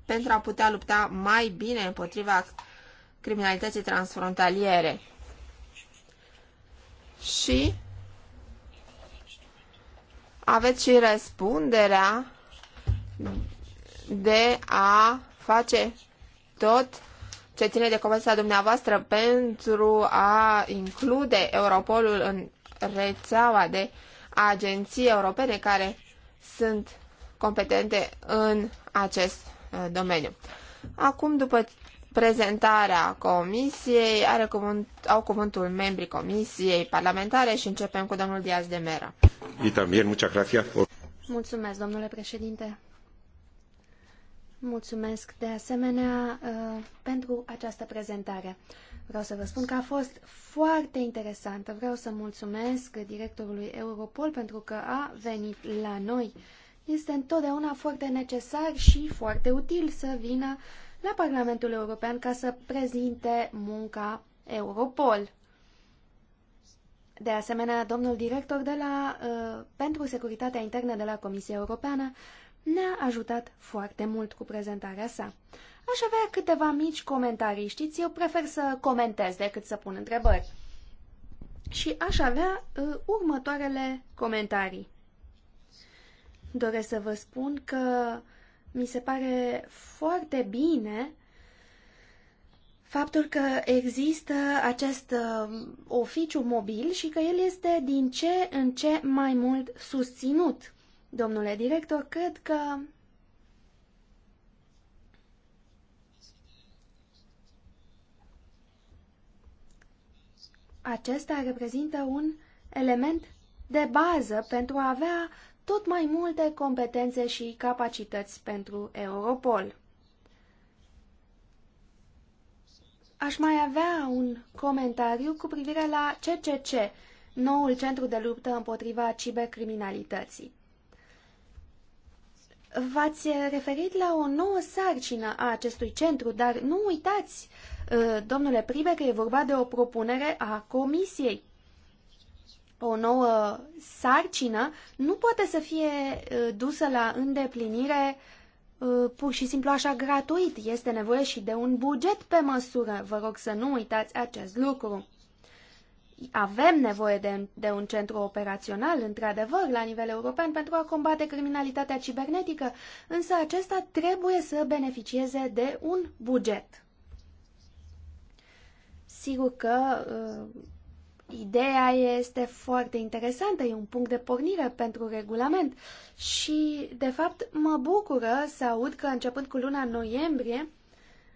pentru a putea lupta mai bine împotriva criminalității transfrontaliere. Și aveți și răspunderea de a face tot ce ține de comisia dumneavoastră pentru a include Europolul în rețeaua de agenții europene care sunt competente în acest uh, domeniu. Acum, după prezentarea comisiei, are cuvânt, au cuvântul membrii comisiei parlamentare și începem cu domnul Diaz de Mera. Mulțumesc, domnule președinte. Mulțumesc de asemenea uh, pentru această prezentare. Vreau să vă spun că a fost foarte interesantă. Vreau să mulțumesc directorului Europol pentru că a venit la noi. Este întotdeauna foarte necesar și foarte util să vină la Parlamentul European ca să prezinte munca Europol. De asemenea, domnul director de la, uh, pentru Securitatea Internă de la Comisia Europeană ne-a ajutat foarte mult cu prezentarea sa. Aș avea câteva mici comentarii, știți, eu prefer să comentez decât să pun întrebări. Și aș avea uh, următoarele comentarii. Doresc să vă spun că mi se pare foarte bine faptul că există acest uh, oficiu mobil și că el este din ce în ce mai mult susținut. Domnule director, cred că acesta reprezintă un element de bază pentru a avea tot mai multe competențe și capacități pentru Europol. Aș mai avea un comentariu cu privire la CCC, noul centru de luptă împotriva cibercriminalității. V-ați referit la o nouă sarcină a acestui centru, dar nu uitați, uh, domnule Pribe, că e vorba de o propunere a Comisiei. O nouă sarcină nu poate să fie uh, dusă la îndeplinire uh, pur și simplu așa gratuit. Este nevoie și de un buget pe măsură. Vă rog să nu uitați acest lucru. Avem nevoie de, de un centru operațional, într-adevăr, la nivel european pentru a combate criminalitatea cibernetică, însă acesta trebuie să beneficieze de un buget. Sigur că uh, ideea este foarte interesantă, e un punct de pornire pentru regulament și, de fapt, mă bucură să aud că, începând cu luna noiembrie,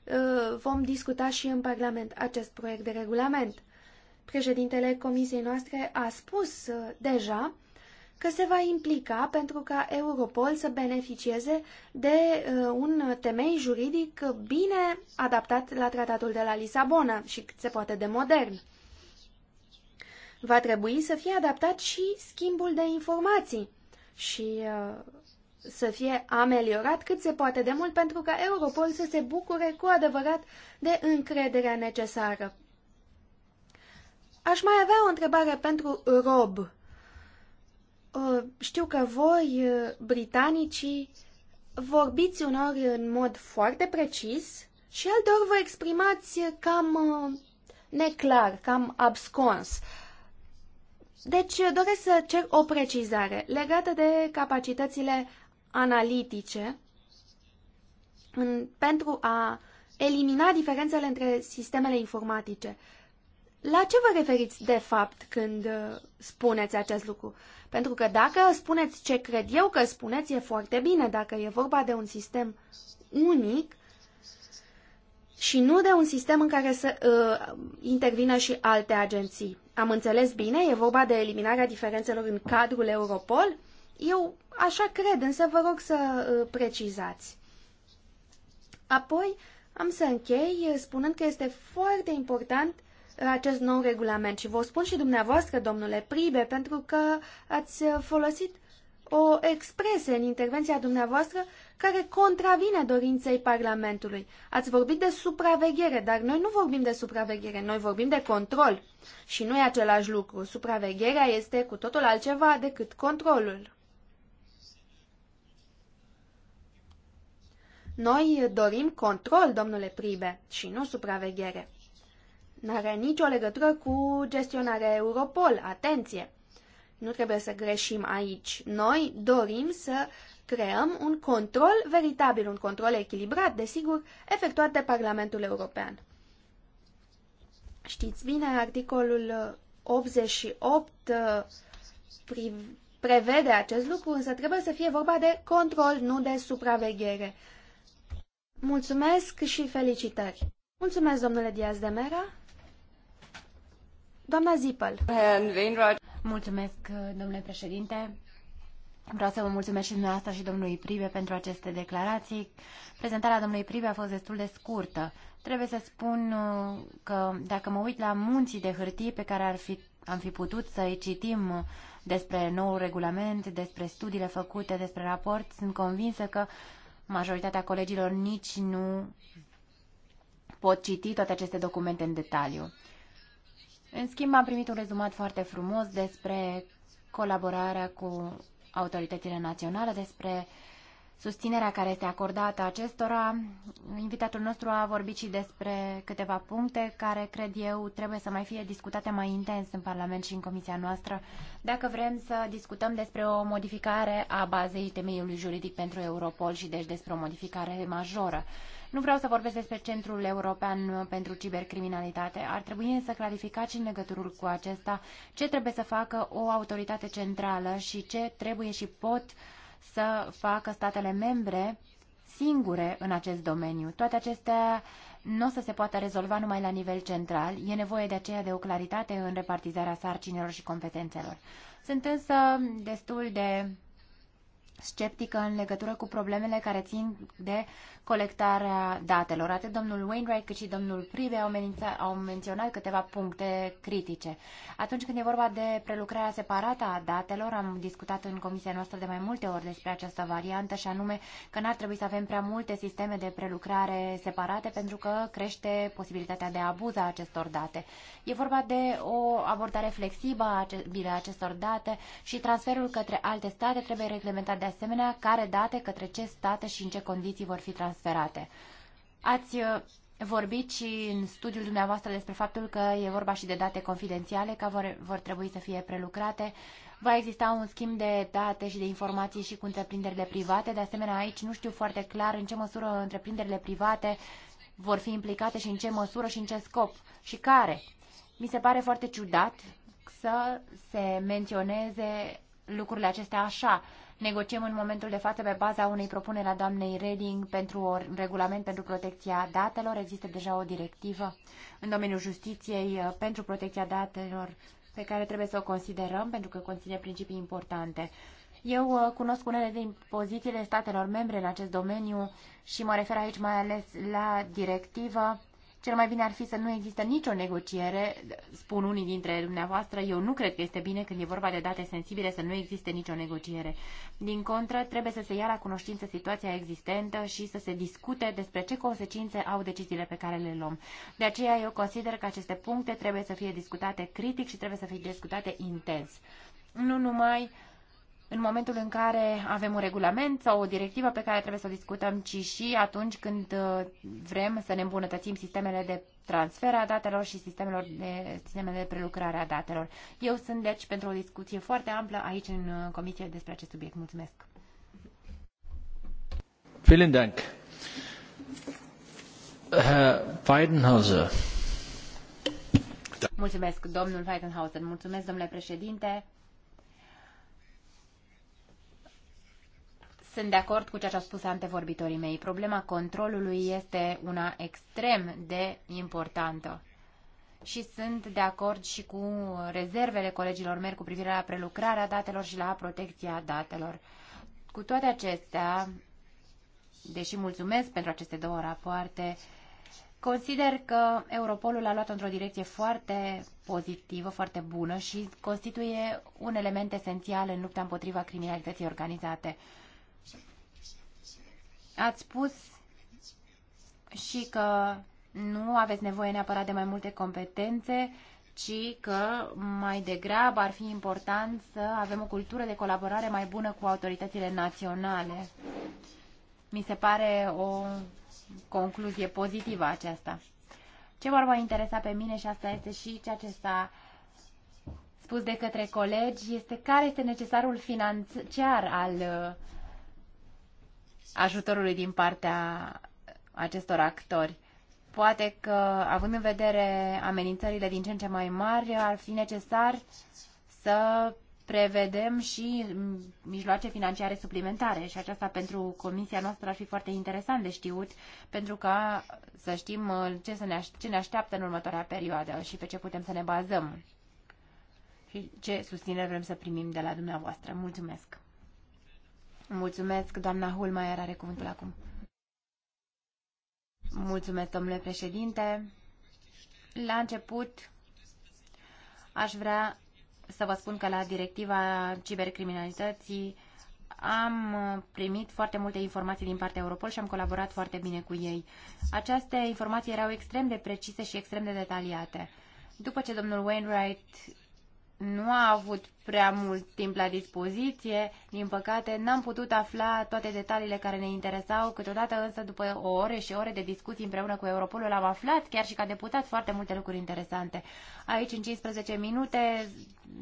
uh, vom discuta și în Parlament acest proiect de regulament. Președintele comisiei noastre a spus uh, deja că se va implica pentru ca Europol să beneficieze de uh, un temei juridic bine adaptat la tratatul de la Lisabona și cât se poate de modern. Va trebui să fie adaptat și schimbul de informații și uh, să fie ameliorat cât se poate de mult pentru ca Europol să se bucure cu adevărat de încrederea necesară. Aș mai avea o întrebare pentru Rob. Uh, știu că voi, uh, britanicii, vorbiți uneori în mod foarte precis și alteori vă exprimați cam uh, neclar, cam abscons. Deci doresc să cer o precizare legată de capacitățile analitice în, pentru a elimina diferențele între sistemele informatice. Uh, la ce vă referiți de fapt când uh, spuneți acest lucru? Pentru că dacă spuneți ce cred eu că spuneți, e foarte bine. Dacă e vorba de un sistem unic și nu de un sistem în care să uh, intervină și alte agenții. Am înțeles bine? E vorba de eliminarea diferențelor în cadrul Europol? Eu așa cred, însă vă rog să uh, precizați. Apoi am să închei uh, spunând că este foarte important uh, acest nou regulament și vă spun și dumneavoastră, domnule Pribe, pentru că ați folosit o expresie în intervenția dumneavoastră care contravine dorinței Parlamentului. Ați vorbit de supraveghere, dar noi nu vorbim de supraveghere, noi vorbim de control. Și nu e același lucru. Supravegherea este cu totul altceva decât controlul. Noi dorim control, domnule Pribe, și nu supraveghere. Nu are nicio legătură cu gestionarea Europol. Atenție! Nu trebuie să greșim aici. Noi dorim să creăm un control veritabil, un control echilibrat, desigur, efectuat de Parlamentul European. Știți bine, articolul 88 uh, prevede acest lucru, însă trebuie să fie vorba de control, nu de supraveghere. Mulțumesc și felicitări! Mulțumesc, domnule Diaz de Mera! Doamna Zipel. Mulțumesc, domnule președinte. Vreau să vă mulțumesc și dumneavoastră și domnului Pribe pentru aceste declarații. Prezentarea domnului Pribe a fost destul de scurtă. Trebuie să spun uh, că dacă mă uit la munții de hârtii pe care ar fi, am fi putut să-i citim despre nou regulament, despre studiile făcute, despre raport, sunt convinsă că majoritatea colegilor nici nu pot citi toate aceste documente în detaliu. În schimb, am primit un rezumat foarte frumos despre colaborarea cu autoritățile naționale, despre susținerea care este acordată acestora. Invitatul nostru a vorbit și despre câteva puncte care, cred eu, trebuie să mai fie discutate mai intens în Parlament și în Comisia noastră, dacă vrem să discutăm despre o modificare a bazei temeiului juridic pentru Europol și deci despre o modificare majoră. Nu vreau să vorbesc despre Centrul European pentru Cibercriminalitate. Ar trebui însă clarificat și în legătură cu acesta ce trebuie să facă o autoritate centrală și ce trebuie și pot să facă statele membre singure în acest domeniu. Toate acestea nu o să se poată rezolva numai la nivel central. E nevoie de aceea de o claritate în repartizarea sarcinilor și competențelor. Sunt însă destul de sceptică în legătură cu problemele care țin de colectarea datelor. Atât domnul Wainwright cât și domnul Prive au, au menționat câteva puncte critice. Atunci când e vorba de prelucrarea separată a datelor, am discutat în comisia noastră de mai multe ori despre această variantă și anume că n-ar trebui să avem prea multe sisteme de prelucrare separate pentru că crește posibilitatea de abuz a acestor date. E vorba de o abordare flexibilă a acestor date și transferul către alte state trebuie reglementat de asemenea care date către ce state și în ce condiții vor fi transferate. Ați uh, vorbit și în studiul dumneavoastră despre faptul că e vorba și de date confidențiale, că vor, vor trebui să fie prelucrate. Va exista un schimb de date și de informații și cu întreprinderile private. De asemenea, aici nu știu foarte clar în ce măsură întreprinderile private vor fi implicate și în ce măsură și în ce scop și care. Mi se pare foarte ciudat să se menționeze lucrurile acestea așa negociem în momentul de față pe baza unei propuneri a doamnei Reding pentru un regulament pentru protecția datelor. Există deja o directivă în domeniul justiției uh, pentru protecția datelor pe care trebuie să o considerăm pentru că conține principii importante. Eu uh, cunosc unele din pozițiile statelor membre în acest domeniu și mă refer aici mai ales la directivă cel mai bine ar fi să nu există nicio negociere, spun unii dintre dumneavoastră, eu nu cred că este bine când e vorba de date sensibile să nu existe nicio negociere. Din contră, trebuie să se ia la cunoștință situația existentă și să se discute despre ce consecințe au deciziile pe care le luăm. De aceea eu consider că aceste puncte trebuie să fie discutate critic și trebuie să fie discutate intens. Nu numai în momentul în care avem un regulament sau o directivă pe care trebuie să o discutăm, ci și atunci când uh, vrem să ne îmbunătățim sistemele de transfer a datelor și sistemelor de, sistemele de prelucrare a datelor. Eu sunt, deci, pentru o discuție foarte amplă aici în uh, comisie despre acest subiect. Mulțumesc! Vielen Dank. Herr Mulțumesc, domnul Weidenhauser. Mulțumesc, domnule președinte. Sunt de acord cu ceea ce au spus antevorbitorii mei. Problema controlului este una extrem de importantă. Și sunt de acord și cu rezervele colegilor mei cu privire la prelucrarea datelor și la protecția datelor. Cu toate acestea, deși mulțumesc pentru aceste două rapoarte, Consider că Europolul a luat într-o direcție foarte pozitivă, foarte bună și constituie un element esențial în lupta împotriva criminalității organizate. Ați spus și că nu aveți nevoie neapărat de mai multe competențe, ci că mai degrabă ar fi important să avem o cultură de colaborare mai bună cu autoritățile naționale. Mi se pare o concluzie pozitivă aceasta. Ce m-ar mai interesa pe mine și asta este și ceea ce s-a spus de către colegi, este care este necesarul financiar al uh, ajutorului din partea acestor actori. Poate că, având în vedere amenințările din ce în ce mai mari, ar fi necesar să prevedem și mijloace financiare suplimentare și aceasta pentru comisia noastră ar fi foarte interesant de știut pentru ca să știm uh, ce, să ne, aș- ce ne așteaptă în următoarea perioadă și pe ce putem să ne bazăm și ce susținere vrem să primim de la dumneavoastră. Mulțumesc! Mulțumesc, doamna Hulmaier are cuvântul acum. Mulțumesc, domnule președinte. La început, aș vrea să vă spun că la directiva cibercriminalității am primit foarte multe informații din partea Europol și am colaborat foarte bine cu ei. Aceste informații erau extrem de precise și extrem de detaliate. După ce domnul Wainwright nu a avut prea mult timp la dispoziție, din păcate n-am putut afla toate detaliile care ne interesau, câteodată însă după o ore și ore de discuții împreună cu Europolul am aflat, chiar și ca deputat, foarte multe lucruri interesante. Aici, în 15 minute,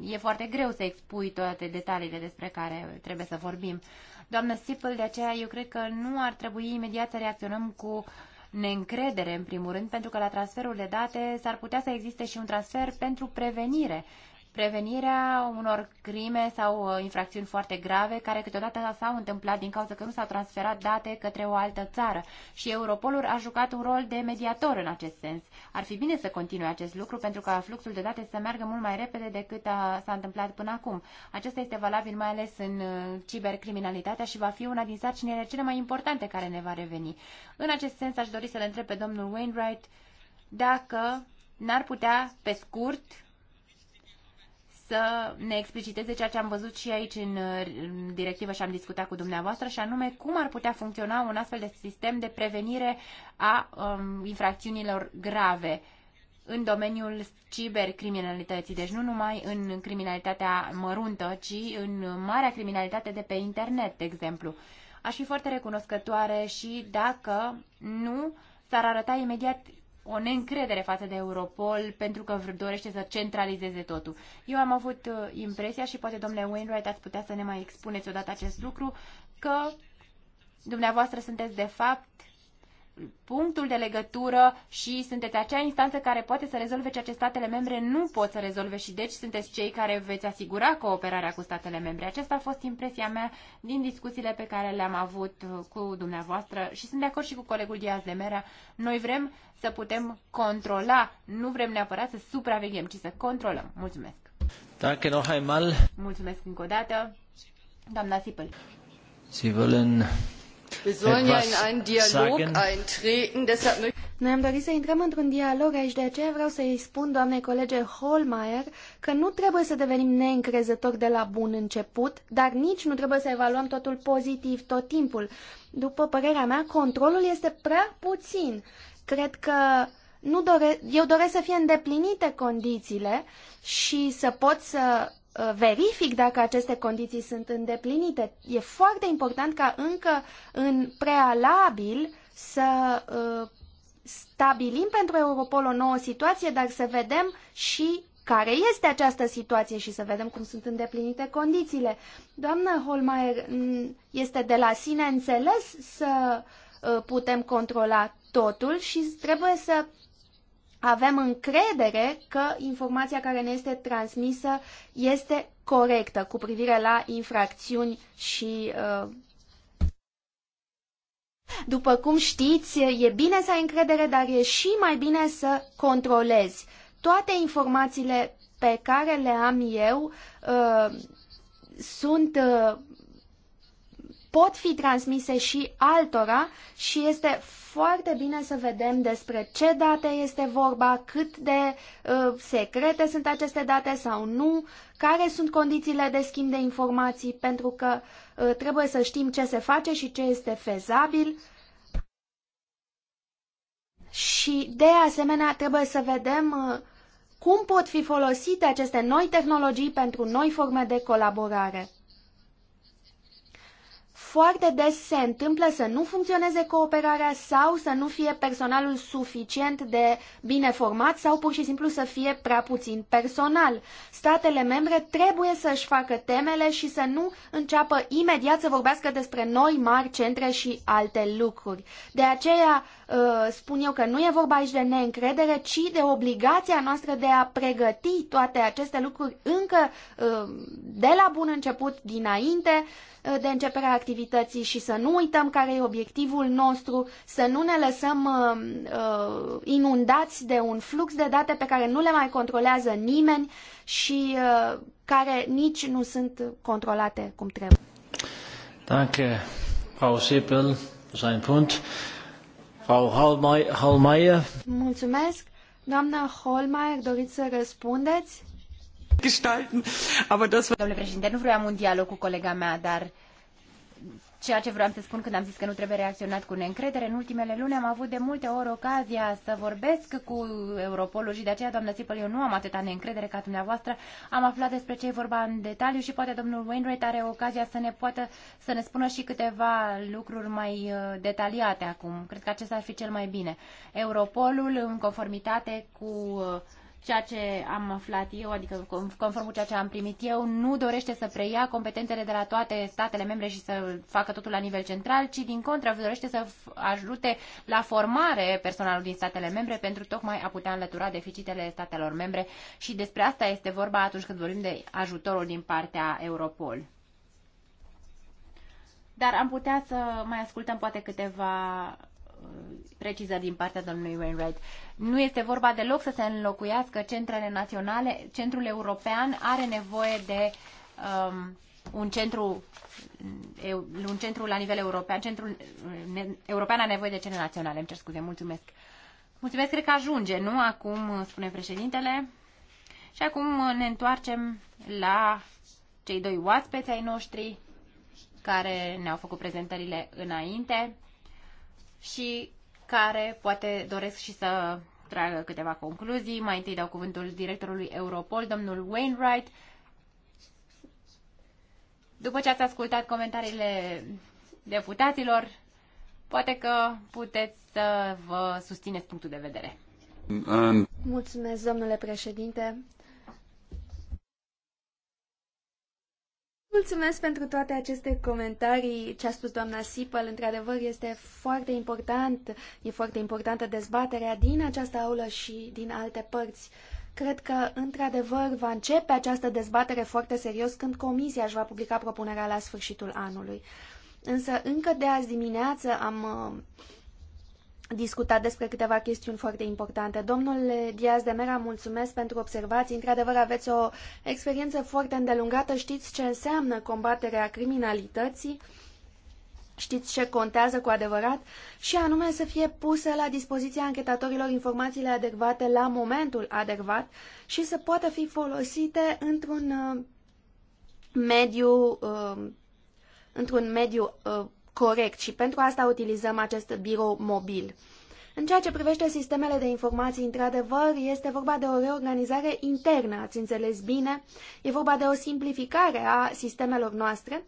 e foarte greu să expui toate detaliile despre care trebuie să vorbim. Doamnă Sipel, de aceea eu cred că nu ar trebui imediat să reacționăm cu neîncredere, în primul rând, pentru că la transferul de date s-ar putea să existe și un transfer pentru prevenire prevenirea unor crime sau uh, infracțiuni foarte grave care câteodată s-au întâmplat din cauza că nu s-au transferat date către o altă țară și Europolul a jucat un rol de mediator în acest sens. Ar fi bine să continue acest lucru pentru ca fluxul de date să meargă mult mai repede decât uh, s-a întâmplat până acum. Acesta este valabil mai ales în uh, cibercriminalitatea și va fi una din sarcinile cele mai importante care ne va reveni. În acest sens aș dori să le întreb pe domnul Wainwright dacă n-ar putea, pe scurt, să ne expliciteze ceea ce am văzut și aici în directivă și am discutat cu dumneavoastră, și anume cum ar putea funcționa un astfel de sistem de prevenire a um, infracțiunilor grave în domeniul cibercriminalității, deci nu numai în criminalitatea măruntă, ci în marea criminalitate de pe internet, de exemplu. Aș fi foarte recunoscătoare și dacă nu s-ar arăta imediat o neîncredere față de Europol pentru că dorește să centralizeze totul. Eu am avut uh, impresia și poate domnule Wainwright ați putea să ne mai expuneți odată acest lucru că dumneavoastră sunteți de fapt punctul de legătură și sunteți acea instanță care poate să rezolve ceea ce statele membre nu pot să rezolve și deci sunteți cei care veți asigura cooperarea cu statele membre. Aceasta a fost impresia mea din discuțiile pe care le-am avut uh, cu dumneavoastră și sunt de acord și cu colegul Diaz de Merea. Noi vrem să putem controla, nu vrem neapărat să supraveghem, ci să controlăm. Mulțumesc! Dacă nu hai mal. Mulțumesc încă o dată. Doamna Sipăl. Sie wollen noi am dorit să intrăm într-un dialog aici, de aceea vreau să-i spun doamnei colege Holmeier că nu trebuie să devenim neîncrezători de la bun început, dar nici nu trebuie să evaluăm totul pozitiv tot timpul. După părerea mea, controlul este prea puțin. Cred că nu dore... eu doresc să fie îndeplinite condițiile și să pot să Uh, verific dacă aceste condiții sunt îndeplinite. E foarte important ca încă în prealabil să uh, stabilim pentru Europol o nouă situație, dar să vedem și care este această situație și să vedem cum sunt îndeplinite condițiile. Doamnă Holmeier, este de la sine înțeles să uh, putem controla totul și trebuie să avem încredere că informația care ne este transmisă este corectă cu privire la infracțiuni și uh, după cum știți, e bine să ai încredere, dar e și mai bine să controlezi. Toate informațiile pe care le am eu uh, sunt uh, pot fi transmise și altora și este foarte bine să vedem despre ce date este vorba, cât de uh, secrete sunt aceste date sau nu, care sunt condițiile de schimb de informații, pentru că uh, trebuie să știm ce se face și ce este fezabil. Și, de asemenea, trebuie să vedem uh, cum pot fi folosite aceste noi tehnologii pentru noi forme de colaborare. Foarte des se întâmplă să nu funcționeze cooperarea sau să nu fie personalul suficient de bine format sau pur și simplu să fie prea puțin personal. Statele membre trebuie să-și facă temele și să nu înceapă imediat să vorbească despre noi mari centre și alte lucruri. De aceea uh, spun eu că nu e vorba aici de neîncredere, ci de obligația noastră de a pregăti toate aceste lucruri încă uh, de la bun început, dinainte uh, de începerea activității activității și să nu uităm care e obiectivul nostru, să nu ne lăsăm uh, uh, inundați de un flux de date pe care nu le mai controlează nimeni și uh, care nici nu sunt controlate cum trebuie. Danke, Frau Sippel, sein Punkt. Frau Holmeier. Mulțumesc. Doamna Holmeier, doriți să răspundeți? Gestalten. Domnule președinte, nu vreau un dialog cu colega mea, dar ceea ce vreau să spun când am zis că nu trebuie reacționat cu neîncredere. În ultimele luni am avut de multe ori ocazia să vorbesc cu Europolul și de aceea, doamnă Țipăl, eu nu am atâta neîncredere ca dumneavoastră. Am aflat despre ce e vorba în detaliu și poate domnul Wainwright are ocazia să ne poată să ne spună și câteva lucruri mai uh, detaliate acum. Cred că acesta ar fi cel mai bine. Europolul, în conformitate cu uh, ceea ce am aflat eu, adică conform cu ceea ce am primit eu, nu dorește să preia competențele de la toate statele membre și să facă totul la nivel central, ci din contră dorește să ajute la formare personalul din statele membre pentru tocmai a putea înlătura deficitele statelor membre și despre asta este vorba atunci când vorbim de ajutorul din partea Europol. Dar am putea să mai ascultăm poate câteva uh, precizări din partea domnului Wainwright. Nu este vorba deloc să se înlocuiască centrele naționale. Centrul european are nevoie de um, un centru un centru la nivel european, centrul european are nevoie de centre naționale. Îmi cer scuze, mulțumesc. Mulțumesc, cred că ajunge, nu? Acum, spune președintele. Și acum ne întoarcem la cei doi oaspeți ai noștri care ne-au făcut prezentările înainte și care poate doresc și să tragă câteva concluzii. Mai întâi dau cuvântul directorului Europol, domnul Wainwright. După ce ați ascultat comentariile deputaților, poate că puteți să vă susțineți punctul de vedere. Mulțumesc, domnule președinte. Mulțumesc pentru toate aceste comentarii. Ce a spus doamna Sipăl, într-adevăr, este foarte important. E foarte importantă dezbaterea din această aulă și din alte părți. Cred că, într-adevăr, va începe această dezbatere foarte serios când Comisia își va publica propunerea la sfârșitul anului. Însă, încă de azi dimineață am uh, discutat despre câteva chestiuni foarte importante. Domnule Diaz de Mera, mulțumesc pentru observații. Într-adevăr, aveți o experiență foarte îndelungată. Știți ce înseamnă combaterea criminalității, știți ce contează cu adevărat și anume să fie puse la dispoziția anchetatorilor informațiile adecvate la momentul adecvat și să poată fi folosite într-un uh, mediu, uh, într-un mediu uh, corect și pentru asta utilizăm acest birou mobil. În ceea ce privește sistemele de informații, într-adevăr, este vorba de o reorganizare internă, ați înțeles bine, e vorba de o simplificare a sistemelor noastre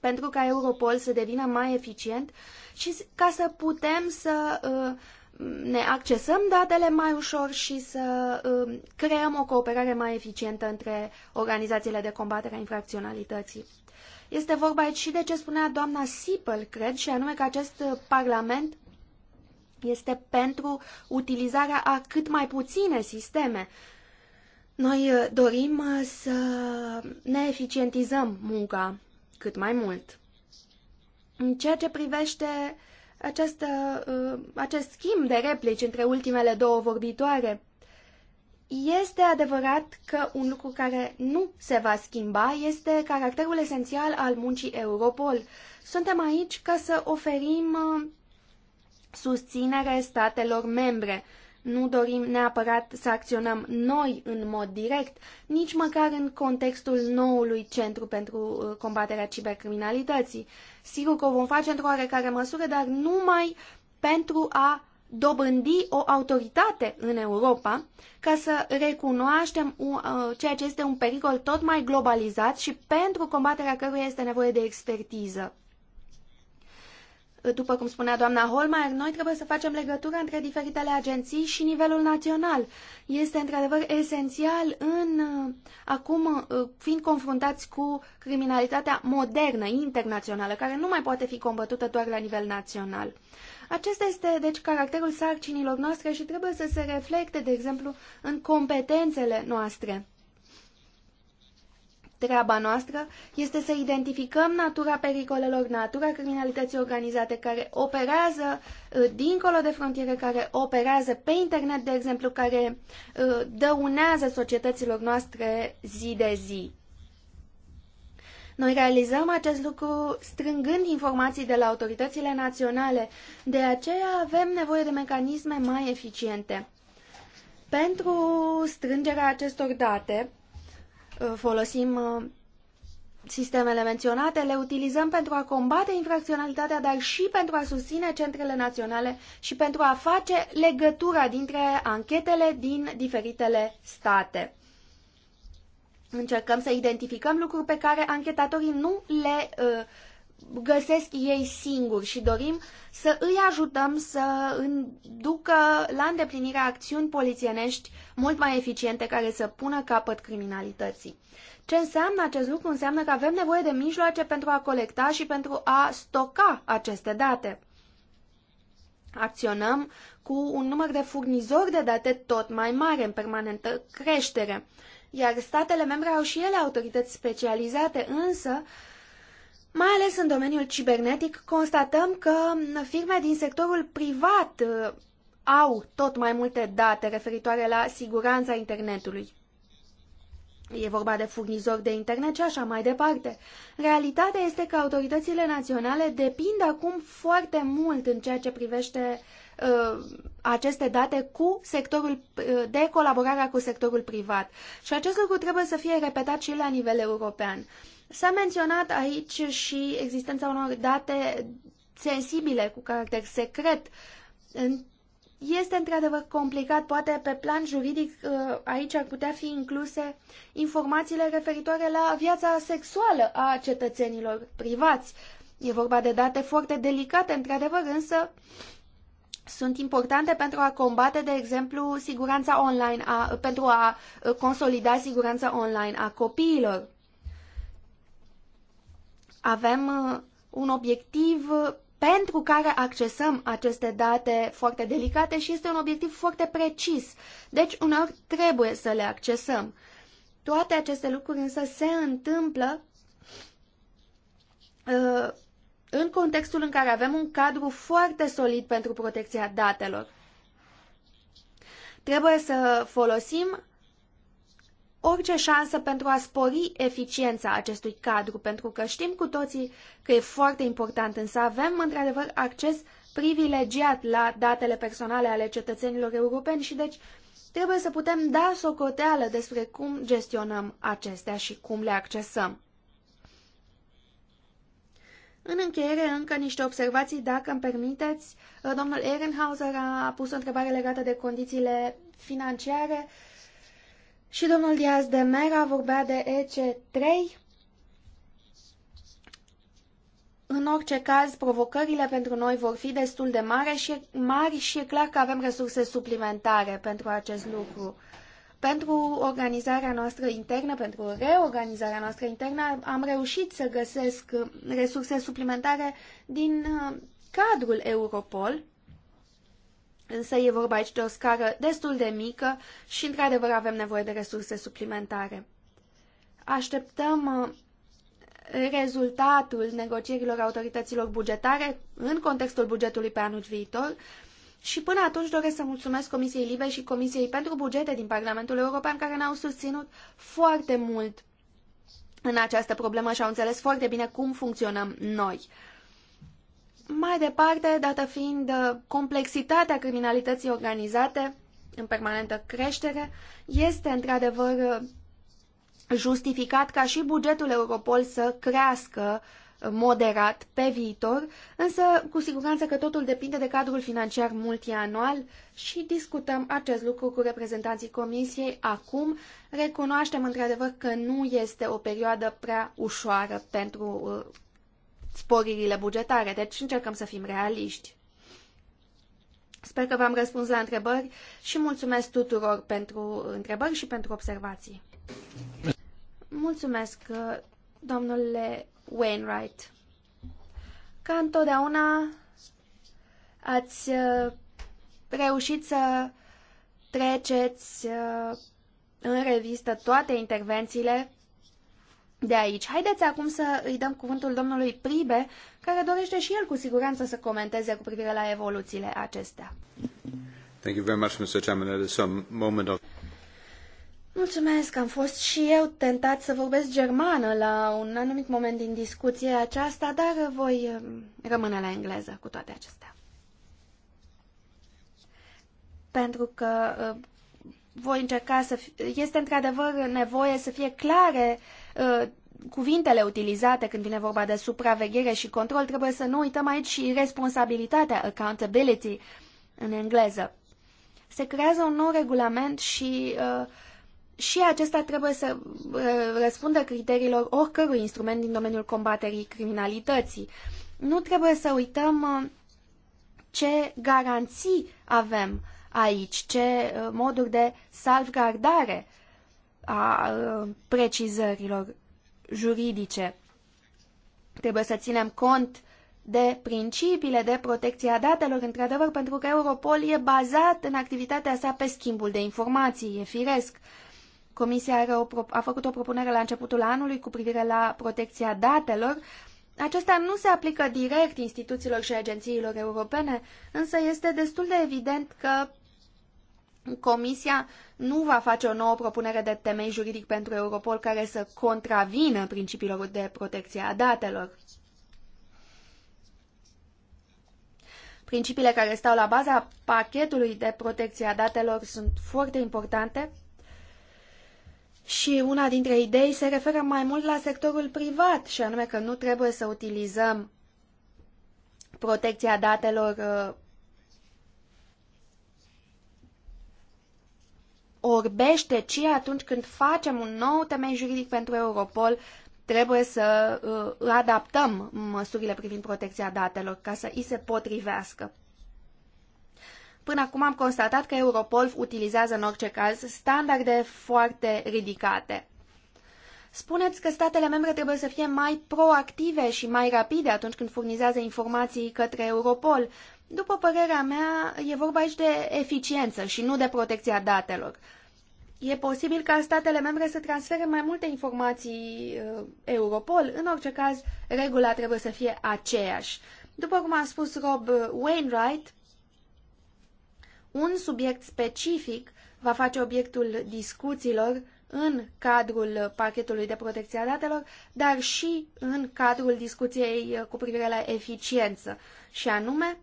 pentru ca Europol să devină mai eficient și ca să putem să uh, ne accesăm datele mai ușor și să uh, creăm o cooperare mai eficientă între organizațiile de combatere a infracționalității. Este vorba aici și de ce spunea doamna Sipel, cred, și anume că acest Parlament este pentru utilizarea a cât mai puține sisteme. Noi uh, dorim uh, să ne eficientizăm munca cât mai mult. În ceea ce privește acest, uh, acest schimb de replici între ultimele două vorbitoare, este adevărat că un lucru care nu se va schimba este caracterul esențial al muncii Europol. Suntem aici ca să oferim uh, susținere statelor membre. Nu dorim neapărat să acționăm noi în mod direct, nici măcar în contextul noului Centru pentru uh, combaterea cibercriminalității. Sigur că o vom face într-o oarecare măsură, dar numai pentru a dobândi o autoritate în Europa ca să recunoaștem uh, ceea ce este un pericol tot mai globalizat și pentru combaterea căruia este nevoie de expertiză. După cum spunea doamna Holmeier, noi trebuie să facem legătura între diferitele agenții și nivelul național. Este într-adevăr esențial în uh, acum uh, fiind confruntați cu criminalitatea modernă, internațională, care nu mai poate fi combătută doar la nivel național. Acesta este, deci, caracterul sarcinilor noastre și trebuie să se reflecte, de exemplu, în competențele noastre. Treaba noastră este să identificăm natura pericolelor, natura criminalității organizate care operează uh, dincolo de frontiere, care operează pe internet, de exemplu, care uh, dăunează societăților noastre zi de zi. Noi realizăm acest lucru strângând informații de la autoritățile naționale, de aceea avem nevoie de mecanisme mai eficiente. Pentru strângerea acestor date, uh, folosim uh, Sistemele menționate le utilizăm pentru a combate infracționalitatea, dar și pentru a susține centrele naționale și pentru a face legătura dintre anchetele din diferitele state. Încercăm să identificăm lucruri pe care anchetatorii nu le uh, găsesc ei singuri și dorim să îi ajutăm să ducă la îndeplinirea acțiuni polițienești mult mai eficiente care să pună capăt criminalității. Ce înseamnă acest lucru? Înseamnă că avem nevoie de mijloace pentru a colecta și pentru a stoca aceste date. Acționăm cu un număr de furnizori de date tot mai mare, în permanentă creștere iar statele membre au și ele autorități specializate, însă, mai ales în domeniul cibernetic, constatăm că firme din sectorul privat uh, au tot mai multe date referitoare la siguranța internetului. E vorba de furnizori de internet și așa mai departe. Realitatea este că autoritățile naționale depind acum foarte mult în ceea ce privește uh, Uh, aceste date cu sectorul, uh, de colaborarea cu sectorul privat. Și acest lucru trebuie să fie repetat și la nivel european. S-a menționat aici și existența unor date sensibile cu caracter secret. Este într-adevăr complicat, poate pe plan juridic uh, aici ar putea fi incluse informațiile referitoare la viața sexuală a cetățenilor privați. E vorba de date foarte delicate, într-adevăr, însă uh, sunt importante pentru a combate, de exemplu, siguranța online, a, pentru a uh, consolida siguranța online a copiilor. Avem uh, un obiectiv uh, pentru care accesăm aceste date foarte delicate și este un obiectiv foarte precis. Deci, uneori trebuie să le accesăm. Toate aceste lucruri însă se întâmplă uh, în contextul în care avem un cadru foarte solid pentru protecția datelor. Trebuie să folosim orice șansă pentru a spori eficiența acestui cadru, pentru că știm cu toții că e foarte important, însă avem într-adevăr acces privilegiat la datele personale ale cetățenilor europeni și deci trebuie să putem da socoteală despre cum gestionăm acestea și cum le accesăm. În încheiere, încă niște observații, dacă îmi permiteți. Uh, domnul Ehrenhauser a pus o întrebare legată de condițiile financiare și domnul Diaz de Mera vorbea de EC3. În orice caz, provocările pentru noi vor fi destul de mari și, mari și e clar că avem resurse suplimentare pentru acest lucru pentru organizarea noastră internă, pentru reorganizarea noastră internă, am reușit să găsesc resurse suplimentare din uh, cadrul Europol, însă e vorba aici de o scară destul de mică și, într-adevăr, avem nevoie de resurse suplimentare. Așteptăm uh, rezultatul negocierilor autorităților bugetare în contextul bugetului pe anul viitor și până atunci doresc să mulțumesc Comisiei Libe și Comisiei pentru Bugete din Parlamentul European care ne-au susținut foarte mult în această problemă și au înțeles foarte bine cum funcționăm noi. Mai departe, dată fiind uh, complexitatea criminalității organizate în permanentă creștere, este într-adevăr uh, justificat ca și bugetul Europol să crească uh, moderat pe viitor, însă cu siguranță că totul depinde de cadrul financiar multianual și discutăm acest lucru cu reprezentanții Comisiei acum. Recunoaștem într-adevăr că nu este o perioadă prea ușoară pentru uh, sporirile bugetare, deci încercăm să fim realiști. Sper că v-am răspuns la întrebări și mulțumesc tuturor pentru întrebări și pentru observații. Mulțumesc, domnule Wainwright. Ca întotdeauna ați uh, reușit să treceți uh, în revistă toate intervențiile de aici. Haideți acum să îi dăm cuvântul domnului Pribe, care dorește și el cu siguranță să comenteze cu privire la evoluțiile acestea. Thank you very much, Mr. Chairman. is a moment of... Mulțumesc, am fost și eu tentat să vorbesc germană la un anumit moment din discuția aceasta, dar voi um, rămâne la engleză cu toate acestea. Pentru că uh, voi încerca să... Este într-adevăr nevoie să fie clare uh, cuvintele utilizate când vine vorba de supraveghere și control. Trebuie să nu uităm aici și responsabilitatea, accountability, în engleză. Se creează un nou regulament și uh, și acesta trebuie să uh, răspundă criteriilor oricărui instrument din domeniul combaterii criminalității. Nu trebuie să uităm uh, ce garanții avem aici, ce uh, moduri de salvgardare a precizărilor juridice. Trebuie să ținem cont de principiile de protecție a datelor, într-adevăr, pentru că Europol e bazat în activitatea sa pe schimbul de informații, e firesc. Uh, Comisia are o, a făcut o propunere la începutul anului cu privire la protecția datelor. Aceasta nu se aplică direct instituțiilor și agențiilor europene, însă este destul de evident că Comisia nu va face o nouă propunere de temei juridic pentru Europol care să contravină principiilor de protecție a datelor. Principiile care stau la baza pachetului de protecție a datelor sunt foarte importante și una dintre idei se referă mai mult la sectorul privat, și anume că nu trebuie să utilizăm protecția datelor uh, orbește, ci atunci când facem un nou temei juridic pentru Europol, trebuie să uh, adaptăm măsurile privind protecția datelor ca să îi se potrivească. Până acum am constatat că Europol utilizează în orice caz standarde foarte ridicate. Spuneți că statele membre trebuie să fie mai proactive și mai rapide atunci când furnizează informații către Europol. După părerea mea, e vorba aici de eficiență și nu de protecția datelor. E posibil ca statele membre să transfere mai multe informații uh, Europol. În orice caz, regula trebuie să fie aceeași. După cum a spus Rob uh, Wainwright, un subiect specific va face obiectul discuțiilor în cadrul pachetului de protecție a datelor, dar și în cadrul discuției cu privire la eficiență, și anume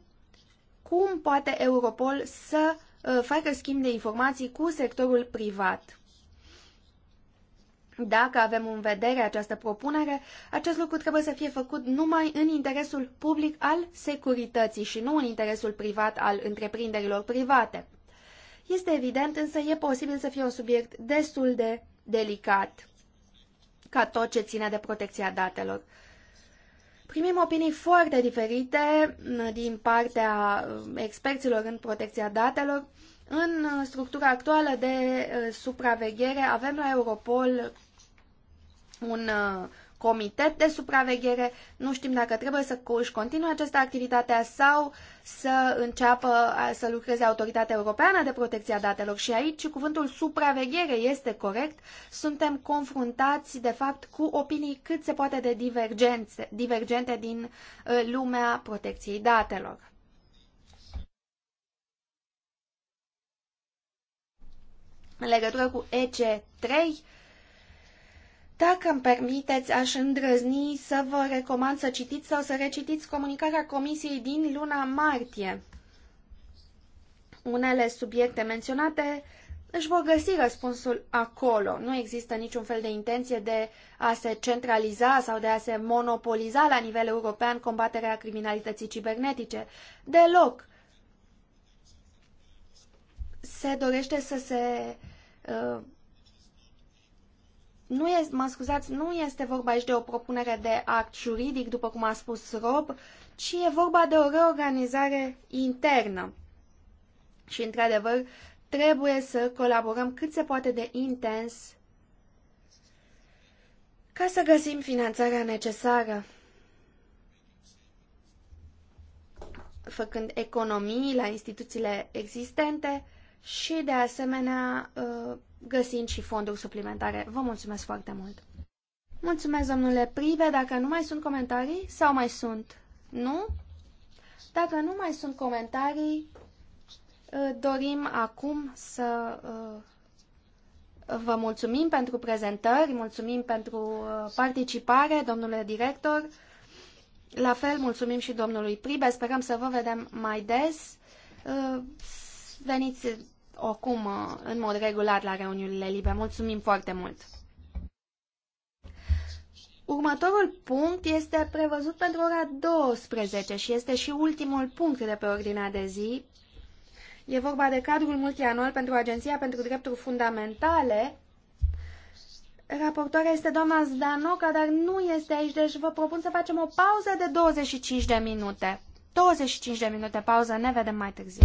cum poate Europol să uh, facă schimb de informații cu sectorul privat. Dacă avem în vedere această propunere, acest lucru trebuie să fie făcut numai în interesul public al securității și nu în interesul privat al întreprinderilor private. Este evident, însă e posibil să fie un subiect destul de delicat ca tot ce ține de protecția datelor. Primim opinii foarte diferite mm, din partea mm, experților în protecția datelor. În mm, structura actuală de supraveghere avem la Europol un uh, comitet de supraveghere. Nu știm dacă trebuie să își continue această activitate sau să înceapă să lucreze Autoritatea Europeană de Protecție a Datelor. Și aici cuvântul supraveghere este corect. Suntem confruntați, de fapt, cu opinii cât se poate de divergențe, divergente din uh, lumea protecției datelor. În legătură cu EC3, dacă îmi permiteți, aș îndrăzni să vă recomand să citiți sau să recitiți comunicarea Comisiei din luna martie. Unele subiecte menționate își vor găsi răspunsul acolo. Nu există niciun fel de intenție de a se centraliza sau de a se monopoliza la nivel european combaterea criminalității cibernetice. Deloc. Se dorește să se uh, nu este, mă scuzați, nu este vorba aici de o propunere de act juridic, după cum a spus Rob, ci e vorba de o reorganizare internă. Și, într-adevăr, trebuie să colaborăm cât se poate de intens ca să găsim finanțarea necesară. Făcând economii la instituțiile existente și, de asemenea, uh, găsind și fonduri suplimentare. Vă mulțumesc foarte mult! Mulțumesc, domnule Prive. Dacă nu mai sunt comentarii, sau mai sunt? Nu? Dacă nu mai sunt comentarii, uh, dorim acum să uh, vă mulțumim pentru prezentări, mulțumim pentru uh, participare, domnule director. La fel, mulțumim și domnului Pribe. Sperăm să vă vedem mai des. Veniți oricum uh, în mod regulat la reuniunile libe. Mulțumim foarte mult! Următorul punct este prevăzut pentru ora 12 și este și ultimul punct de pe ordinea de zi. E vorba de cadrul multianual pentru Agenția pentru Drepturi Fundamentale. Raportoarea este doamna Zdanoca, dar nu este aici, deci vă propun să facem o pauză de 25 de minute. 25 de minute pauză, ne vedem mai târziu.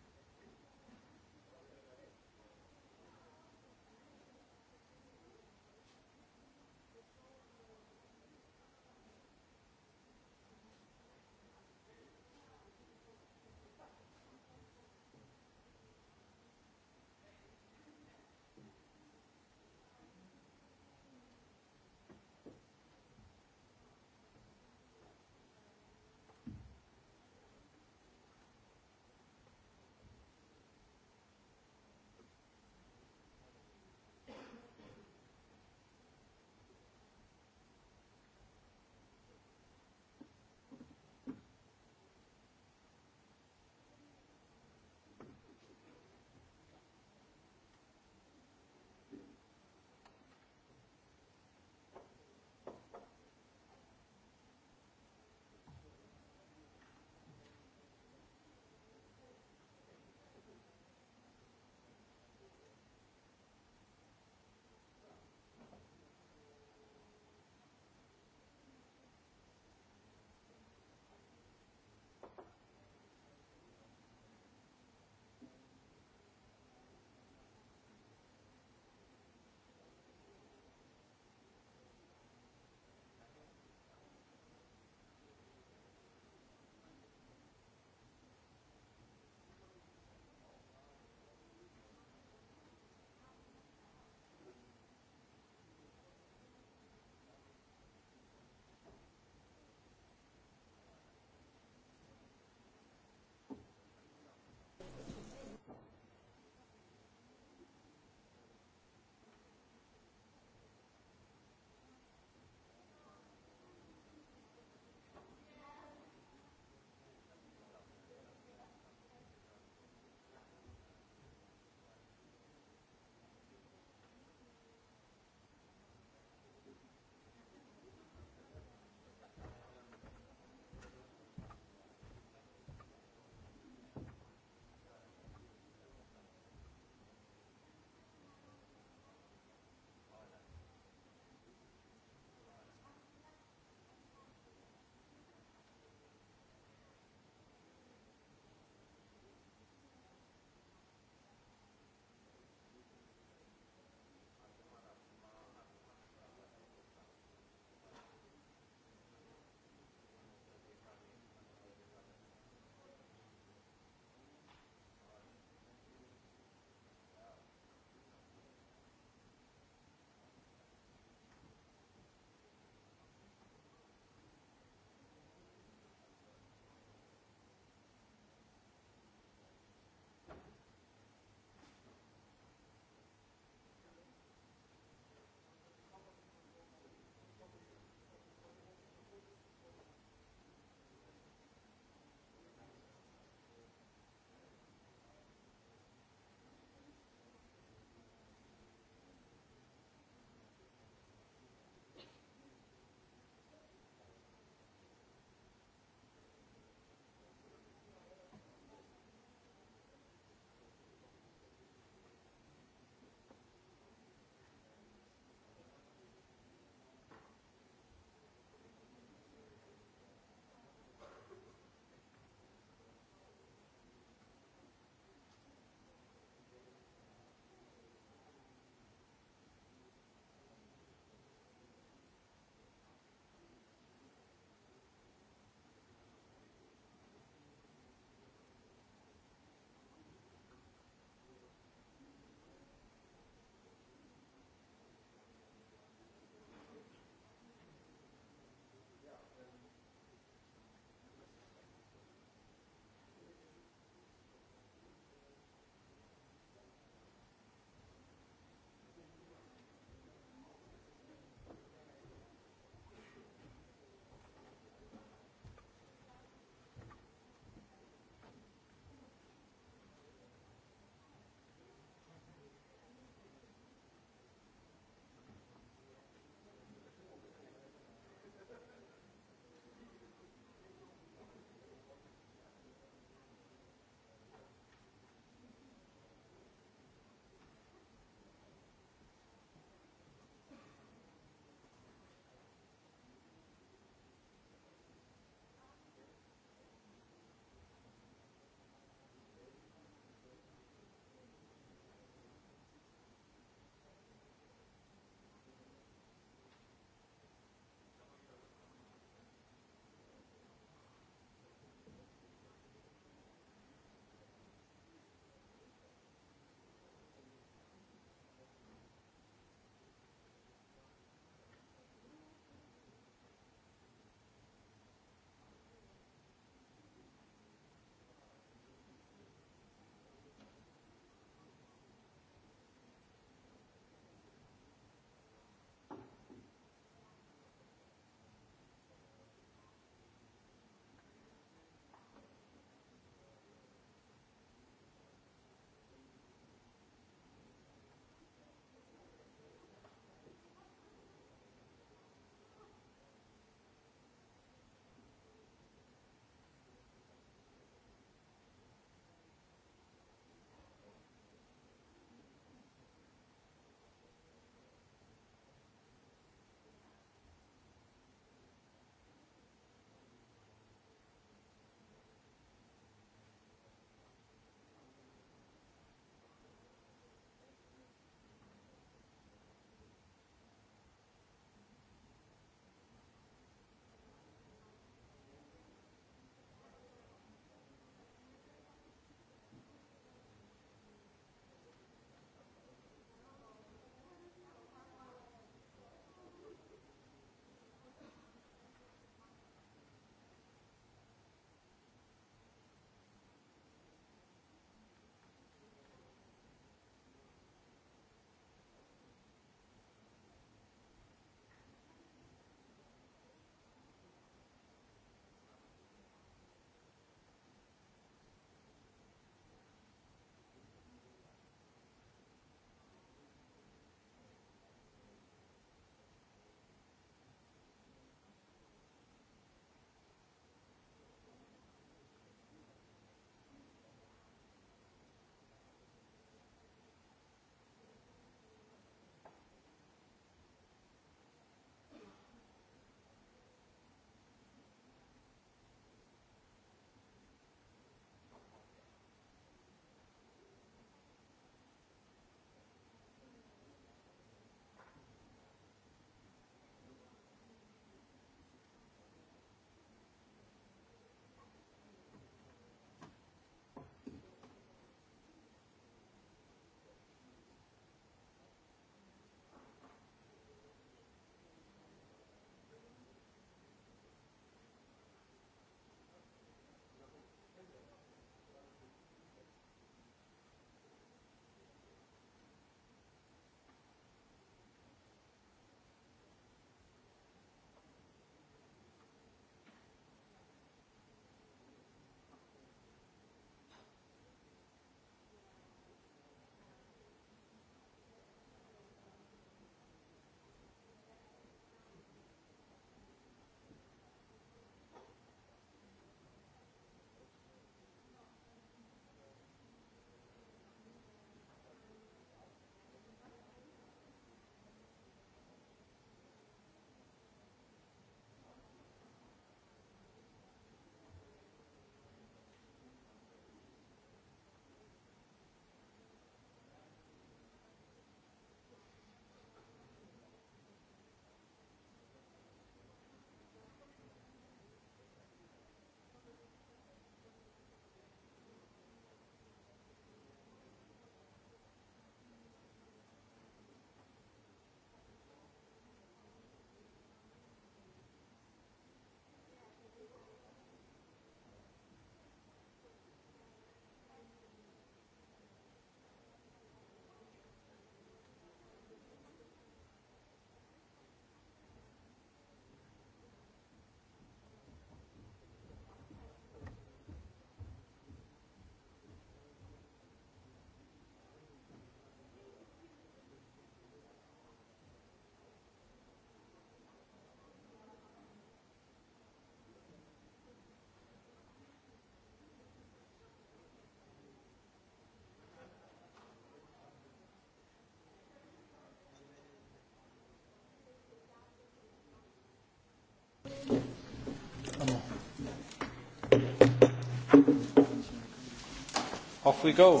Off we go.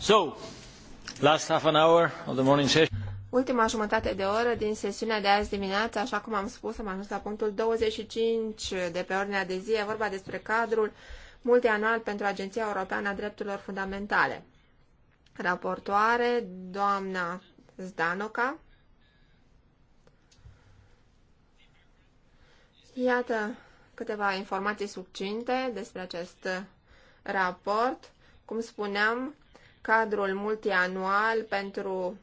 So, last half an hour of the morning session. Ultima jumătate de oră din sesiunea de azi dimineață, așa cum am spus, am ajuns la punctul 25 de pe ordinea de zi, e vorba despre cadrul multianual pentru Agenția Europeană a Drepturilor Fundamentale. Raportoare, doamna Zdanoca. Iată câteva informații succinte despre acest raport. Cum spuneam, cadrul multianual pentru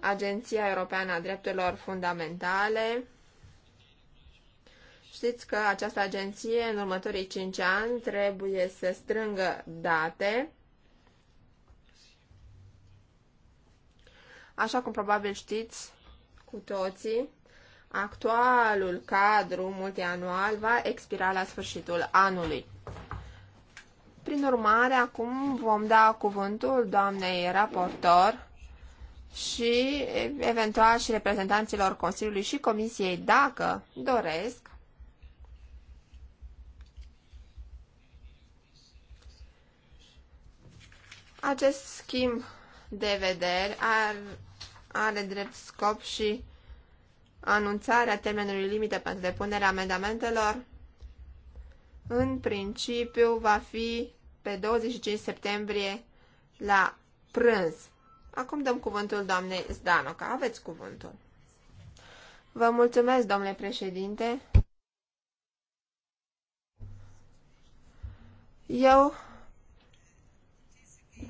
Agenția Europeană a Drepturilor Fundamentale. Știți că această agenție în următorii 5 ani trebuie să strângă date Așa cum probabil știți cu toții, actualul cadru multianual va expira la sfârșitul anului. Prin urmare, acum vom da cuvântul doamnei raportor și eventual și reprezentanților Consiliului și Comisiei, dacă doresc, acest schimb de vederi ar are drept scop și anunțarea termenului limite pentru depunerea amendamentelor, în principiu va fi pe 25 septembrie la prânz. Acum dăm cuvântul doamnei Zdanoca. Aveți cuvântul. Vă mulțumesc, domnule președinte. Eu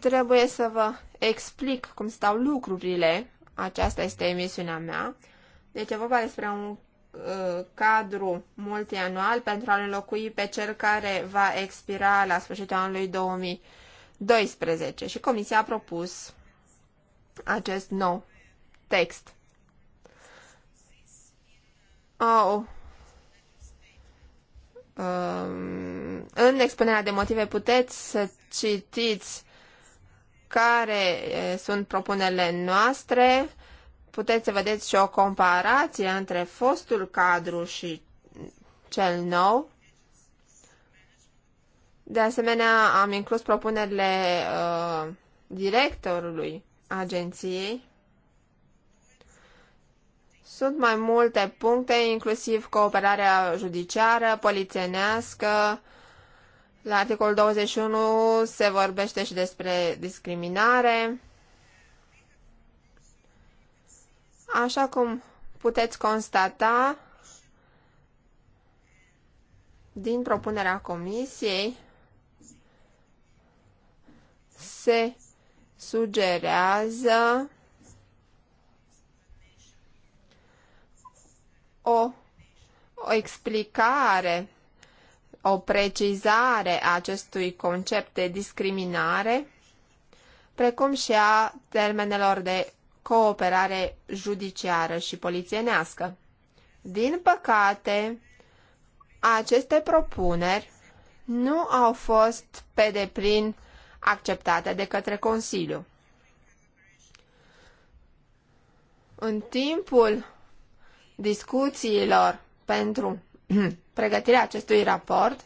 trebuie să vă explic cum stau lucrurile aceasta este emisiunea mea. Deci e vorba despre un uh, cadru multianual pentru a înlocui pe cel care va expira la sfârșitul anului 2012 și Comisia a propus acest nou text. Oh. Um, în expunerea de motive puteți să citiți care sunt propunerile noastre. Puteți să vedeți și o comparație între fostul cadru și cel nou. De asemenea, am inclus propunerile uh, directorului agenției. Sunt mai multe puncte, inclusiv cooperarea judiciară, polițienească, uh, la articolul 21 se vorbește și despre discriminare. Așa cum puteți constata din propunerea comisiei, se sugerează o, o explicare o precizare a acestui concept de discriminare, precum și a termenelor de cooperare judiciară și polițienească. Din păcate, aceste propuneri nu au fost pe deplin acceptate de către Consiliu. În timpul discuțiilor pentru pregătirea acestui raport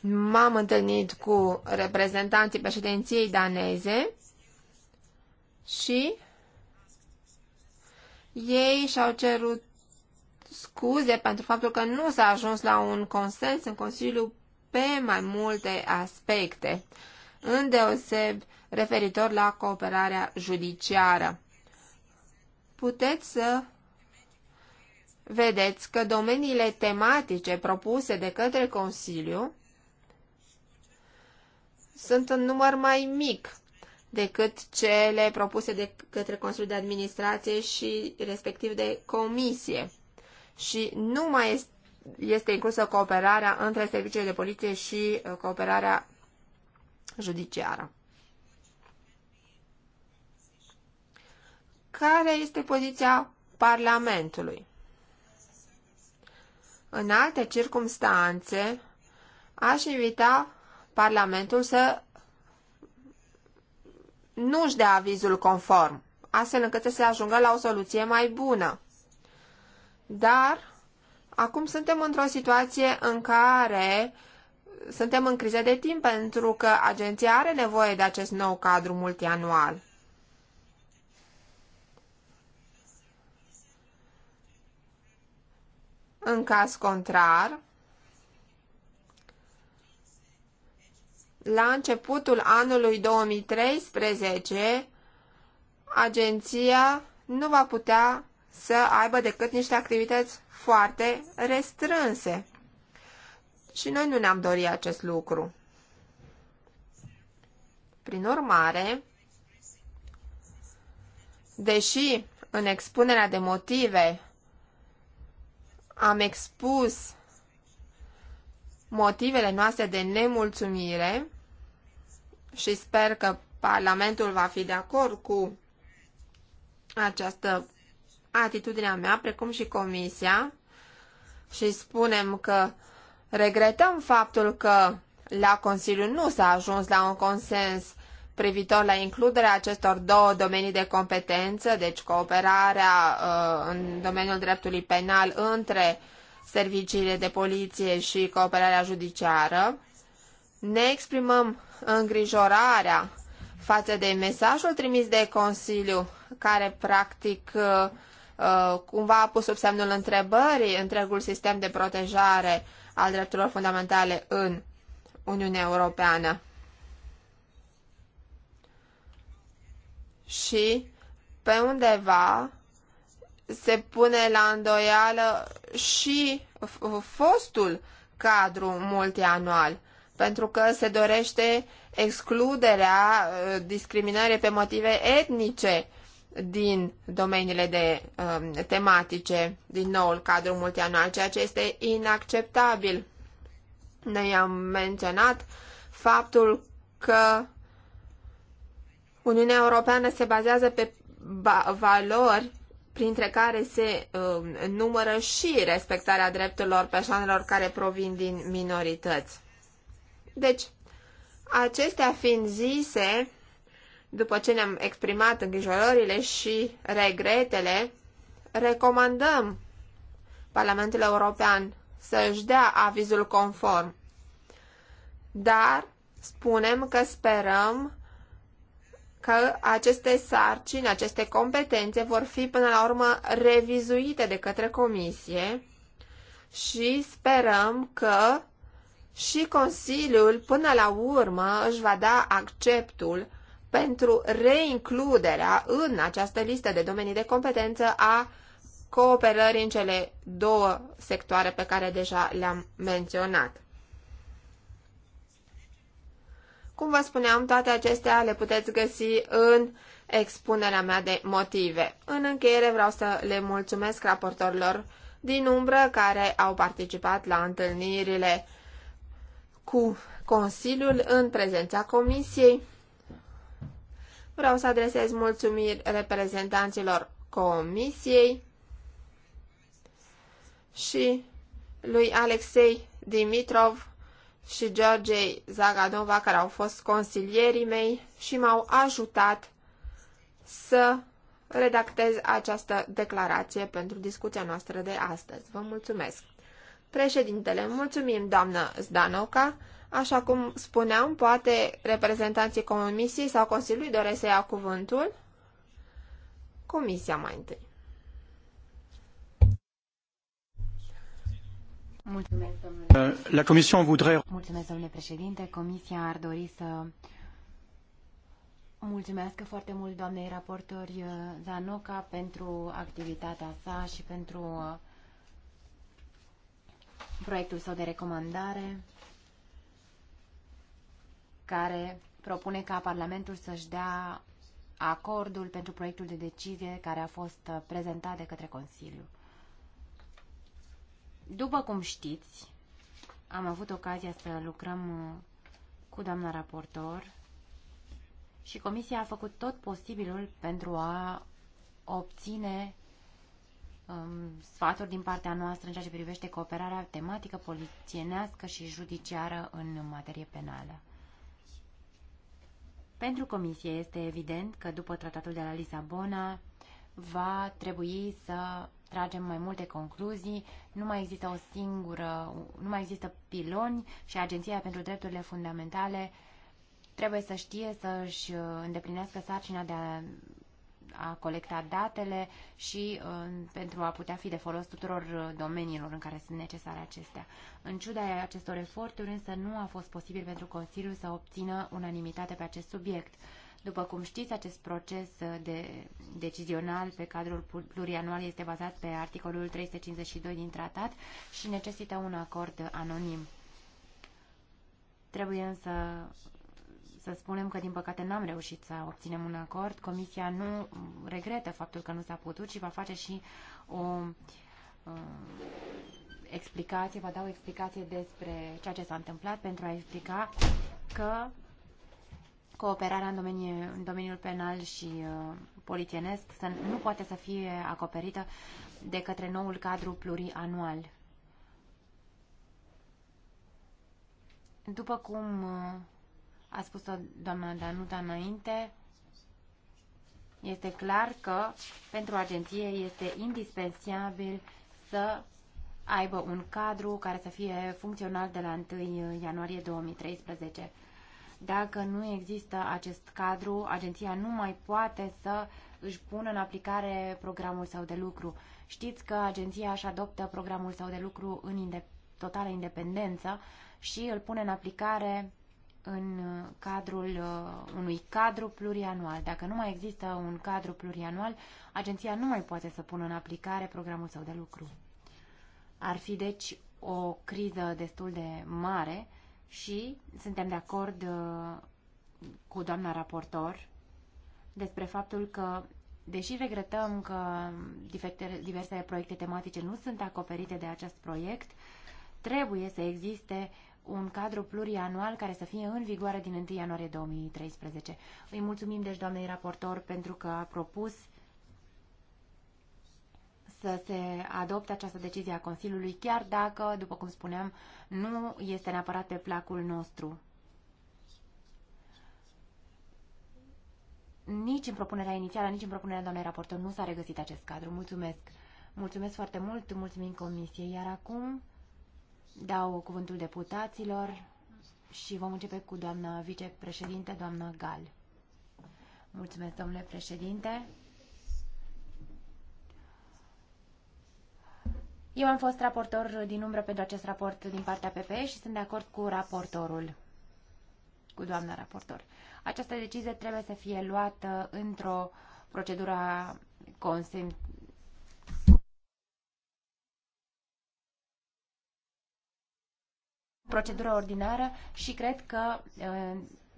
m-am întâlnit cu reprezentanții președinției daneze și ei și-au cerut scuze pentru faptul că nu s-a ajuns la un consens în Consiliu pe mai multe aspecte, îndeoseb referitor la cooperarea judiciară. Puteți să vedeți că domeniile tematice propuse de către Consiliu sunt în număr mai mic decât cele propuse de către Consiliul de Administrație și respectiv de Comisie. Și nu mai este inclusă cooperarea între serviciile de poliție și uh, cooperarea judiciară. Care este poziția Parlamentului? În alte circumstanțe, aș invita Parlamentul să nu-și dea avizul conform, astfel încât să se ajungă la o soluție mai bună. Dar acum suntem într-o situație în care suntem în criză de timp pentru că agenția are nevoie de acest nou cadru multianual. În caz contrar, la începutul anului 2013, agenția nu va putea să aibă decât niște activități foarte restrânse. Și noi nu ne-am dorit acest lucru. Prin urmare, deși în expunerea de motive am expus motivele noastre de nemulțumire și sper că Parlamentul va fi de acord cu această atitudinea mea, precum și Comisia, și spunem că regretăm faptul că la Consiliu nu s-a ajuns la un consens privitor la includerea acestor două domenii de competență, deci cooperarea uh, în domeniul dreptului penal între serviciile de poliție și cooperarea judiciară. Ne exprimăm îngrijorarea față de mesajul trimis de Consiliu, care practic uh, uh cumva a pus sub semnul întrebării întregul sistem de protejare al drepturilor fundamentale în Uniunea Europeană. și pe undeva se pune la îndoială și fostul cadru multianual, pentru că se dorește excluderea uh, discriminării pe motive etnice din domeniile de um, tematice din noul cadru multianual, ceea ce este inacceptabil. Noi am menționat faptul că Uniunea Europeană se bazează pe valori printre care se uh, numără și respectarea drepturilor persoanelor care provin din minorități. Deci, acestea fiind zise, după ce ne-am exprimat îngrijorările și regretele, recomandăm Parlamentul European să-și dea avizul conform. Dar spunem că sperăm că aceste sarcini, aceste competențe vor fi până la urmă revizuite de către comisie și sperăm că și Consiliul până la urmă își va da acceptul pentru reincluderea în această listă de domenii de competență a cooperării în cele două sectoare pe care deja le-am menționat. Cum vă spuneam, toate acestea le puteți găsi în expunerea mea de motive. În încheiere vreau să le mulțumesc raportorilor din umbră care au participat la întâlnirile cu Consiliul în prezența Comisiei. Vreau să adresez mulțumiri reprezentanților Comisiei și lui Alexei Dimitrov, și Georgei Zagadova, care au fost consilierii mei și m-au ajutat să redactez această declarație pentru discuția noastră de astăzi. Vă mulțumesc! Președintele, mulțumim, doamnă Zdanoca. Așa cum spuneam, poate reprezentanții Comisiei sau Consiliului doresc să ia cuvântul. Comisia mai întâi. domnule. Uh, la președinte. Comisia ar dori să mulțumesc foarte mult doamnei raportori uh, Zanoca pentru activitatea sa și pentru uh, proiectul său de recomandare care propune ca Parlamentul să-și dea acordul pentru proiectul de decizie care a fost prezentat de către Consiliu. După cum știți, am avut ocazia să lucrăm uh, cu doamna raportor și comisia a făcut tot posibilul pentru a obține um, sfaturi din partea noastră în ceea ce privește cooperarea tematică polițienească și judiciară în materie penală. Pentru comisie este evident că după tratatul de la Lisabona va trebui să tragem mai multe concluzii, nu mai există o singură, nu mai există piloni și Agenția pentru Drepturile Fundamentale trebuie să știe să-și uh, îndeplinească sarcina de a, a colecta datele și uh, pentru a putea fi de folos tuturor uh, domeniilor în care sunt necesare acestea. În ciuda acestor eforturi, însă, nu a fost posibil pentru Consiliu să obțină unanimitate pe acest subiect. După cum știți, acest proces uh, de decizional pe cadrul plurianual este bazat pe articolul 352 din tratat și necesită un acord anonim. Trebuie însă să spunem că, din păcate, n-am reușit să obținem un acord. Comisia nu regretă faptul că nu s-a putut și va face și o uh, explicație, va da o explicație despre ceea ce s-a întâmplat pentru a explica că cooperarea în, domeniu, în domeniul penal și uh, polițienesc să, nu poate să fie acoperită de către noul cadru plurianual. După cum uh, a spus-o doamna Danuta înainte, este clar că pentru agenție este indispensabil să aibă un cadru care să fie funcțional de la 1 uh, ianuarie 2013. Dacă nu există acest cadru, agenția nu mai poate să își pună în aplicare programul său de lucru. Știți că agenția își adoptă programul său de lucru în inde totală independență și îl pune în aplicare în cadrul uh, unui cadru plurianual. Dacă nu mai există un cadru plurianual, agenția nu mai poate să pună în aplicare programul său de lucru. Ar fi deci o criză destul de mare și suntem de acord uh, cu doamna raportor despre faptul că, deși regretăm că diversele proiecte tematice nu sunt acoperite de acest proiect, trebuie să existe un cadru plurianual care să fie în vigoare din 1 ianuarie 2013. Îi mulțumim deci doamnei raportor pentru că a propus să se adopte această decizie a Consiliului, chiar dacă, după cum spuneam, nu este neapărat pe placul nostru. Nici în propunerea inițială, nici în propunerea doamnei raportor nu s-a regăsit acest cadru. Mulțumesc! Mulțumesc foarte mult, mulțumim comisiei. Iar acum dau cuvântul deputaților și vom începe cu doamna vicepreședinte, doamna Gal. Mulțumesc, domnule președinte. Eu am fost raportor din umbră pentru acest raport din partea PPE și sunt de acord cu raportorul, cu doamna raportor. Această decizie trebuie să fie luată într-o procedură consent procedură ordinară și cred că ă,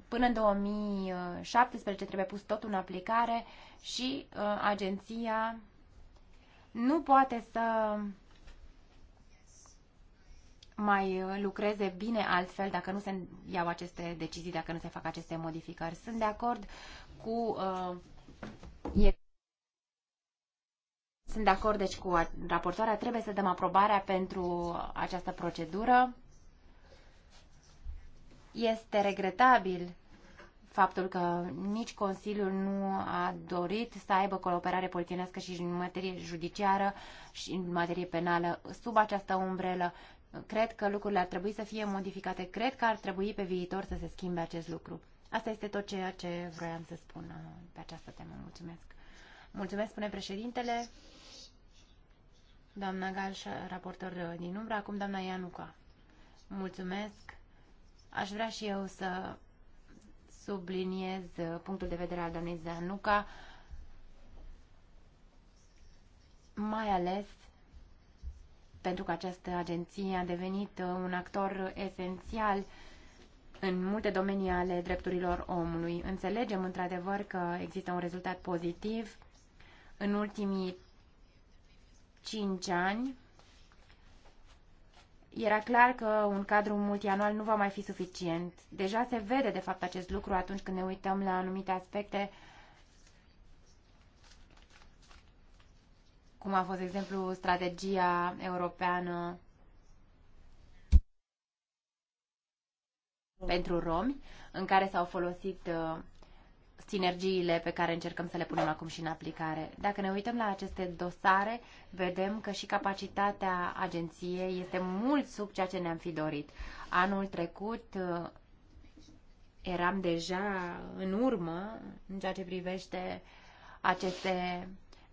până în 2017 trebuie pus totul în aplicare și ă, agenția nu poate să mai lucreze bine altfel dacă nu se iau aceste decizii, dacă nu se fac aceste modificări. Sunt de acord cu uh, e... sunt de acord deci cu raportoarea, trebuie să dăm aprobarea pentru această procedură. Este regretabil faptul că nici Consiliul nu a dorit să aibă cooperare polițienească și în materie judiciară și în materie penală sub această umbrelă Cred că lucrurile ar trebui să fie modificate. Cred că ar trebui pe viitor să se schimbe acest lucru. Asta este tot ceea ce vroiam să spun uh, pe această temă. Mulțumesc. Mulțumesc, spune președintele. Doamna Galș, raportor uh, din umbră, acum doamna Ianuca. Mulțumesc. Aș vrea și eu să subliniez uh, punctul de vedere al doamnei Zanuca, mai ales pentru că această agenție a devenit uh, un actor esențial în multe domenii ale drepturilor omului. Înțelegem într-adevăr că există un rezultat pozitiv. În ultimii cinci ani era clar că un cadru multianual nu va mai fi suficient. Deja se vede de fapt acest lucru atunci când ne uităm la anumite aspecte cum a fost, de exemplu, strategia europeană pentru romi, în care s-au folosit uh, sinergiile pe care încercăm să le punem acum și în aplicare. Dacă ne uităm la aceste dosare, vedem că și capacitatea agenției este mult sub ceea ce ne-am fi dorit. Anul trecut uh, eram deja în urmă în ceea ce privește aceste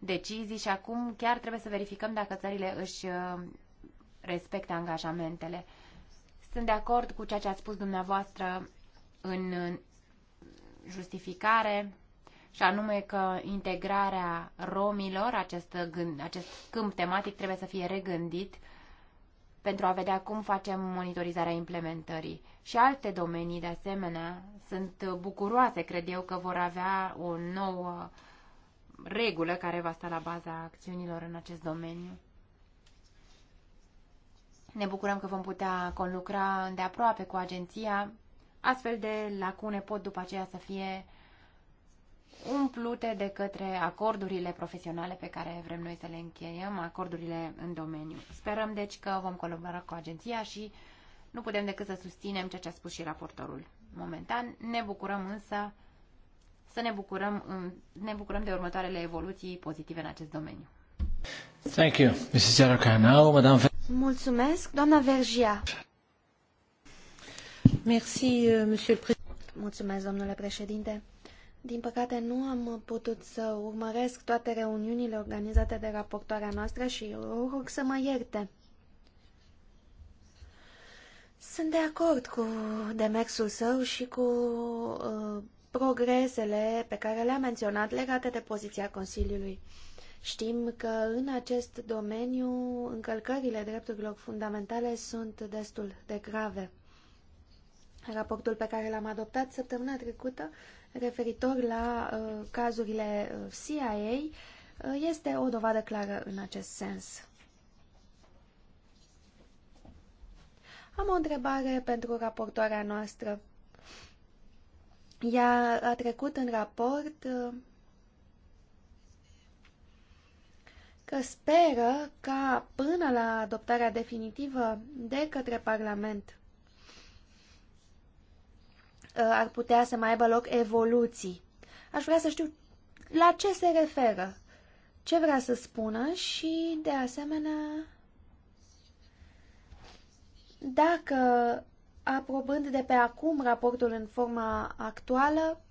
decizii și acum chiar trebuie să verificăm dacă țările își uh, respectă angajamentele. Sunt de acord cu ceea ce ați spus dumneavoastră în justificare și anume că integrarea romilor, acest, gând, acest câmp tematic trebuie să fie regândit pentru a vedea cum facem monitorizarea implementării. Și alte domenii, de asemenea, sunt bucuroase, cred eu, că vor avea o nouă uh, regulă care va sta la baza acțiunilor în acest domeniu. Ne bucurăm că vom putea conlucra de aproape cu agenția. Astfel de lacune pot după aceea să fie umplute de către acordurile profesionale pe care vrem noi să le încheiem, acordurile în domeniu. Sperăm deci că vom colabora cu agenția și nu putem decât să susținem ceea ce a spus și raportorul. Momentan ne bucurăm însă să ne bucurăm, ne bucurăm de următoarele evoluții pozitive în acest domeniu. Thank you, Mrs. Now, Madame... Mulțumesc, doamna Vergia. Merci, euh, Monsieur le Mulțumesc, domnule președinte. Din păcate nu am putut să urmăresc toate reuniunile organizate de raportoarea noastră și rog să mă ierte. Sunt de acord cu demersul său și cu uh, progresele pe care le-a menționat legate de poziția Consiliului. Știm că în acest domeniu încălcările drepturilor fundamentale sunt destul de grave. Raportul pe care l-am adoptat săptămâna trecută referitor la uh, cazurile uh, CIA uh, este o dovadă clară în acest sens. Am o întrebare pentru raportoarea noastră. Ea a trecut în raport uh, că speră ca până la adoptarea definitivă de către Parlament uh, ar putea să mai aibă loc evoluții. Aș vrea să știu la ce se referă, ce vrea să spună și, de asemenea, dacă aprobând de pe acum raportul în forma actuală,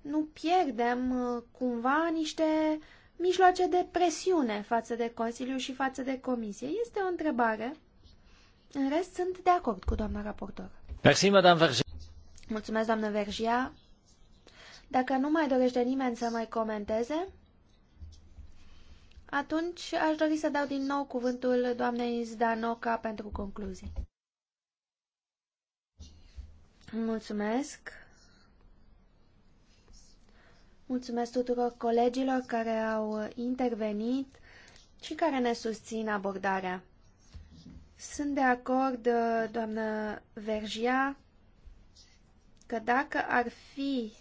nu pierdem uh, cumva niște mijloace de presiune față de Consiliu și față de Comisie? Este o întrebare. În rest, sunt de acord cu doamna raportor. Merci, madame Vergia. Mulțumesc, doamnă Vergia. Dacă nu mai dorește nimeni să mai comenteze, atunci aș dori să dau din nou cuvântul doamnei Zdanoca pentru concluzii. Mulțumesc. Mulțumesc tuturor colegilor care au intervenit și care ne susțin abordarea. Sunt de acord, doamnă Vergia, că dacă ar fi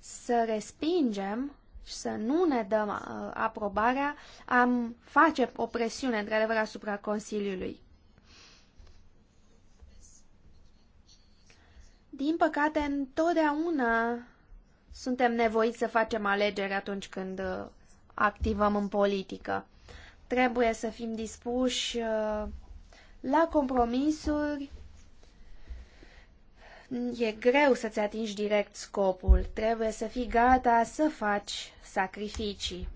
să respingem și să nu ne dăm uh, aprobarea, am face o presiune, într-adevăr, asupra Consiliului. Din păcate, întotdeauna suntem nevoiți să facem alegeri atunci când uh, activăm în politică. Trebuie să fim dispuși uh, la compromisuri. E greu să-ți atingi direct scopul. Trebuie să fii gata să faci sacrificii.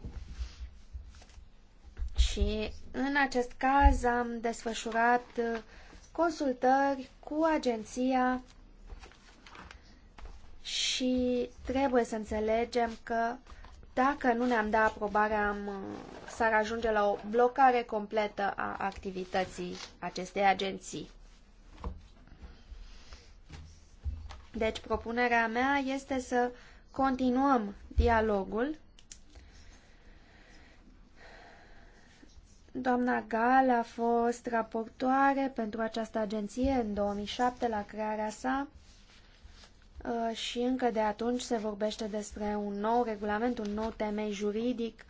Și în acest caz am desfășurat uh, consultări cu agenția și trebuie să înțelegem că dacă nu ne-am dat aprobarea, am, s-ar ajunge la o blocare completă a activității acestei agenții. Deci propunerea mea este să continuăm dialogul. Doamna Gal a fost raportoare pentru această agenție în 2007 la crearea sa. Uh, și încă de atunci se vorbește despre un nou regulament, un nou temei juridic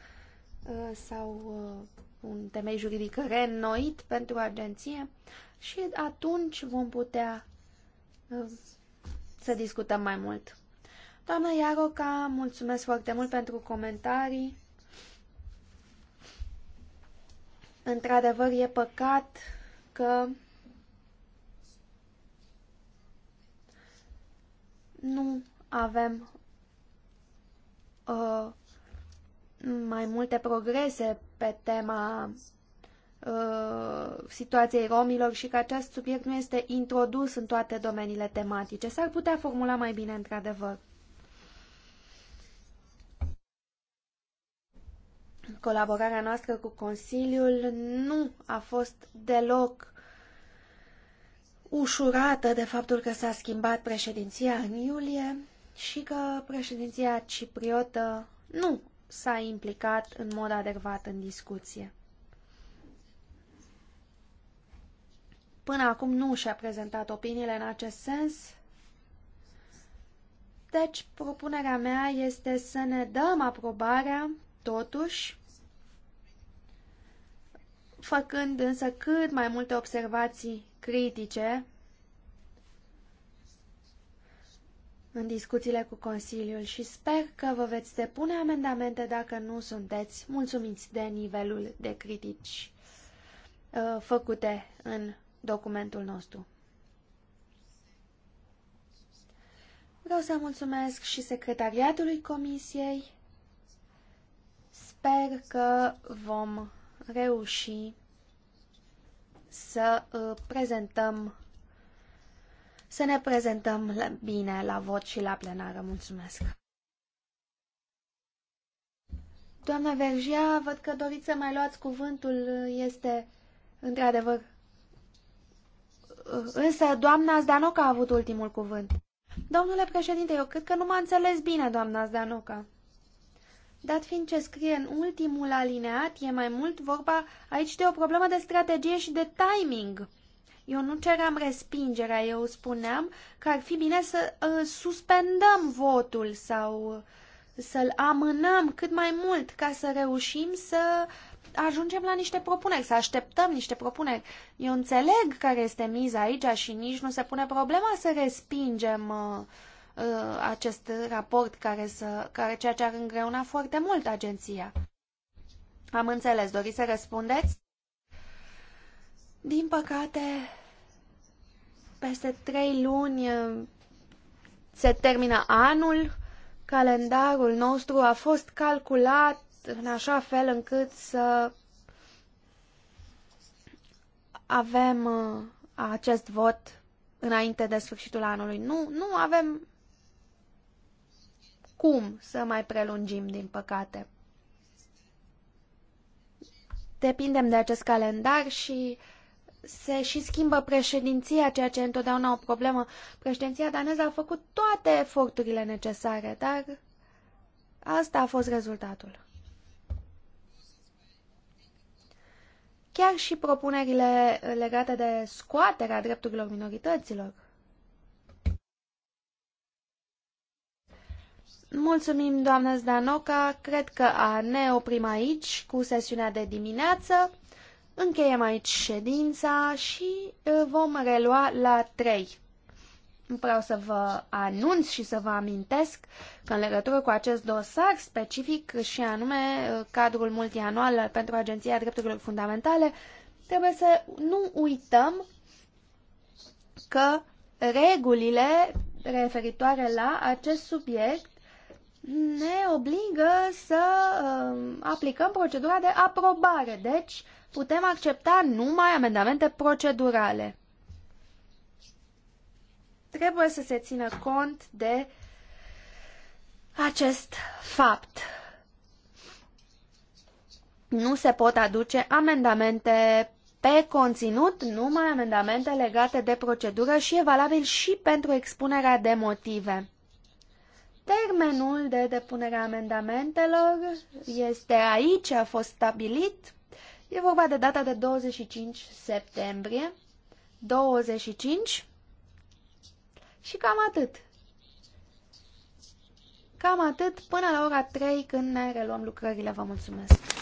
uh, sau uh, un temei juridic reînnoit pentru agenție și atunci vom putea să discutăm mai mult. Doamna Iaroca, mulțumesc foarte mult pentru comentarii. Într-adevăr, e păcat că nu avem uh, mai multe progrese pe tema uh, situației romilor și că acest subiect nu este introdus în toate domeniile tematice. S-ar putea formula mai bine, într-adevăr. Colaborarea noastră cu Consiliul nu a fost deloc ușurată de faptul că s-a schimbat președinția în iulie și că președinția cipriotă nu s-a implicat în mod adecvat în discuție. Până acum nu și-a prezentat opiniile în acest sens, deci propunerea mea este să ne dăm aprobarea, totuși, făcând însă cât mai multe observații critice în discuțiile cu Consiliul și sper că vă veți depune amendamente dacă nu sunteți mulțumiți de nivelul de critici uh, făcute în documentul nostru. Vreau să mulțumesc și secretariatului Comisiei. Sper că vom reuși să uh, prezentăm să ne prezentăm bine la vot și la plenară. Mulțumesc! Doamna Vergia, văd că doriți să mai luați cuvântul. Este într-adevăr. Uh, însă doamna Zdanoca a avut ultimul cuvânt. Domnule președinte, eu cred că nu m-a înțeles bine, doamna Zdanoca. Dat fiind ce scrie în ultimul alineat, e mai mult vorba aici de o problemă de strategie și de timing. Eu nu ceram respingerea, eu spuneam că ar fi bine să uh, suspendăm votul sau uh, să-l amânăm cât mai mult ca să reușim să ajungem la niște propuneri, să așteptăm niște propuneri. Eu înțeleg care este miza aici și nici nu se pune problema să respingem uh, Uh, acest raport care, să, care ceea ce ar îngreuna foarte mult agenția. Am înțeles, doriți să răspundeți? Din păcate, peste trei luni uh, se termină anul, calendarul nostru a fost calculat în așa fel încât să avem uh, acest vot înainte de sfârșitul anului. Nu, nu avem cum să mai prelungim, din păcate. Depindem de acest calendar și se și schimbă președinția, ceea ce e întotdeauna o problemă. Președinția daneză a făcut toate eforturile necesare, dar asta a fost rezultatul. Chiar și propunerile legate de scoaterea drepturilor minorităților Mulțumim, doamnă Zdanoca. Cred că ne oprim aici cu sesiunea de dimineață. Încheiem aici ședința și vom relua la 3. Vreau să vă anunț și să vă amintesc că în legătură cu acest dosar specific și anume cadrul multianual pentru Agenția Drepturilor Fundamentale, trebuie să nu uităm că regulile referitoare la acest subiect ne obligă să uh, aplicăm procedura de aprobare. Deci, putem accepta numai amendamente procedurale. Trebuie să se țină cont de acest fapt. Nu se pot aduce amendamente pe conținut, numai amendamente legate de procedură și e valabil și pentru expunerea de motive. Termenul de depunere a amendamentelor este aici, a fost stabilit. E vorba de data de 25 septembrie. 25 și cam atât. Cam atât până la ora 3 când ne reluăm lucrările. Vă mulțumesc!